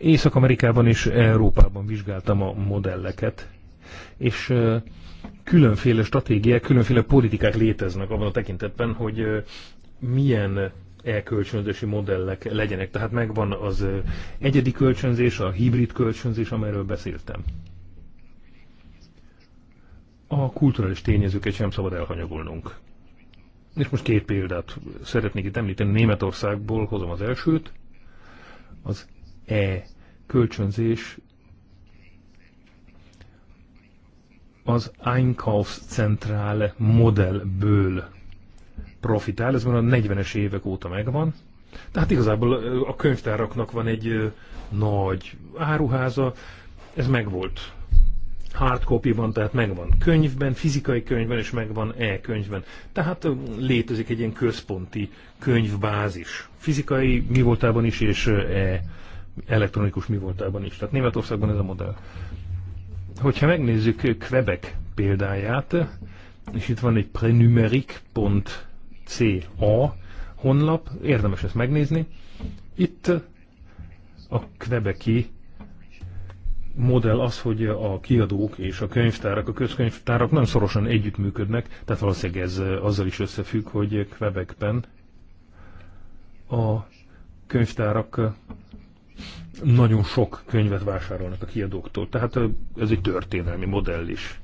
S4: Észak-Amerikában és Európában vizsgáltam a modelleket, és különféle stratégiák, különféle politikák léteznek abban a tekintetben, hogy milyen elkölcsönzési modellek legyenek. Tehát megvan az egyedi kölcsönzés, a hibrid kölcsönzés, amelyről beszéltem a kulturális tényezőket sem szabad elhanyagolnunk. És most két példát szeretnék itt említeni. Németországból hozom az elsőt. Az E kölcsönzés az Einkaufszentrál modellből profitál, ez már a 40-es évek óta megvan. Tehát igazából a könyvtáraknak van egy nagy áruháza, ez megvolt hard copy van, tehát megvan könyvben, fizikai könyvben, és megvan e-könyvben. Tehát létezik egy ilyen központi könyvbázis. Fizikai mi voltában is, és e elektronikus mi voltában is. Tehát Németországban ez a modell. Hogyha megnézzük Quebec példáját, és itt van egy prenumeric.ca honlap, érdemes ezt megnézni. Itt a kvebeki modell az, hogy a kiadók és a könyvtárak, a közkönyvtárak nem szorosan együttműködnek, tehát valószínűleg ez azzal is összefügg, hogy Quebecben a könyvtárak nagyon sok könyvet vásárolnak a kiadóktól. Tehát ez egy történelmi modell is.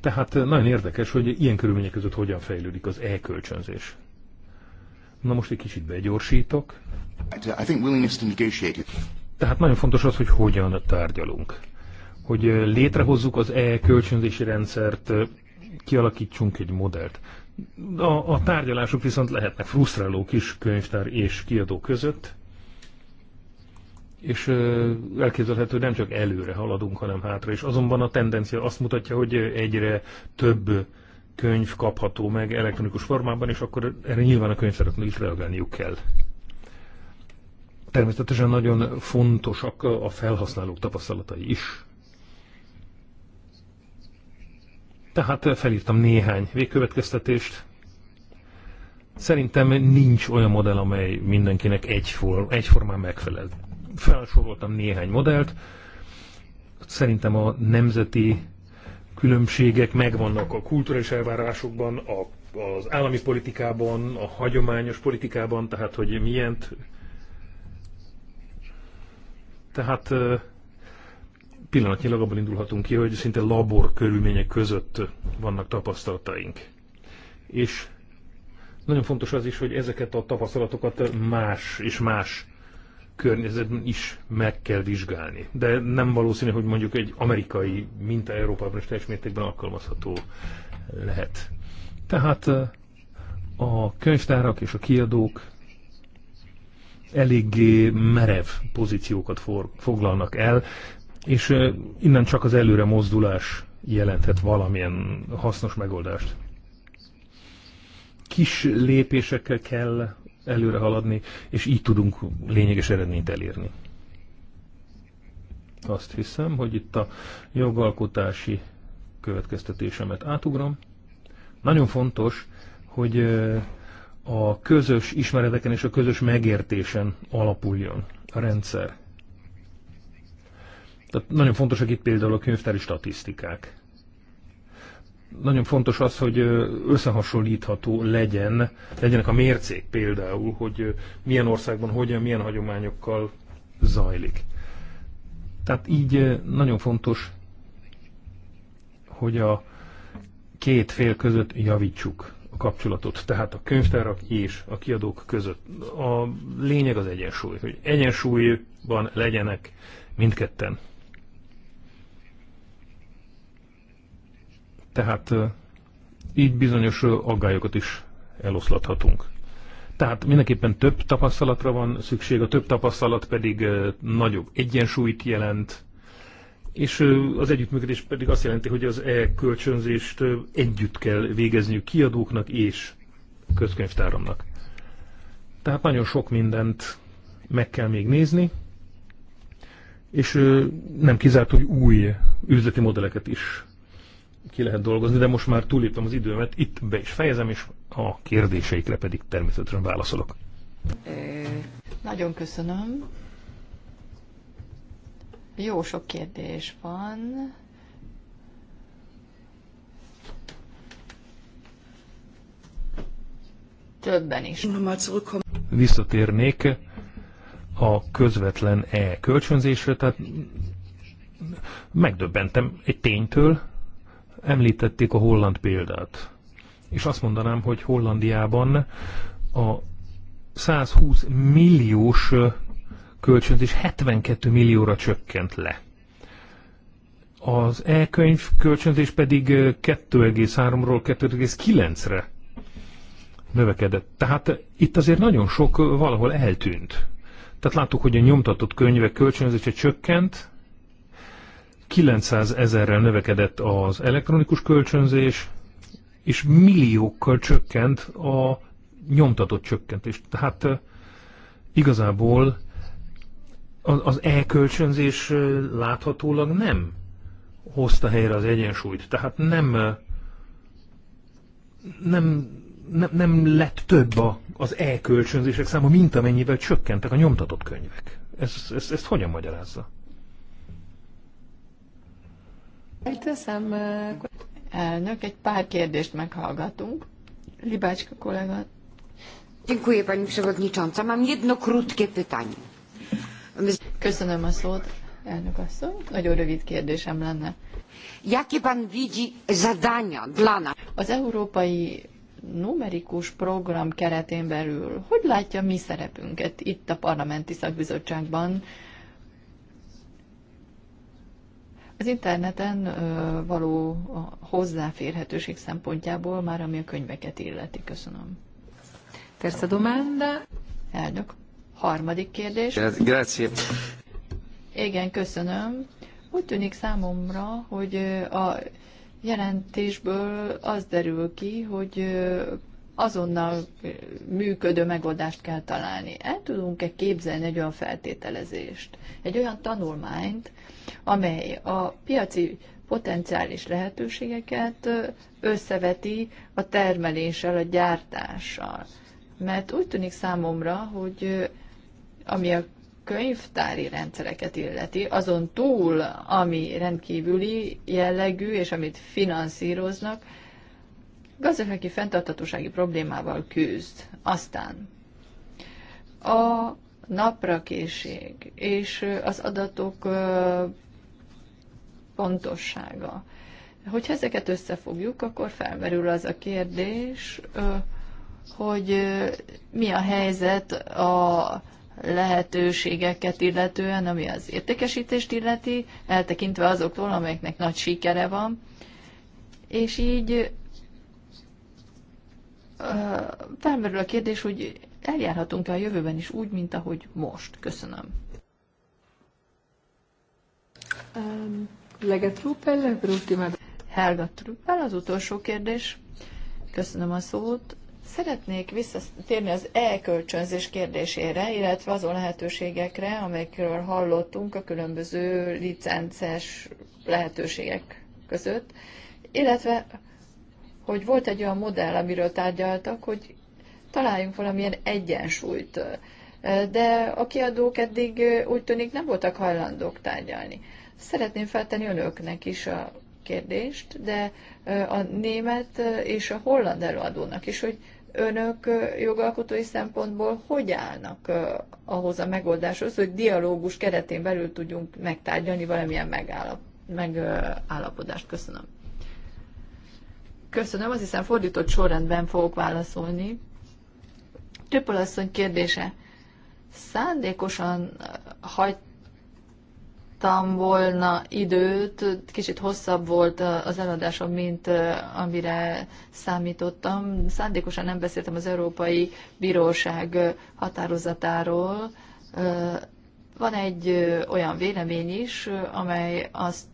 S4: Tehát nagyon érdekes, hogy ilyen körülmények között hogyan fejlődik az e-kölcsönzés. Na most egy kicsit begyorsítok.
S2: I think willingness to negotiate.
S4: Tehát nagyon fontos az, hogy hogyan tárgyalunk. Hogy létrehozzuk az e-kölcsönzési rendszert, kialakítsunk egy modellt. A, a tárgyalások viszont lehetnek frusztrálók is könyvtár és kiadó között, és elképzelhető, hogy nem csak előre haladunk, hanem hátra is. Azonban a tendencia azt mutatja, hogy egyre több könyv kapható meg elektronikus formában, és akkor erre nyilván a könyvszereknek is reagálniuk kell természetesen nagyon fontosak a felhasználók tapasztalatai is. Tehát felírtam néhány végkövetkeztetést. Szerintem nincs olyan modell, amely mindenkinek egyform, egyformán megfelel. Felsoroltam néhány modellt. Szerintem a nemzeti különbségek megvannak a kulturális elvárásokban, a, az állami politikában, a hagyományos politikában, tehát hogy milyen tehát pillanatnyilag abban indulhatunk ki, hogy szinte labor körülmények között vannak tapasztalataink. És nagyon fontos az is, hogy ezeket a tapasztalatokat más és más környezetben is meg kell vizsgálni. De nem valószínű, hogy mondjuk egy amerikai minta Európában is teljes mértékben alkalmazható lehet. Tehát a könyvtárak és a kiadók eléggé merev pozíciókat for, foglalnak el, és innen csak az előre mozdulás jelenthet valamilyen hasznos megoldást. Kis lépésekkel kell előre haladni, és így tudunk lényeges eredményt elérni. Azt hiszem, hogy itt a jogalkotási következtetésemet átugrom. Nagyon fontos, hogy a közös ismereteken és a közös megértésen alapuljon a rendszer. Tehát nagyon fontosak itt például a könyvtári statisztikák. Nagyon fontos az, hogy összehasonlítható legyen, legyenek a mércék például, hogy milyen országban hogyan, milyen hagyományokkal zajlik. Tehát így nagyon fontos, hogy a két fél között javítsuk kapcsolatot, tehát a könyvtárak és a kiadók között. A lényeg az egyensúly, hogy egyensúlyban legyenek mindketten. Tehát így bizonyos aggályokat is eloszlathatunk. Tehát mindenképpen több tapasztalatra van szükség, a több tapasztalat pedig nagyobb egyensúlyt jelent, és az együttműködés pedig azt jelenti, hogy az e-kölcsönzést együtt kell végezniük kiadóknak és közkönyvtáramnak. Tehát nagyon sok mindent meg kell még nézni, és nem kizárt, hogy új üzleti modelleket is ki lehet dolgozni, de most már túléptem az időmet, itt be is fejezem, és a kérdéseikre pedig természetesen válaszolok.
S1: É, nagyon köszönöm jó sok kérdés van. Többen is.
S4: Visszatérnék a közvetlen e kölcsönzésre, tehát megdöbbentem egy ténytől, említették a holland példát. És azt mondanám, hogy Hollandiában a 120 milliós kölcsönt, is 72 millióra csökkent le. Az e-könyv kölcsönzés pedig 2,3-ról 2,9-re növekedett. Tehát itt azért nagyon sok valahol eltűnt. Tehát láttuk, hogy a nyomtatott könyvek kölcsönzése csökkent, 900 ezerrel növekedett az elektronikus kölcsönzés, és milliókkal csökkent a nyomtatott csökkentés. Tehát igazából az, az e-kölcsönzés láthatólag nem hozta helyre az egyensúlyt. Tehát nem, nem, nem, nem lett több a, az e-kölcsönzések száma, mint amennyivel csökkentek a nyomtatott könyvek. Ezt, ezt, ezt hogyan magyarázza?
S1: Teszem, elnök, egy pár kérdést meghallgatunk. Libácska kollega. Dziękuję pani przewodnicząca. Mam jedno krótkie pytanie. Köszönöm a szót, elnök asszony. Nagyon rövid kérdésem lenne. Jakie pan widzi zadania Az európai numerikus program keretén belül hogy látja mi szerepünket itt a parlamenti szakbizottságban? Az interneten ö, való hozzáférhetőség szempontjából már ami a könyveket illeti. Köszönöm. Persze domanda. Elnök. Harmadik kérdés. Grazie. Igen, köszönöm. Úgy tűnik számomra, hogy a jelentésből az derül ki, hogy azonnal működő megoldást kell találni. El tudunk-e képzelni egy olyan feltételezést, egy olyan tanulmányt, amely a piaci potenciális lehetőségeket összeveti a termeléssel, a gyártással. Mert úgy tűnik számomra, hogy ami a könyvtári rendszereket illeti, azon túl, ami rendkívüli jellegű, és amit finanszíroznak, gazdasági fenntartatósági problémával küzd. Aztán a naprakészség és az adatok pontossága. Hogyha ezeket összefogjuk, akkor felmerül az a kérdés, hogy mi a helyzet a lehetőségeket illetően, ami az értékesítést illeti, eltekintve azoktól, amelyeknek nagy sikere van, és így felmerül a kérdés, hogy eljárhatunk-e a jövőben is úgy, mint ahogy most. Köszönöm. Um, Helga Truppel, az utolsó kérdés. Köszönöm a szót. Szeretnék visszatérni az e-kölcsönzés kérdésére, illetve azon lehetőségekre, amelyekről hallottunk a különböző licences lehetőségek között, illetve hogy volt egy olyan modell, amiről tárgyaltak, hogy találjunk valamilyen egyensúlyt, de a kiadók eddig úgy tűnik nem voltak hajlandók tárgyalni. Szeretném feltenni önöknek is a kérdést, de a német és a holland előadónak is, hogy önök jogalkotói szempontból hogy állnak ahhoz a megoldáshoz, hogy dialógus keretén belül tudjunk megtárgyalni valamilyen megállap, megállapodást? Köszönöm. Köszönöm, az hiszen fordított sorrendben fogok válaszolni. asszony kérdése. Szándékosan hagyt kaptam volna időt, kicsit hosszabb volt az eladásom, mint amire számítottam. Szándékosan nem beszéltem az Európai Bíróság határozatáról. Van egy olyan vélemény is, amely azt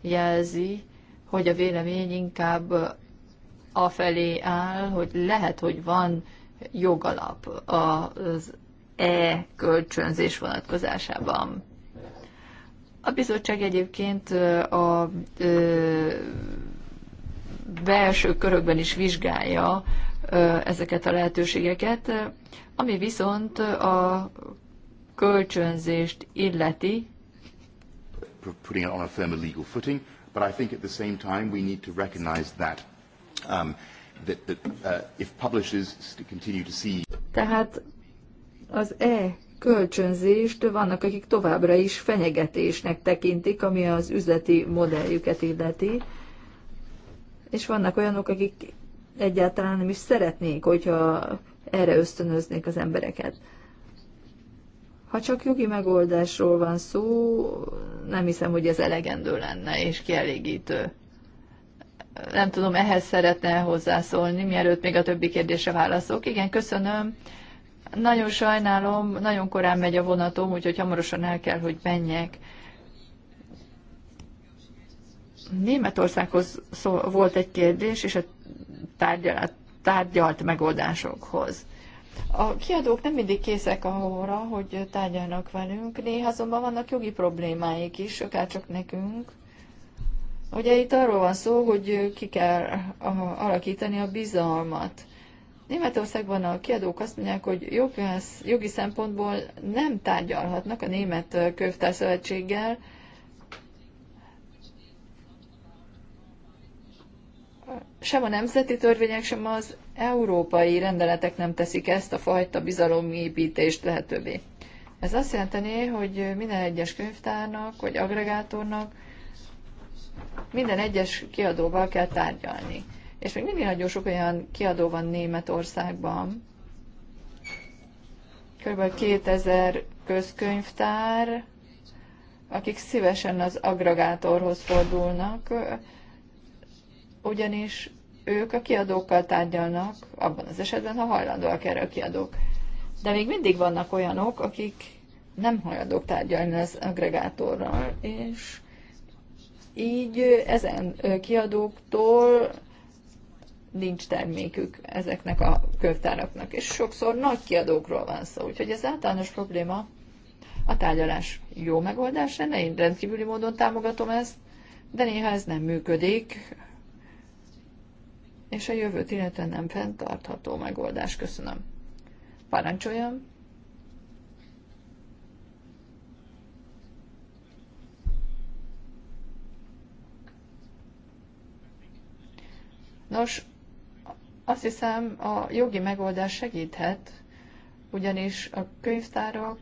S1: jelzi, hogy a vélemény inkább felé áll, hogy lehet, hogy van jogalap az e-kölcsönzés vonatkozásában. A bizottság egyébként a belső körökben is vizsgálja ezeket a lehetőségeket, ami viszont a kölcsönzést illeti.
S2: Putting it on a firmer legal footing, but I think at the same time we need to recognize that um, that, that uh, if publishers continue to see. Tehát
S1: az e kölcsönzést vannak, akik továbbra is fenyegetésnek tekintik, ami az üzleti modelljüket illeti, és vannak olyanok, akik egyáltalán nem is szeretnék, hogyha erre ösztönöznék az embereket. Ha csak jogi megoldásról van szó, nem hiszem, hogy ez elegendő lenne és kielégítő. Nem tudom, ehhez szeretne hozzászólni, mielőtt még a többi kérdése válaszolok. Igen, köszönöm. Nagyon sajnálom, nagyon korán megy a vonatom, úgyhogy hamarosan el kell, hogy menjek. Németországhoz szó, volt egy kérdés, és a tárgyalat, tárgyalt megoldásokhoz. A kiadók nem mindig készek arra, hogy tárgyalnak velünk, néha azonban vannak jogi problémáik is, csak nekünk. Ugye itt arról van szó, hogy ki kell alakítani a bizalmat. Németországban a kiadók azt mondják, hogy jogász, jogi szempontból nem tárgyalhatnak a Német Könyvtárszövetséggel, sem a nemzeti törvények, sem az európai rendeletek nem teszik ezt a fajta bizalomépítést lehetővé. Ez azt jelenteni, hogy minden egyes könyvtárnak vagy agregátornak minden egyes kiadóval kell tárgyalni és még mindig nagyon sok olyan kiadó van Németországban, körülbelül 2000 közkönyvtár, akik szívesen az agregátorhoz fordulnak, ugyanis ők a kiadókkal tárgyalnak, abban az esetben, ha hajlandóak erre a kiadók. De még mindig vannak olyanok, akik nem hajlandók tárgyalni az agregátorral, és így ezen kiadóktól nincs termékük ezeknek a könyvtáraknak. És sokszor nagy kiadókról van szó, úgyhogy ez általános probléma. A tárgyalás jó megoldás lenne, én rendkívüli módon támogatom ezt, de néha ez nem működik, és a jövőt illetően nem fenntartható megoldás. Köszönöm. Parancsoljam! Nos, azt hiszem, a jogi megoldás segíthet, ugyanis a könyvtárak,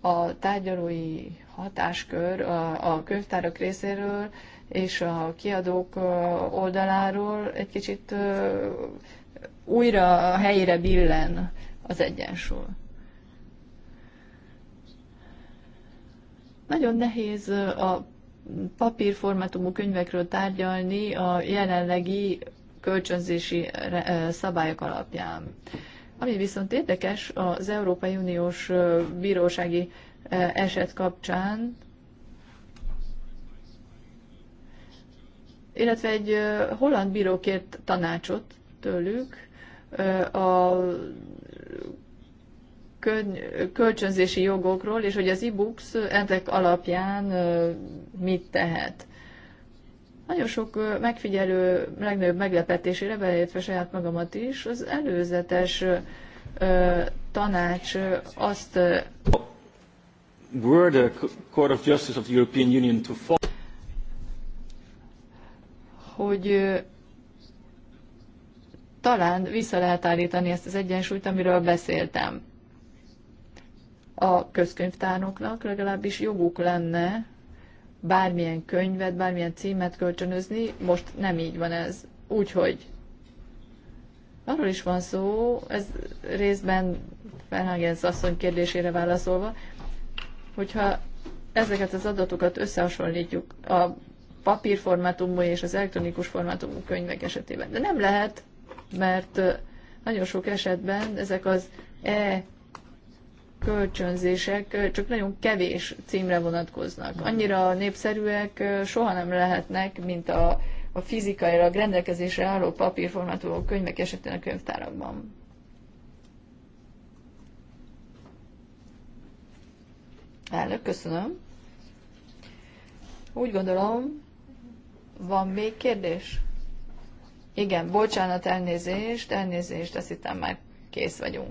S1: a tárgyalói hatáskör a, a könyvtárak részéről és a kiadók oldaláról egy kicsit újra a helyére billen az egyensúly. Nagyon nehéz a papírformátumú könyvekről tárgyalni a jelenlegi kölcsönzési eh, szabályok alapján. Ami viszont érdekes az Európai Uniós eh, bírósági eh, eset kapcsán, illetve egy holland bíró kért tanácsot tőlük a kölcsönzési jogokról, és hogy az e-books ezek alapján mit tehet. Nagyon sok megfigyelő legnagyobb meglepetésére, beleértve saját magamat is, az előzetes tanács azt
S4: were the
S3: Court of Justice of the European Union to fall,
S1: hogy talán vissza lehet állítani ezt az egyensúlyt, amiről beszéltem. A közkönyvtárnoknak legalábbis joguk lenne bármilyen könyvet, bármilyen címet kölcsönözni, most nem így van ez. Úgyhogy arról is van szó, ez részben Fernández asszony kérdésére válaszolva, hogyha ezeket az adatokat összehasonlítjuk a papírformátumú és az elektronikus formátumú könyvek esetében. De nem lehet, mert nagyon sok esetben ezek az e kölcsönzések csak nagyon kevés címre vonatkoznak. Annyira népszerűek soha nem lehetnek, mint a, a fizikailag rendelkezésre álló papírformátú könyvek esetén a könyvtárakban. Elnök, köszönöm. Úgy gondolom, van még kérdés? Igen, bocsánat, elnézést, elnézést, azt hittem már kész vagyunk.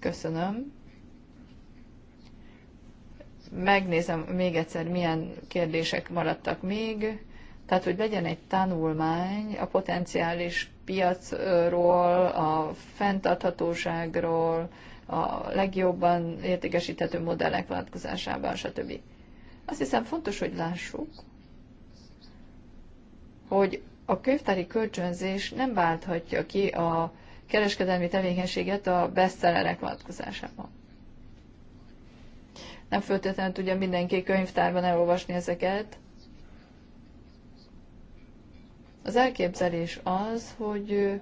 S1: Köszönöm. Megnézem még egyszer, milyen kérdések maradtak még. Tehát, hogy legyen egy tanulmány a potenciális piacról, a fenntarthatóságról, a legjobban értékesíthető modellek vonatkozásában, stb. Azt hiszem fontos, hogy lássuk, hogy a könyvtári kölcsönzés nem válthatja ki a kereskedelmi tevékenységet a bestsellerek vonatkozásában. Nem föltétlenül tudja mindenki könyvtárban elolvasni ezeket. Az elképzelés az, hogy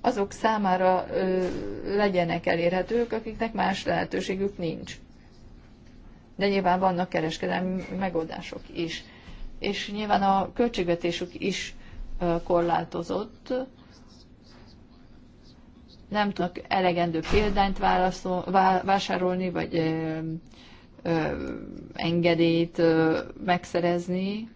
S1: azok számára legyenek elérhetők, akiknek más lehetőségük nincs. De nyilván vannak kereskedelmi megoldások is. És nyilván a költségvetésük is korlátozott, nem tudnak elegendő példányt válaszol, vásárolni, vagy ö, ö, engedélyt ö, megszerezni.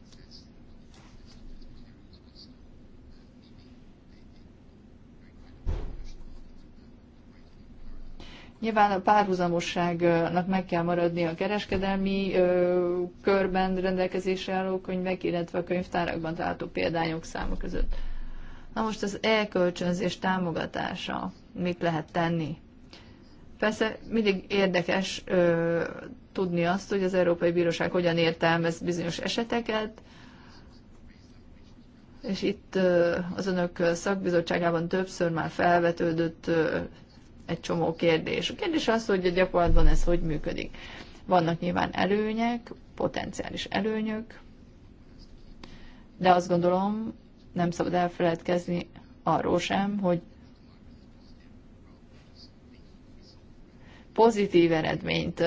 S1: Nyilván a párhuzamosságnak meg kell maradni a kereskedelmi ö, körben rendelkezésre álló könyvek, illetve a könyvtárakban található példányok száma között. Na most az elkölcsönzés támogatása mit lehet tenni. Persze mindig érdekes ö, tudni azt, hogy az Európai Bíróság hogyan értelmez bizonyos eseteket, és itt ö, az önök szakbizottságában többször már felvetődött ö, egy csomó kérdés. A kérdés az, hogy a gyakorlatban ez hogy működik. Vannak nyilván előnyek, potenciális előnyök, de azt gondolom, nem szabad elfeledkezni arról sem, hogy pozitív eredményt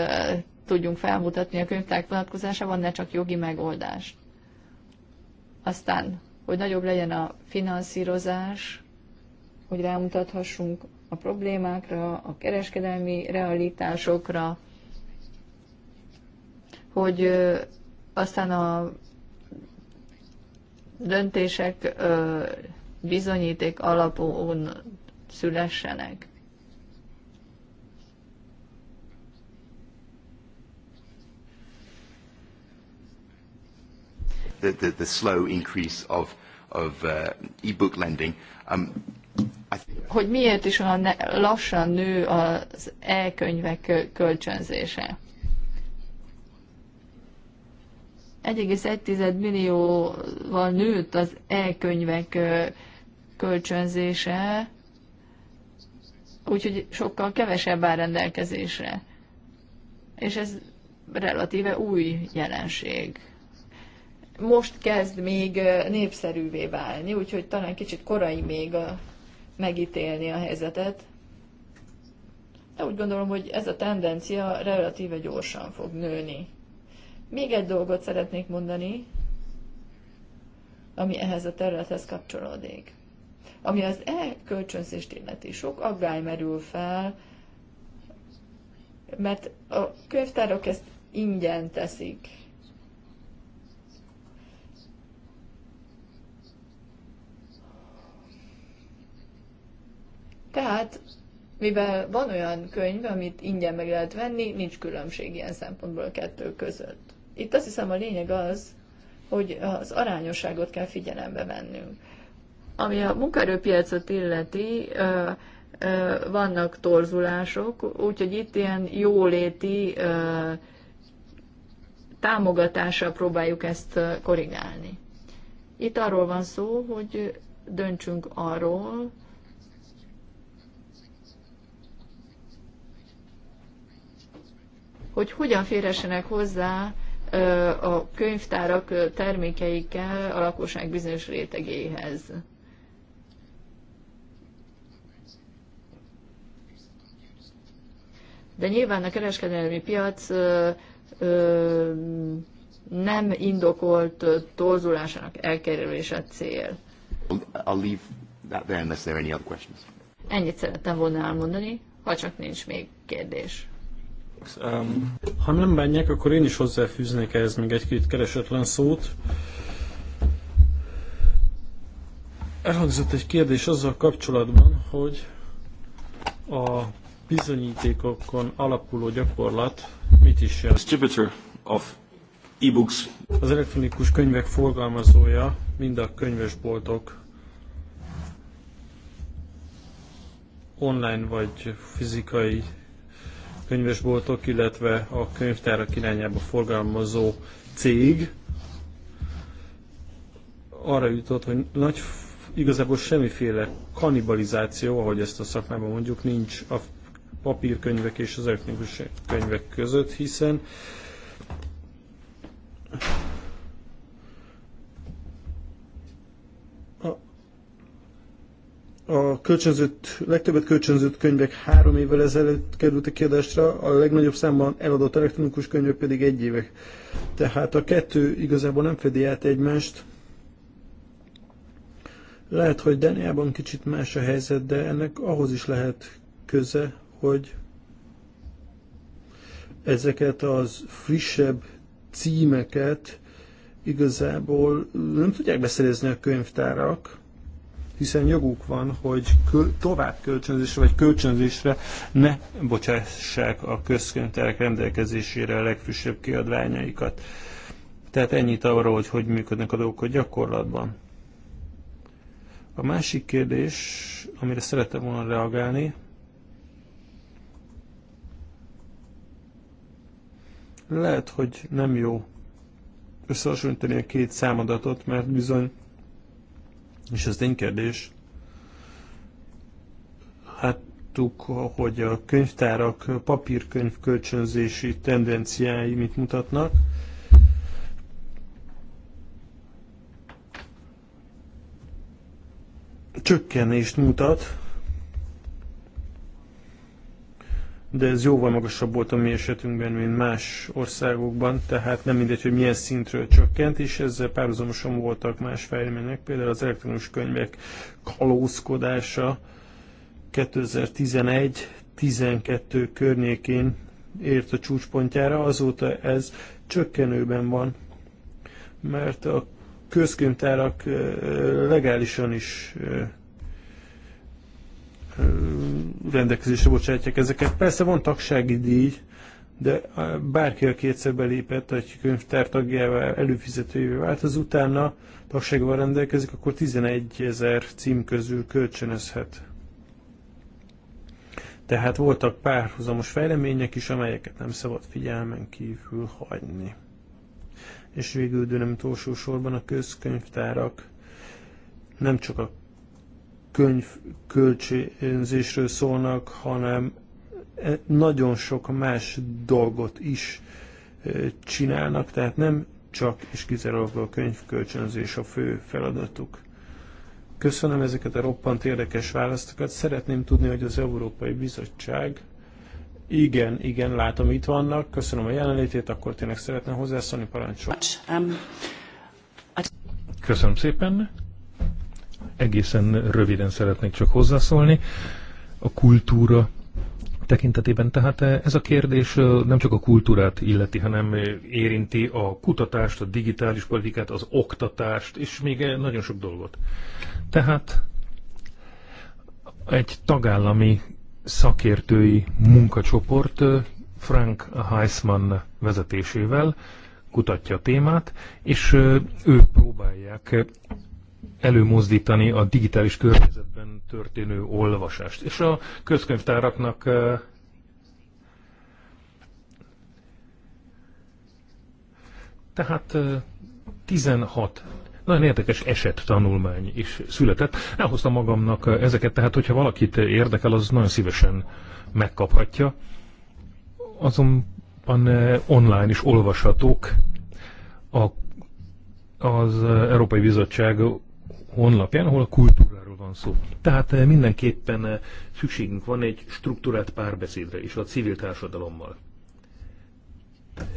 S1: tudjunk felmutatni a könyvtárk vonatkozásában, ne csak jogi megoldás. Aztán, hogy nagyobb legyen a finanszírozás, hogy rámutathassunk a problémákra, a kereskedelmi realitásokra, hogy aztán a döntések bizonyíték alapon szülessenek.
S4: the, the, the slow increase of, of uh, e-book lending. Um,
S1: hogy miért is olyan lassan nő az e-könyvek kölcsönzése. 1,1 millióval nőtt az e-könyvek kölcsönzése, úgyhogy sokkal kevesebb áll rendelkezésre. És ez relatíve új jelenség most kezd még népszerűvé válni, úgyhogy talán kicsit korai még a, megítélni a helyzetet. De úgy gondolom, hogy ez a tendencia relatíve gyorsan fog nőni. Még egy dolgot szeretnék mondani, ami ehhez a területhez kapcsolódik. Ami az e-kölcsönzést illeti. Sok aggály merül fel, mert a könyvtárok ezt ingyen teszik Tehát, mivel van olyan könyv, amit ingyen meg lehet venni, nincs különbség ilyen szempontból a kettő között. Itt azt hiszem a lényeg az, hogy az arányosságot kell figyelembe vennünk. Ami a munkaerőpiacot illeti, vannak torzulások, úgyhogy itt ilyen jóléti támogatással próbáljuk ezt korrigálni. Itt arról van szó, hogy döntsünk arról, hogy hogyan férhessenek hozzá a könyvtárak termékeikkel a lakosság bizonyos rétegéhez. De nyilván a kereskedelmi piac nem indokolt torzulásának elkerülése cél. I'll leave that there unless there are any other questions. Ennyit szerettem volna elmondani, ha csak nincs még kérdés. Um... Ha
S3: nem bánják, akkor én is hozzáfűznék ehhez még egy-két keresetlen szót. Elhangzott egy kérdés azzal kapcsolatban, hogy a bizonyítékokon alapuló gyakorlat mit is
S4: jelent. Distributor of e-books.
S3: Az elektronikus könyvek forgalmazója mind a könyvesboltok online vagy fizikai könyvesboltok, illetve a könyvtárak irányába forgalmazó cég arra jutott, hogy nagy, igazából semmiféle kanibalizáció, ahogy ezt a szakmában mondjuk, nincs a papírkönyvek és az elektronikus könyvek között, hiszen a kölcsönzött, legtöbbet kölcsönzött könyvek három évvel ezelőtt kerültek kiadásra, a legnagyobb számban eladott elektronikus könyvek pedig egy évek. Tehát a kettő igazából nem fedi át egymást. Lehet, hogy Dániában kicsit más a helyzet, de ennek ahhoz is lehet köze, hogy ezeket az frissebb címeket igazából nem tudják beszerezni a könyvtárak, hiszen joguk van, hogy köl, tovább kölcsönzésre vagy kölcsönzésre ne bocsássák a közköntelek rendelkezésére a legfrissebb kiadványaikat. Tehát ennyit arra, hogy hogy működnek a dolgok a gyakorlatban. A másik kérdés, amire szerettem volna reagálni, lehet, hogy nem jó összehasonlítani a két számadatot, mert bizony és az ténykérdés, láttuk, hogy a könyvtárak papírkönyv kölcsönzési tendenciái mit mutatnak. Csökkenést mutat, de ez jóval magasabb volt a mi esetünkben, mint más országokban, tehát nem mindegy, hogy milyen szintről csökkent, és ezzel párhuzamosan voltak más fejlemények, például az elektronikus könyvek kalózkodása 2011-12 környékén ért a csúcspontjára, azóta ez csökkenőben van, mert a közkönyvtárak eh, legálisan is eh, rendelkezésre bocsátják ezeket. Persze van tagsági díj, de bárki, aki egyszer belépett, egy könyvtár tagjává, előfizetőjévé vált, az utána tagsággal rendelkezik, akkor 11 ezer cím közül kölcsönözhet. Tehát voltak párhuzamos fejlemények is, amelyeket nem szabad figyelmen kívül hagyni. És végül, de nem utolsó sorban a közkönyvtárak nem csak a könyv szólnak, hanem e, nagyon sok más dolgot is e, csinálnak, tehát nem csak és kizárólag a könyvkölcsönzés a fő feladatuk. Köszönöm ezeket a roppant érdekes választokat. Szeretném tudni, hogy az Európai Bizottság igen, igen, látom, itt vannak. Köszönöm a jelenlétét, akkor tényleg szeretném hozzászólni, parancsol.
S2: Um,
S4: Köszönöm szépen egészen röviden szeretnék csak hozzászólni. A kultúra tekintetében. Tehát ez a kérdés nem csak a kultúrát illeti, hanem érinti a kutatást, a digitális politikát, az oktatást, és még nagyon sok dolgot. Tehát egy tagállami szakértői munkacsoport Frank Heisman vezetésével kutatja a témát, és ők próbálják előmozdítani a digitális környezetben történő olvasást. És a közkönyvtáraknak tehát 16 nagyon érdekes eset tanulmány is született. Elhoztam magamnak ezeket, tehát hogyha valakit érdekel, az nagyon szívesen megkaphatja. Azonban online is olvashatók a, az Európai Bizottság honlapján, ahol a kultúráról van szó. Tehát eh, mindenképpen eh, szükségünk van egy struktúrált párbeszédre is a civil társadalommal.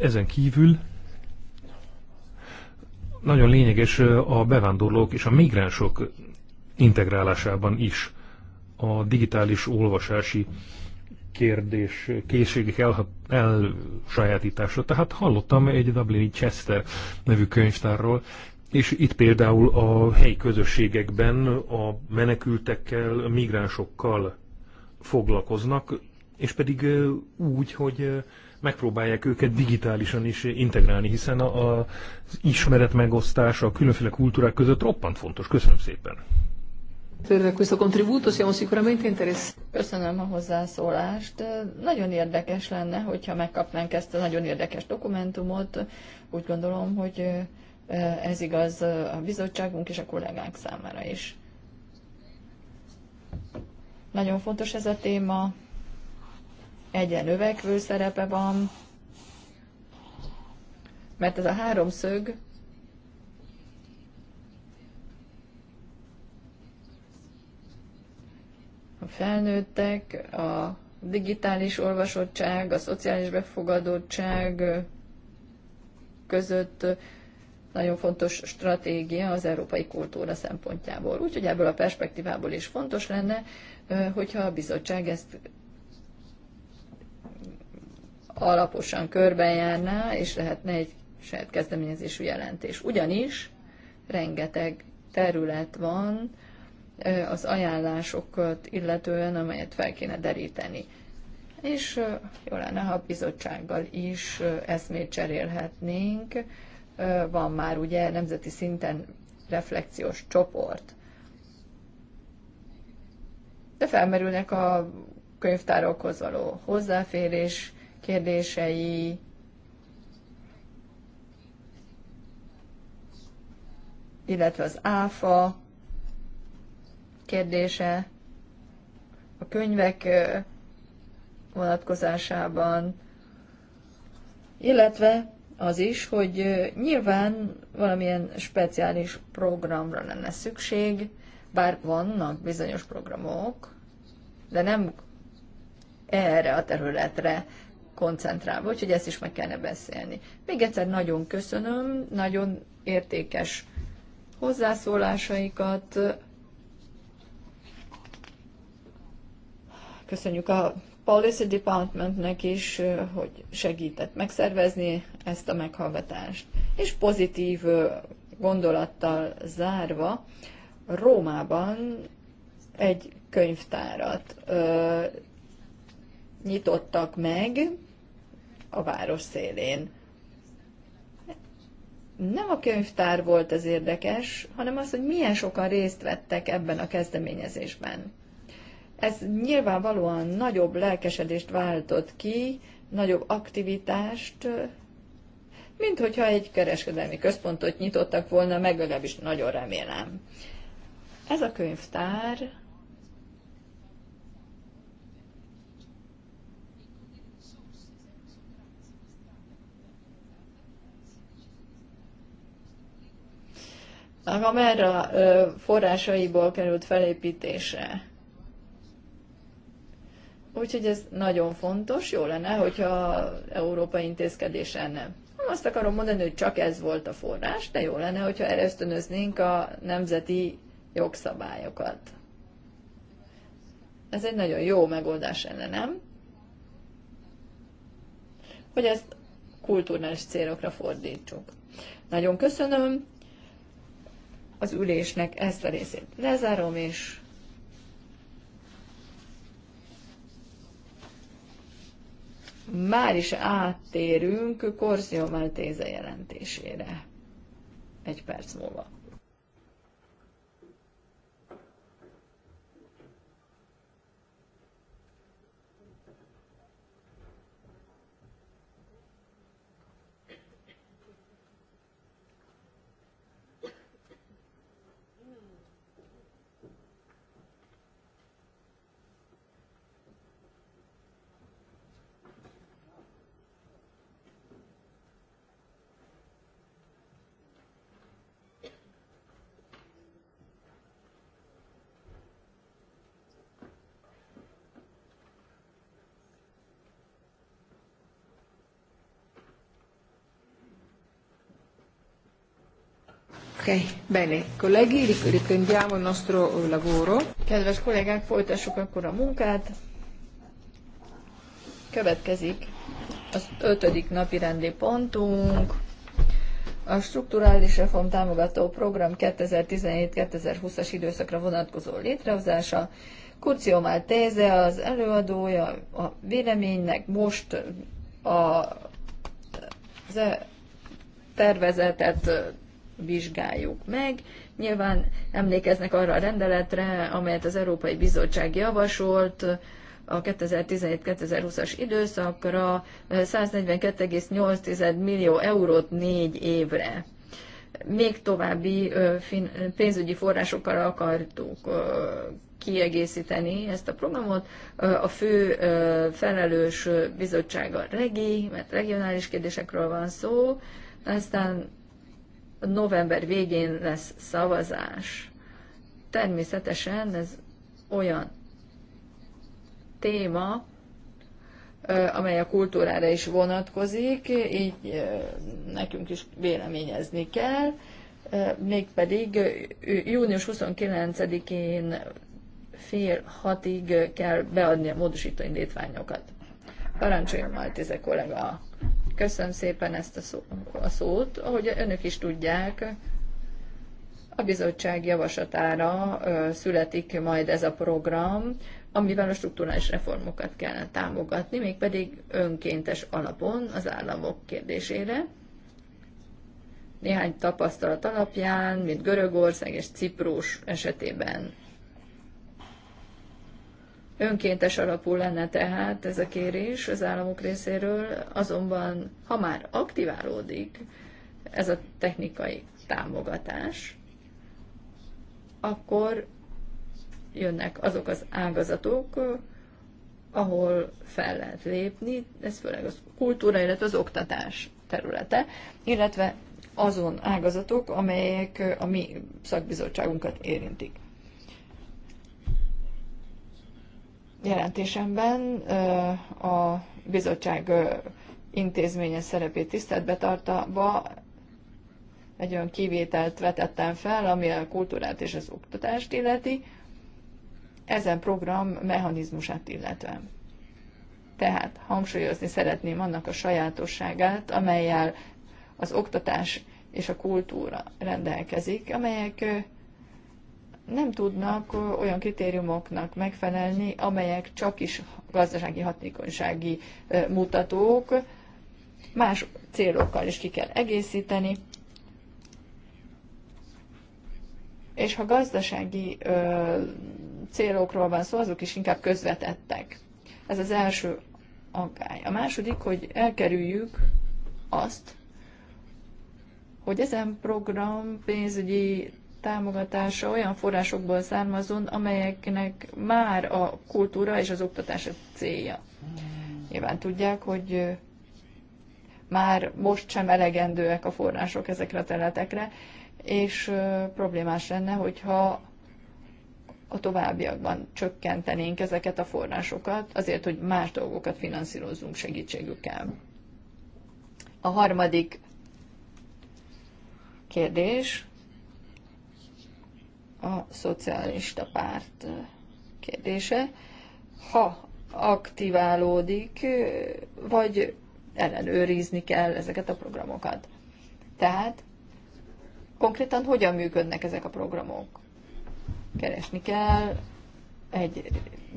S4: Ezen kívül nagyon lényeges eh, a bevándorlók és a migránsok integrálásában is a digitális olvasási kérdés, készségek el, elsajátítása. Tehát hallottam egy Dublini Chester nevű könyvtárról, és itt például a helyi közösségekben a menekültekkel, a migránsokkal foglalkoznak, és pedig úgy, hogy megpróbálják őket digitálisan is integrálni, hiszen az ismeret megosztása a különféle kultúrák között roppant fontos. Köszönöm szépen!
S1: questo contributo siamo sicuramente interessati. Köszönöm a hozzászólást. Nagyon érdekes lenne, hogyha megkapnánk ezt a nagyon érdekes dokumentumot. Úgy gondolom, hogy ez igaz a bizottságunk és a kollégánk számára is. Nagyon fontos ez a téma. Egyre növekvő szerepe van, mert ez a háromszög a felnőttek, a digitális olvasottság, a szociális befogadottság között nagyon fontos stratégia az európai kultúra szempontjából. Úgyhogy ebből a perspektívából is fontos lenne, hogyha a bizottság ezt alaposan körbejárná, és lehetne egy saját kezdeményezésű jelentés. Ugyanis rengeteg terület van az ajánlásokat illetően, amelyet fel kéne deríteni. És jó lenne, ha a bizottsággal is eszmét cserélhetnénk, van már ugye nemzeti szinten reflexiós csoport. De felmerülnek a könyvtárokhoz való hozzáférés kérdései, illetve az áfa kérdése, a könyvek vonatkozásában, illetve az is, hogy nyilván valamilyen speciális programra lenne szükség, bár vannak bizonyos programok, de nem erre a területre koncentrálva, úgyhogy ezt is meg kellene beszélni. Még egyszer nagyon köszönöm, nagyon értékes hozzászólásaikat. Köszönjük a Policy Departmentnek is, hogy segített megszervezni ezt a meghallgatást. És pozitív gondolattal zárva, Rómában egy könyvtárat ö, nyitottak meg a város szélén. Nem a könyvtár volt az érdekes, hanem az, hogy milyen sokan részt vettek ebben a kezdeményezésben. Ez nyilvánvalóan nagyobb lelkesedést váltott ki, nagyobb aktivitást, mint hogyha egy kereskedelmi központot nyitottak volna, meg is nagyon remélem. Ez a könyvtár a Gamera forrásaiból került felépítése. Úgyhogy ez nagyon fontos, jó lenne, hogyha európai intézkedés lenne. azt akarom mondani, hogy csak ez volt a forrás, de jó lenne, hogyha erre ösztönöznénk a nemzeti jogszabályokat. Ez egy nagyon jó megoldás lenne, nem? Hogy ezt kulturális célokra fordítsuk. Nagyon köszönöm az ülésnek ezt a részét. Lezárom, és már is áttérünk Korszió Maltéze jelentésére. Egy perc múlva. Ok, bene, colleghi, riprendiamo il nostro eh, lavoro. Kedves kollégák, folytassuk akkor a munkát. Következik az ötödik napi rendi pontunk. A strukturális reform támogató program 2017-2020-as időszakra vonatkozó létrehozása. Kurcio Maltese az előadója a véleménynek, most eh, a, e- tervezetet eh, vizsgáljuk meg. Nyilván emlékeznek arra a rendeletre, amelyet az Európai Bizottság javasolt, a 2017-2020-as időszakra 142,8 millió eurót négy évre. Még további pénzügyi forrásokkal akartuk kiegészíteni ezt a programot. A fő felelős bizottsága regi, mert regionális kérdésekről van szó, aztán november végén lesz szavazás. Természetesen ez olyan téma, amely a kultúrára is vonatkozik, így nekünk is véleményezni kell, mégpedig június 29-én fél hatig kell beadni a módosító indítványokat. Parancsoljon Maltize kollega a Köszönöm szépen ezt a, szó, a szót. Ahogy önök is tudják, a bizottság javaslatára születik majd ez a program, amivel a strukturális reformokat kellene támogatni, mégpedig önkéntes alapon az államok kérdésére. Néhány tapasztalat alapján, mint Görögország és Ciprus esetében Önkéntes alapú lenne tehát ez a kérés az államok részéről, azonban ha már aktiválódik ez a technikai támogatás, akkor jönnek azok az ágazatok, ahol fel lehet lépni, ez főleg az kultúra, illetve az oktatás területe, illetve azon ágazatok, amelyek a mi szakbizottságunkat érintik. Jelentésemben a bizottság intézményes szerepét tiszteletbe tartva egy olyan kivételt vetettem fel, ami a kultúrát és az oktatást illeti, ezen program mechanizmusát illetően. Tehát hangsúlyozni szeretném annak a sajátosságát, amelyel az oktatás és a kultúra rendelkezik, amelyek nem tudnak olyan kritériumoknak megfelelni, amelyek csak is gazdasági hatékonysági mutatók, más célokkal is ki kell egészíteni. És ha gazdasági célokról van szó, azok is inkább közvetettek. Ez az első aggály. A második, hogy elkerüljük azt, hogy ezen program pénzügyi támogatása olyan forrásokból származon, amelyeknek már a kultúra és az oktatás a célja. Nyilván tudják, hogy már most sem elegendőek a források ezekre a területekre, és problémás lenne, hogyha a továbbiakban csökkentenénk ezeket a forrásokat, azért, hogy más dolgokat finanszírozzunk segítségükkel. A harmadik kérdés a szocialista párt kérdése, ha aktiválódik, vagy ellenőrizni kell ezeket a programokat. Tehát konkrétan hogyan működnek ezek a programok? Keresni kell egy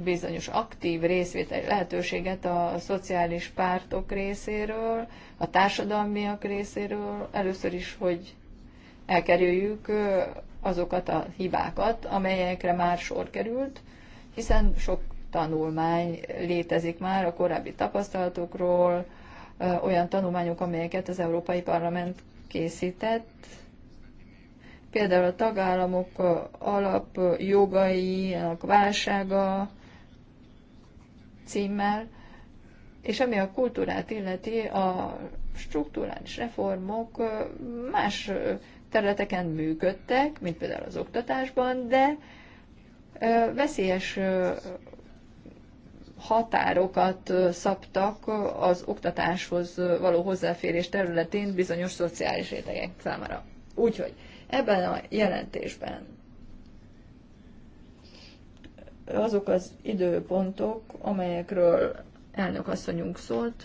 S1: bizonyos aktív részvételi lehetőséget a szociális pártok részéről, a társadalmiak részéről, először is, hogy elkerüljük azokat a hibákat, amelyekre már sor került, hiszen sok tanulmány létezik már a korábbi tapasztalatokról, olyan tanulmányok, amelyeket az Európai Parlament készített, például a tagállamok alap alapjogainak válsága címmel, és ami a kultúrát illeti, a struktúrális reformok más területeken működtek, mint például az oktatásban, de veszélyes határokat szabtak az oktatáshoz való hozzáférés területén bizonyos szociális rétegek számára. Úgyhogy ebben a jelentésben azok az időpontok, amelyekről elnök asszonyunk szólt,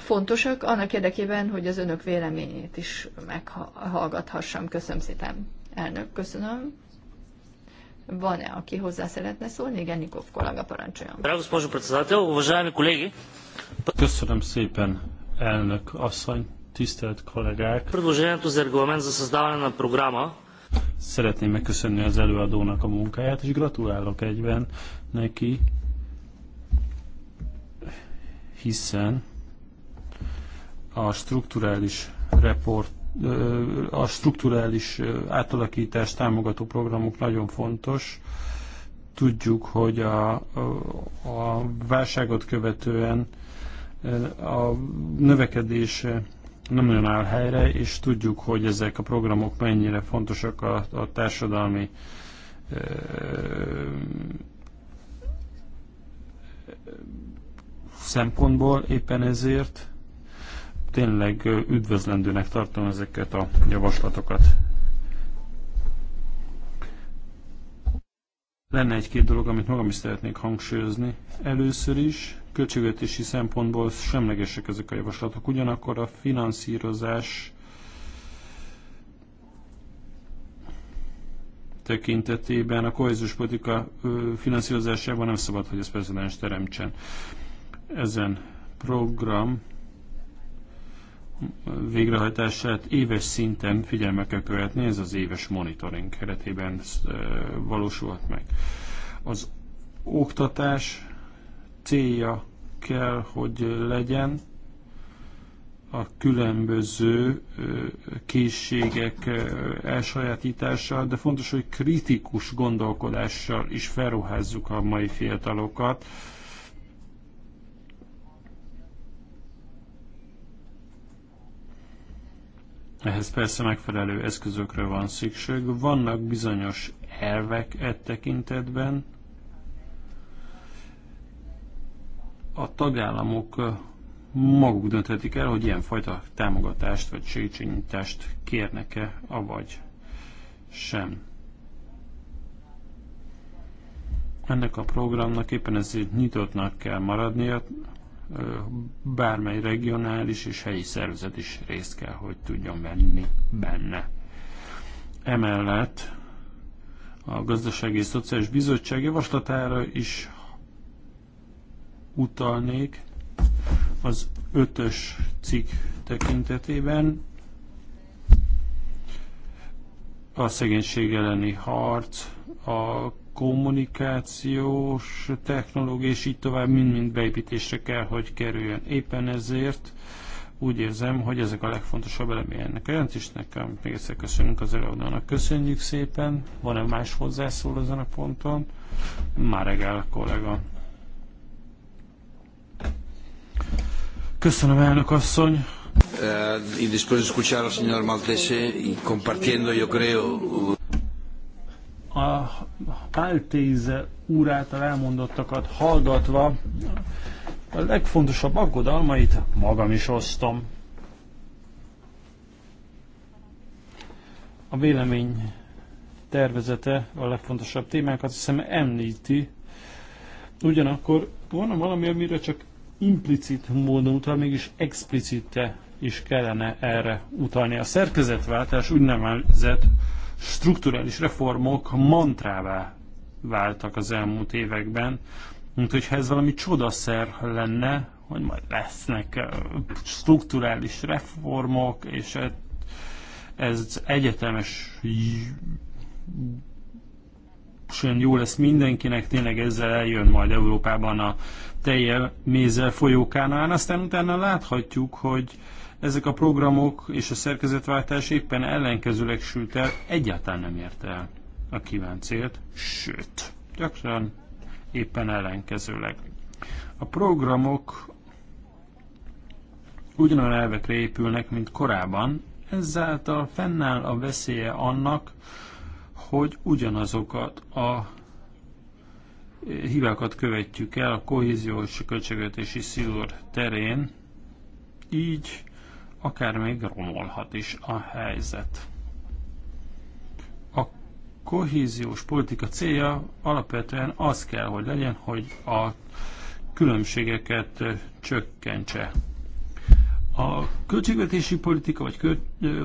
S1: fontosak annak érdekében, hogy az önök véleményét is meghallgathassam. Köszönöm szépen, elnök, köszönöm. Van-e, aki hozzá szeretne szólni? Igen, Nikov kollega, parancsoljon.
S3: Köszönöm szépen, elnök asszony, tisztelt kollégák. Szeretném megköszönni az előadónak a munkáját, és gratulálok egyben neki, hiszen a strukturális report a strukturális átalakítás támogató programok nagyon fontos. Tudjuk, hogy a, a, válságot követően a növekedés nem nagyon áll helyre, és tudjuk, hogy ezek a programok mennyire fontosak a, a társadalmi ö, szempontból éppen ezért tényleg üdvözlendőnek tartom ezeket a javaslatokat. Lenne egy-két dolog, amit magam is szeretnék hangsúlyozni. Először is költségvetési szempontból semlegesek ezek a javaslatok. Ugyanakkor a finanszírozás tekintetében a kohéziós politika finanszírozásában nem szabad, hogy ez precedens teremtsen. Ezen program végrehajtását éves szinten figyelme kell követni, ez az éves monitoring keretében valósulhat meg. Az oktatás célja kell, hogy legyen a különböző készségek elsajátítása, de fontos, hogy kritikus gondolkodással is felruházzuk a mai fiatalokat, Ehhez persze megfelelő eszközökre van szükség. Vannak bizonyos elvek e tekintetben. A tagállamok maguk dönthetik el, hogy ilyenfajta támogatást vagy segítségnyújtást kérnek-e, avagy sem. Ennek a programnak éppen ezért nyitottnak kell maradnia, bármely regionális és helyi szervezet is részt kell, hogy tudjon venni benne. Emellett a Gazdasági és Szociális Bizottság javaslatára is utalnék az ötös cikk tekintetében a szegénység elleni harc, a kommunikációs technológia, és így tovább mind-mind beépítésre kell, hogy kerüljön. Éppen ezért úgy érzem, hogy ezek a legfontosabb elemei ennek a jelentésnek. Még egyszer köszönünk az előadónak. Köszönjük szépen. Van-e más hozzászól ezen a ponton? Már reggel, kollega. Köszönöm, elnök asszony.
S4: Uh, eh, y después de escuchar al señor Maltese y compartiendo, yo creo,
S3: a Káltéze úr által elmondottakat hallgatva a legfontosabb aggodalmait magam is osztom. A vélemény tervezete a legfontosabb témákat hiszem említi. Ugyanakkor van valami, amire csak implicit módon utal, mégis explicite is kellene erre utalni. A szerkezetváltás úgynevezett strukturális reformok mantrává váltak az elmúlt években, mint hogyha ez valami csodaszer lenne, hogy majd lesznek strukturális reformok, és ez egyetemes jó lesz mindenkinek, tényleg ezzel eljön majd Európában a teljel mézzel folyókánál, aztán utána láthatjuk, hogy ezek a programok és a szerkezetváltás éppen ellenkezőleg sült el, egyáltalán nem érte el a kívánt célt, sőt, gyakran éppen ellenkezőleg. A programok ugyanolyan elvekre épülnek, mint korábban, ezáltal fennáll a veszélye annak, hogy ugyanazokat a hibákat követjük el a kohéziós költségvetési szigor terén, így akár még romolhat is a helyzet. A kohéziós politika célja alapvetően az kell, hogy legyen, hogy a különbségeket csökkentse. A költségvetési politika vagy, kö,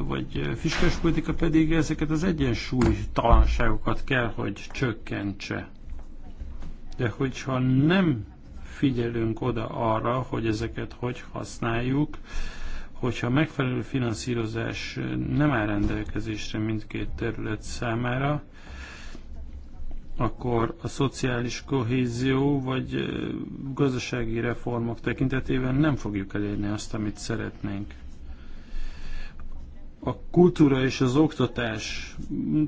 S3: vagy fiskális politika pedig ezeket az egyensúlytalanságokat kell, hogy csökkentse. De hogyha nem figyelünk oda arra, hogy ezeket hogy használjuk, hogyha megfelelő finanszírozás nem áll rendelkezésre mindkét terület számára, akkor a szociális kohézió vagy gazdasági reformok tekintetében nem fogjuk elérni azt, amit szeretnénk. A kultúra és az oktatás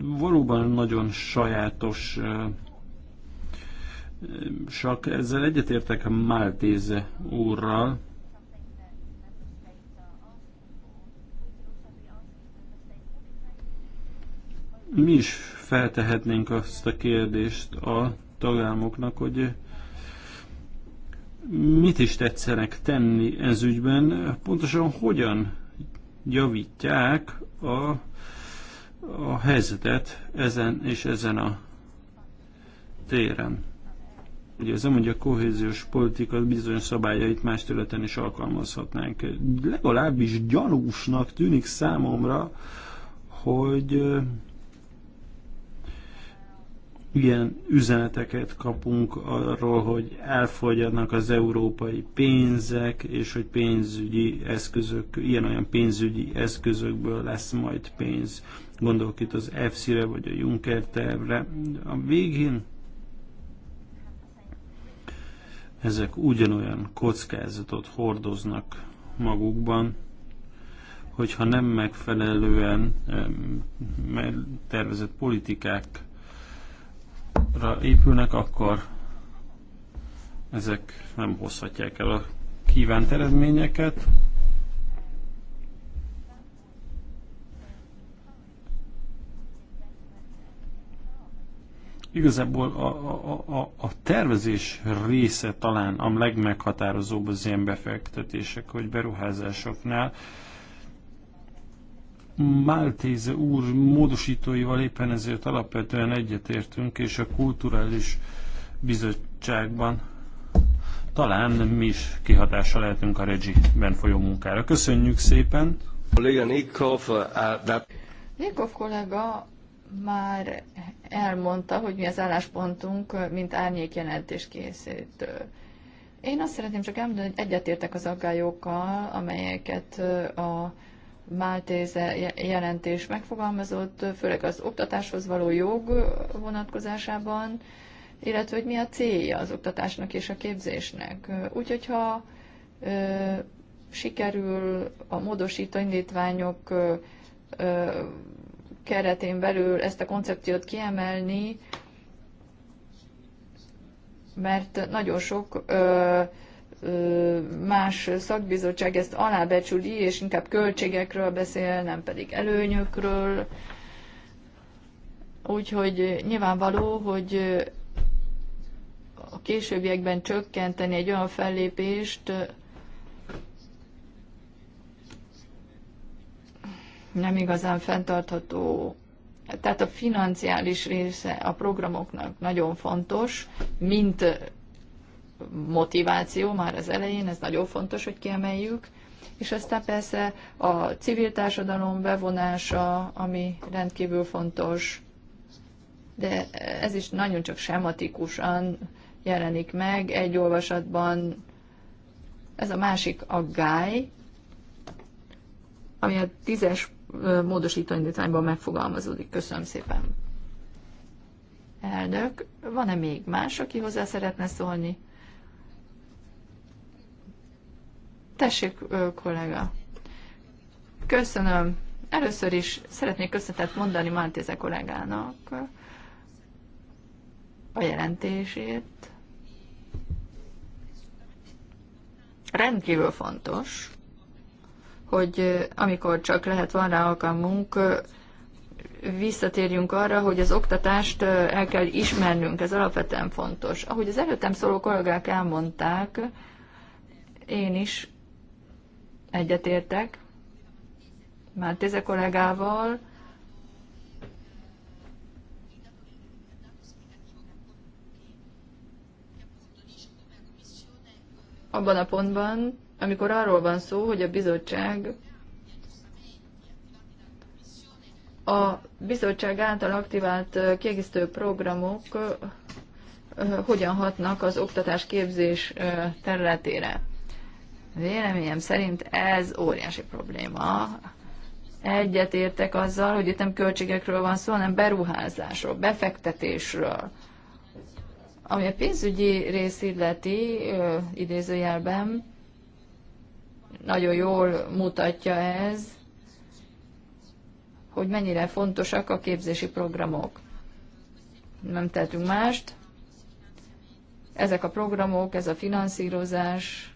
S3: valóban nagyon sajátos csak ezzel egyetértek Máltéze úrral, mi is feltehetnénk azt a kérdést a tagállamoknak, hogy mit is tetszenek tenni ez ügyben, pontosan hogyan javítják a, a helyzetet ezen és ezen a téren. Ugye ez nem, hogy a kohéziós politika bizonyos szabályait más területen is alkalmazhatnánk. Legalábbis gyanúsnak tűnik számomra, hogy ilyen üzeneteket kapunk arról, hogy elfogyadnak az európai pénzek, és hogy pénzügyi eszközök, ilyen-olyan pénzügyi eszközökből lesz majd pénz. Gondolok itt az EFSZ-re vagy a Juncker tervre. A végén ezek ugyanolyan kockázatot hordoznak magukban, hogyha nem megfelelően eh, tervezett politikák ra épülnek, akkor ezek nem hozhatják el a kívánt eredményeket. Igazából a, a, a, a tervezés része talán a legmeghatározóbb az ilyen befektetések hogy beruházásoknál. Máltéze úr módosítóival éppen ezért alapvetően egyetértünk, és a kulturális bizottságban talán mi is kihatással lehetünk a Regi-ben folyó munkára. Köszönjük szépen! Uh,
S1: Nikov kollega már elmondta, hogy mi az álláspontunk, mint árnyék jelentés készítő. Én azt szeretném csak elmondani, hogy egyetértek az aggályokkal, amelyeket uh, a Máltéze jelentés megfogalmazott, főleg az oktatáshoz való jog vonatkozásában, illetve hogy mi a célja az oktatásnak és a képzésnek. Úgyhogy ha sikerül a módosító indítványok keretén belül ezt a koncepciót kiemelni, mert nagyon sok ö, más szakbizottság ezt alábecsüli, és inkább költségekről beszél, nem pedig előnyökről. Úgyhogy nyilvánvaló, hogy a későbbiekben csökkenteni egy olyan fellépést, nem igazán fenntartható. Tehát a financiális része a programoknak nagyon fontos, mint motiváció már az elején, ez nagyon fontos, hogy kiemeljük, és aztán persze a civil társadalom bevonása, ami rendkívül fontos, de ez is nagyon csak sematikusan jelenik meg egy olvasatban. Ez a másik aggály, ami a tízes módosító indítványban megfogalmazódik. Köszönöm szépen. Elnök, van-e még más, aki hozzá szeretne szólni? Tessék, kollega. Köszönöm. Először is szeretnék köszönetet mondani Mártéze kollégának a jelentését. Rendkívül fontos, hogy amikor csak lehet van rá alkalmunk, visszatérjünk arra, hogy az oktatást el kell ismernünk, ez alapvetően fontos. Ahogy az előttem szóló kollégák elmondták, én is Egyetértek már Téze kollégával, abban a pontban, amikor arról van szó, hogy a bizottság a bizottság által aktivált kiegészítő programok hogyan hatnak az oktatás képzés területére. Véleményem szerint ez óriási probléma. értek azzal, hogy itt nem költségekről van szó, hanem beruházásról, befektetésről. Ami a pénzügyi rész illeti, idézőjelben, nagyon jól mutatja ez, hogy mennyire fontosak a képzési programok. Nem tehetünk mást. Ezek a programok, ez a finanszírozás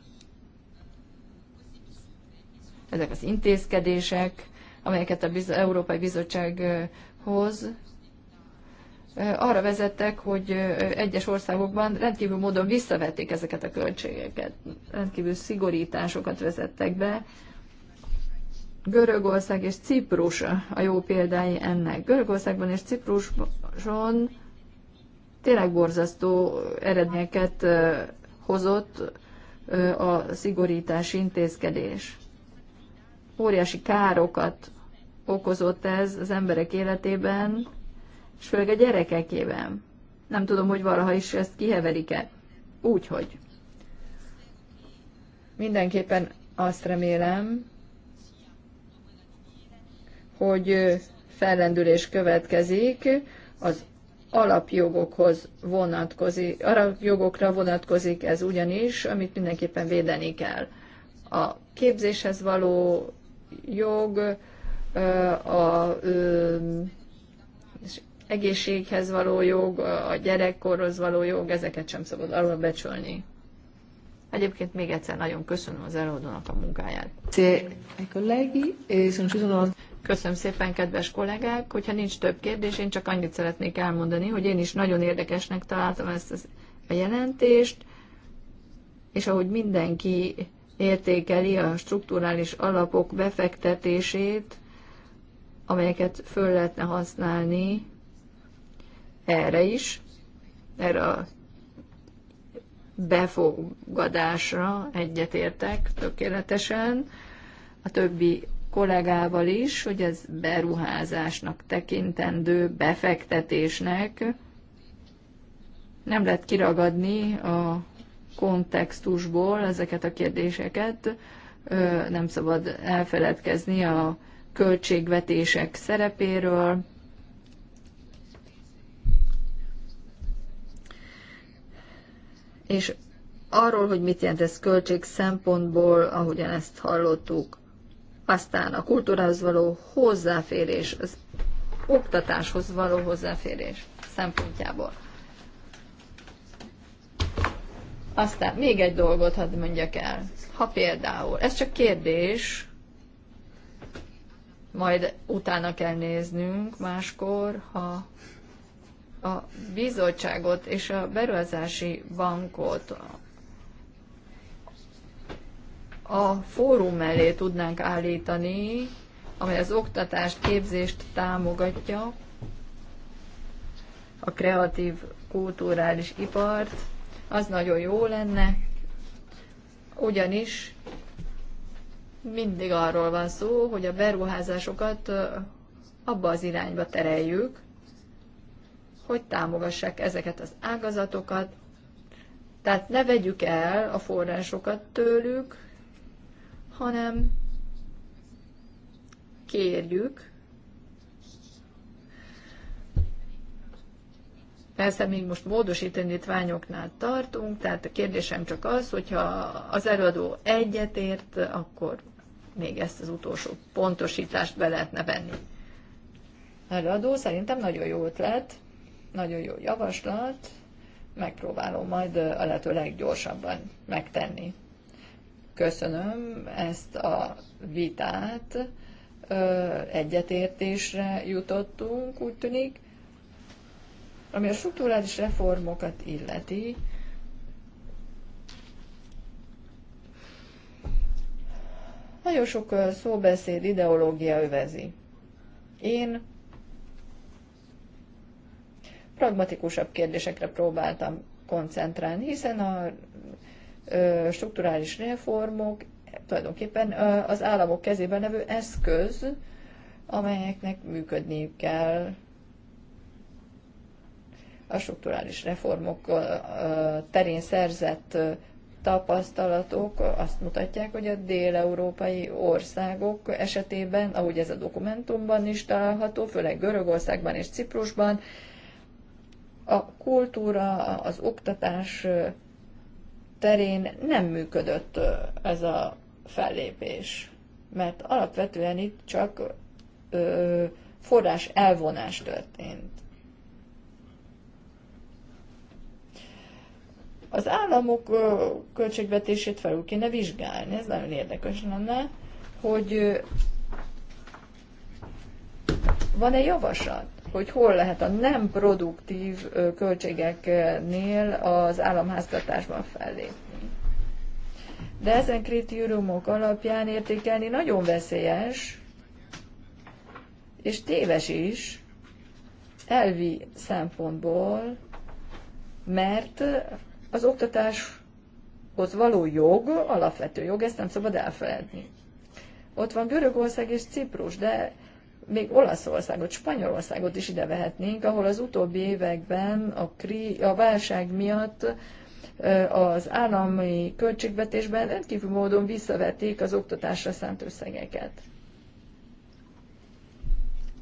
S1: ezek az intézkedések, amelyeket Biz- Európai Bizottság hoz, arra vezettek, hogy egyes országokban rendkívül módon visszavették ezeket a költségeket, rendkívül szigorításokat vezettek be. Görögország és Ciprus a jó példái ennek. Görögországban és Cipruson tényleg borzasztó eredményeket hozott a szigorítási intézkedés óriási károkat okozott ez az emberek életében, és főleg a gyerekekében. Nem tudom, hogy valaha is ezt kiheverik-e. Úgyhogy. Mindenképpen azt remélem, hogy fellendülés következik, az alapjogokhoz vonatkozik, alapjogokra vonatkozik ez ugyanis, amit mindenképpen védeni kell. A képzéshez való jog, a egészséghez való jog, a gyerekkorhoz való jog, ezeket sem szabad arról becsülni. Egyébként még egyszer nagyon köszönöm az előadónak a munkáját. Köszönöm szépen, kedves kollégák! Hogyha nincs több kérdés, én csak annyit szeretnék elmondani, hogy én is nagyon érdekesnek találtam ezt a jelentést, és ahogy mindenki értékeli a strukturális alapok befektetését, amelyeket föl lehetne használni erre is, erre a befogadásra egyetértek tökéletesen, a többi kollégával is, hogy ez beruházásnak tekintendő, befektetésnek nem lehet kiragadni a kontextusból ezeket a kérdéseket. Nem szabad elfeledkezni a költségvetések szerepéről. És arról, hogy mit jelent ez költség szempontból, ahogyan ezt hallottuk. Aztán a kultúrához való hozzáférés, az oktatáshoz való hozzáférés szempontjából. Aztán még egy dolgot hadd mondjak el. Ha például, ez csak kérdés, majd utána kell néznünk máskor, ha a bizottságot és a beruházási bankot a fórum mellé tudnánk állítani, amely az oktatást, képzést támogatja, a kreatív kulturális ipart, az nagyon jó lenne, ugyanis mindig arról van szó, hogy a beruházásokat abba az irányba tereljük, hogy támogassák ezeket az ágazatokat, tehát ne vegyük el a forrásokat tőlük, hanem kérjük, Persze még most módosítanítványoknál tartunk, tehát a kérdésem csak az, hogyha az előadó egyetért, akkor még ezt az utolsó pontosítást be lehetne venni. Előadó szerintem nagyon jó ötlet, nagyon jó javaslat, megpróbálom majd a lehető leggyorsabban megtenni. Köszönöm ezt a vitát, egyetértésre jutottunk, úgy tűnik ami a struktúrális reformokat illeti, nagyon sok szóbeszéd, ideológia övezi. Én pragmatikusabb kérdésekre próbáltam koncentrálni, hiszen a strukturális reformok tulajdonképpen az államok kezében levő eszköz, amelyeknek működniük kell a strukturális reformok terén szerzett tapasztalatok azt mutatják, hogy a déleurópai országok esetében, ahogy ez a dokumentumban is található, főleg Görögországban és Ciprusban, a kultúra, az oktatás terén nem működött ez a fellépés, mert alapvetően itt csak forrás elvonás történt. Az államok költségvetését felül kéne vizsgálni, ez nagyon érdekes lenne, hogy van-e javaslat, hogy hol lehet a nem produktív költségeknél az államháztartásban fellépni. De ezen kritériumok alapján értékelni nagyon veszélyes, és téves is, elvi szempontból, mert az oktatáshoz való jog, alapvető jog, ezt nem szabad elfeledni. Ott van Görögország és Ciprus, de még Olaszországot, Spanyolországot is ide vehetnénk, ahol az utóbbi években a, kri, a válság miatt az állami költségvetésben rendkívül módon visszavették az oktatásra szánt összegeket.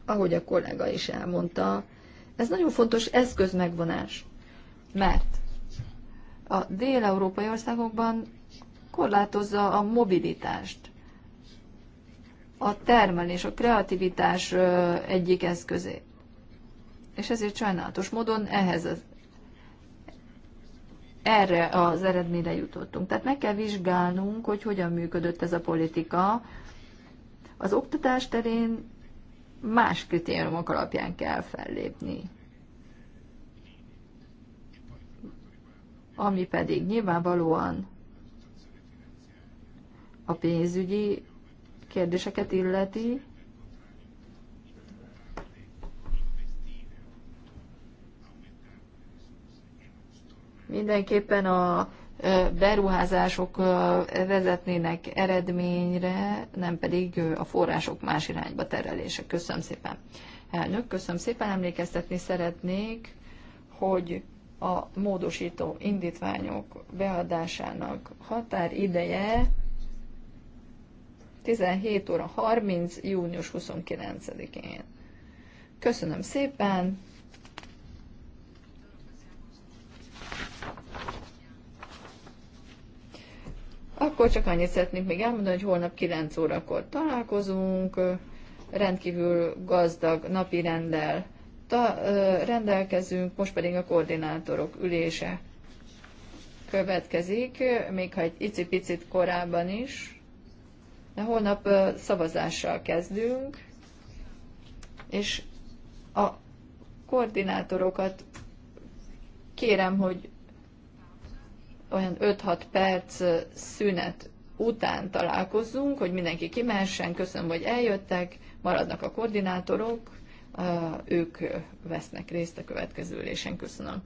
S1: Ahogy a kollega is elmondta, ez nagyon fontos eszközmegvonás, mert a dél-európai országokban korlátozza a mobilitást. A termelés, a kreativitás egyik eszközé. És ezért sajnálatos módon ehhez az, erre az eredményre jutottunk. Tehát meg kell vizsgálnunk, hogy hogyan működött ez a politika. Az oktatás terén más kritériumok alapján kell fellépni. ami pedig nyilvánvalóan a pénzügyi kérdéseket illeti, mindenképpen a beruházások vezetnének eredményre, nem pedig a források más irányba terelése. Köszönöm szépen. Elnök, köszönöm szépen. Emlékeztetni szeretnék, hogy a módosító indítványok beadásának határideje 17 óra 30. június 29-én. Köszönöm szépen! Akkor csak annyit szeretnék még elmondani, hogy holnap 9 órakor találkozunk, rendkívül gazdag napi rendel ta, rendelkezünk, most pedig a koordinátorok ülése következik, még ha egy icipicit korábban is, de holnap szavazással kezdünk, és a koordinátorokat kérem, hogy olyan 5-6 perc szünet után találkozzunk, hogy mindenki kimessen, Köszönöm, hogy eljöttek, maradnak a koordinátorok ők vesznek részt a következő ülésen. Köszönöm.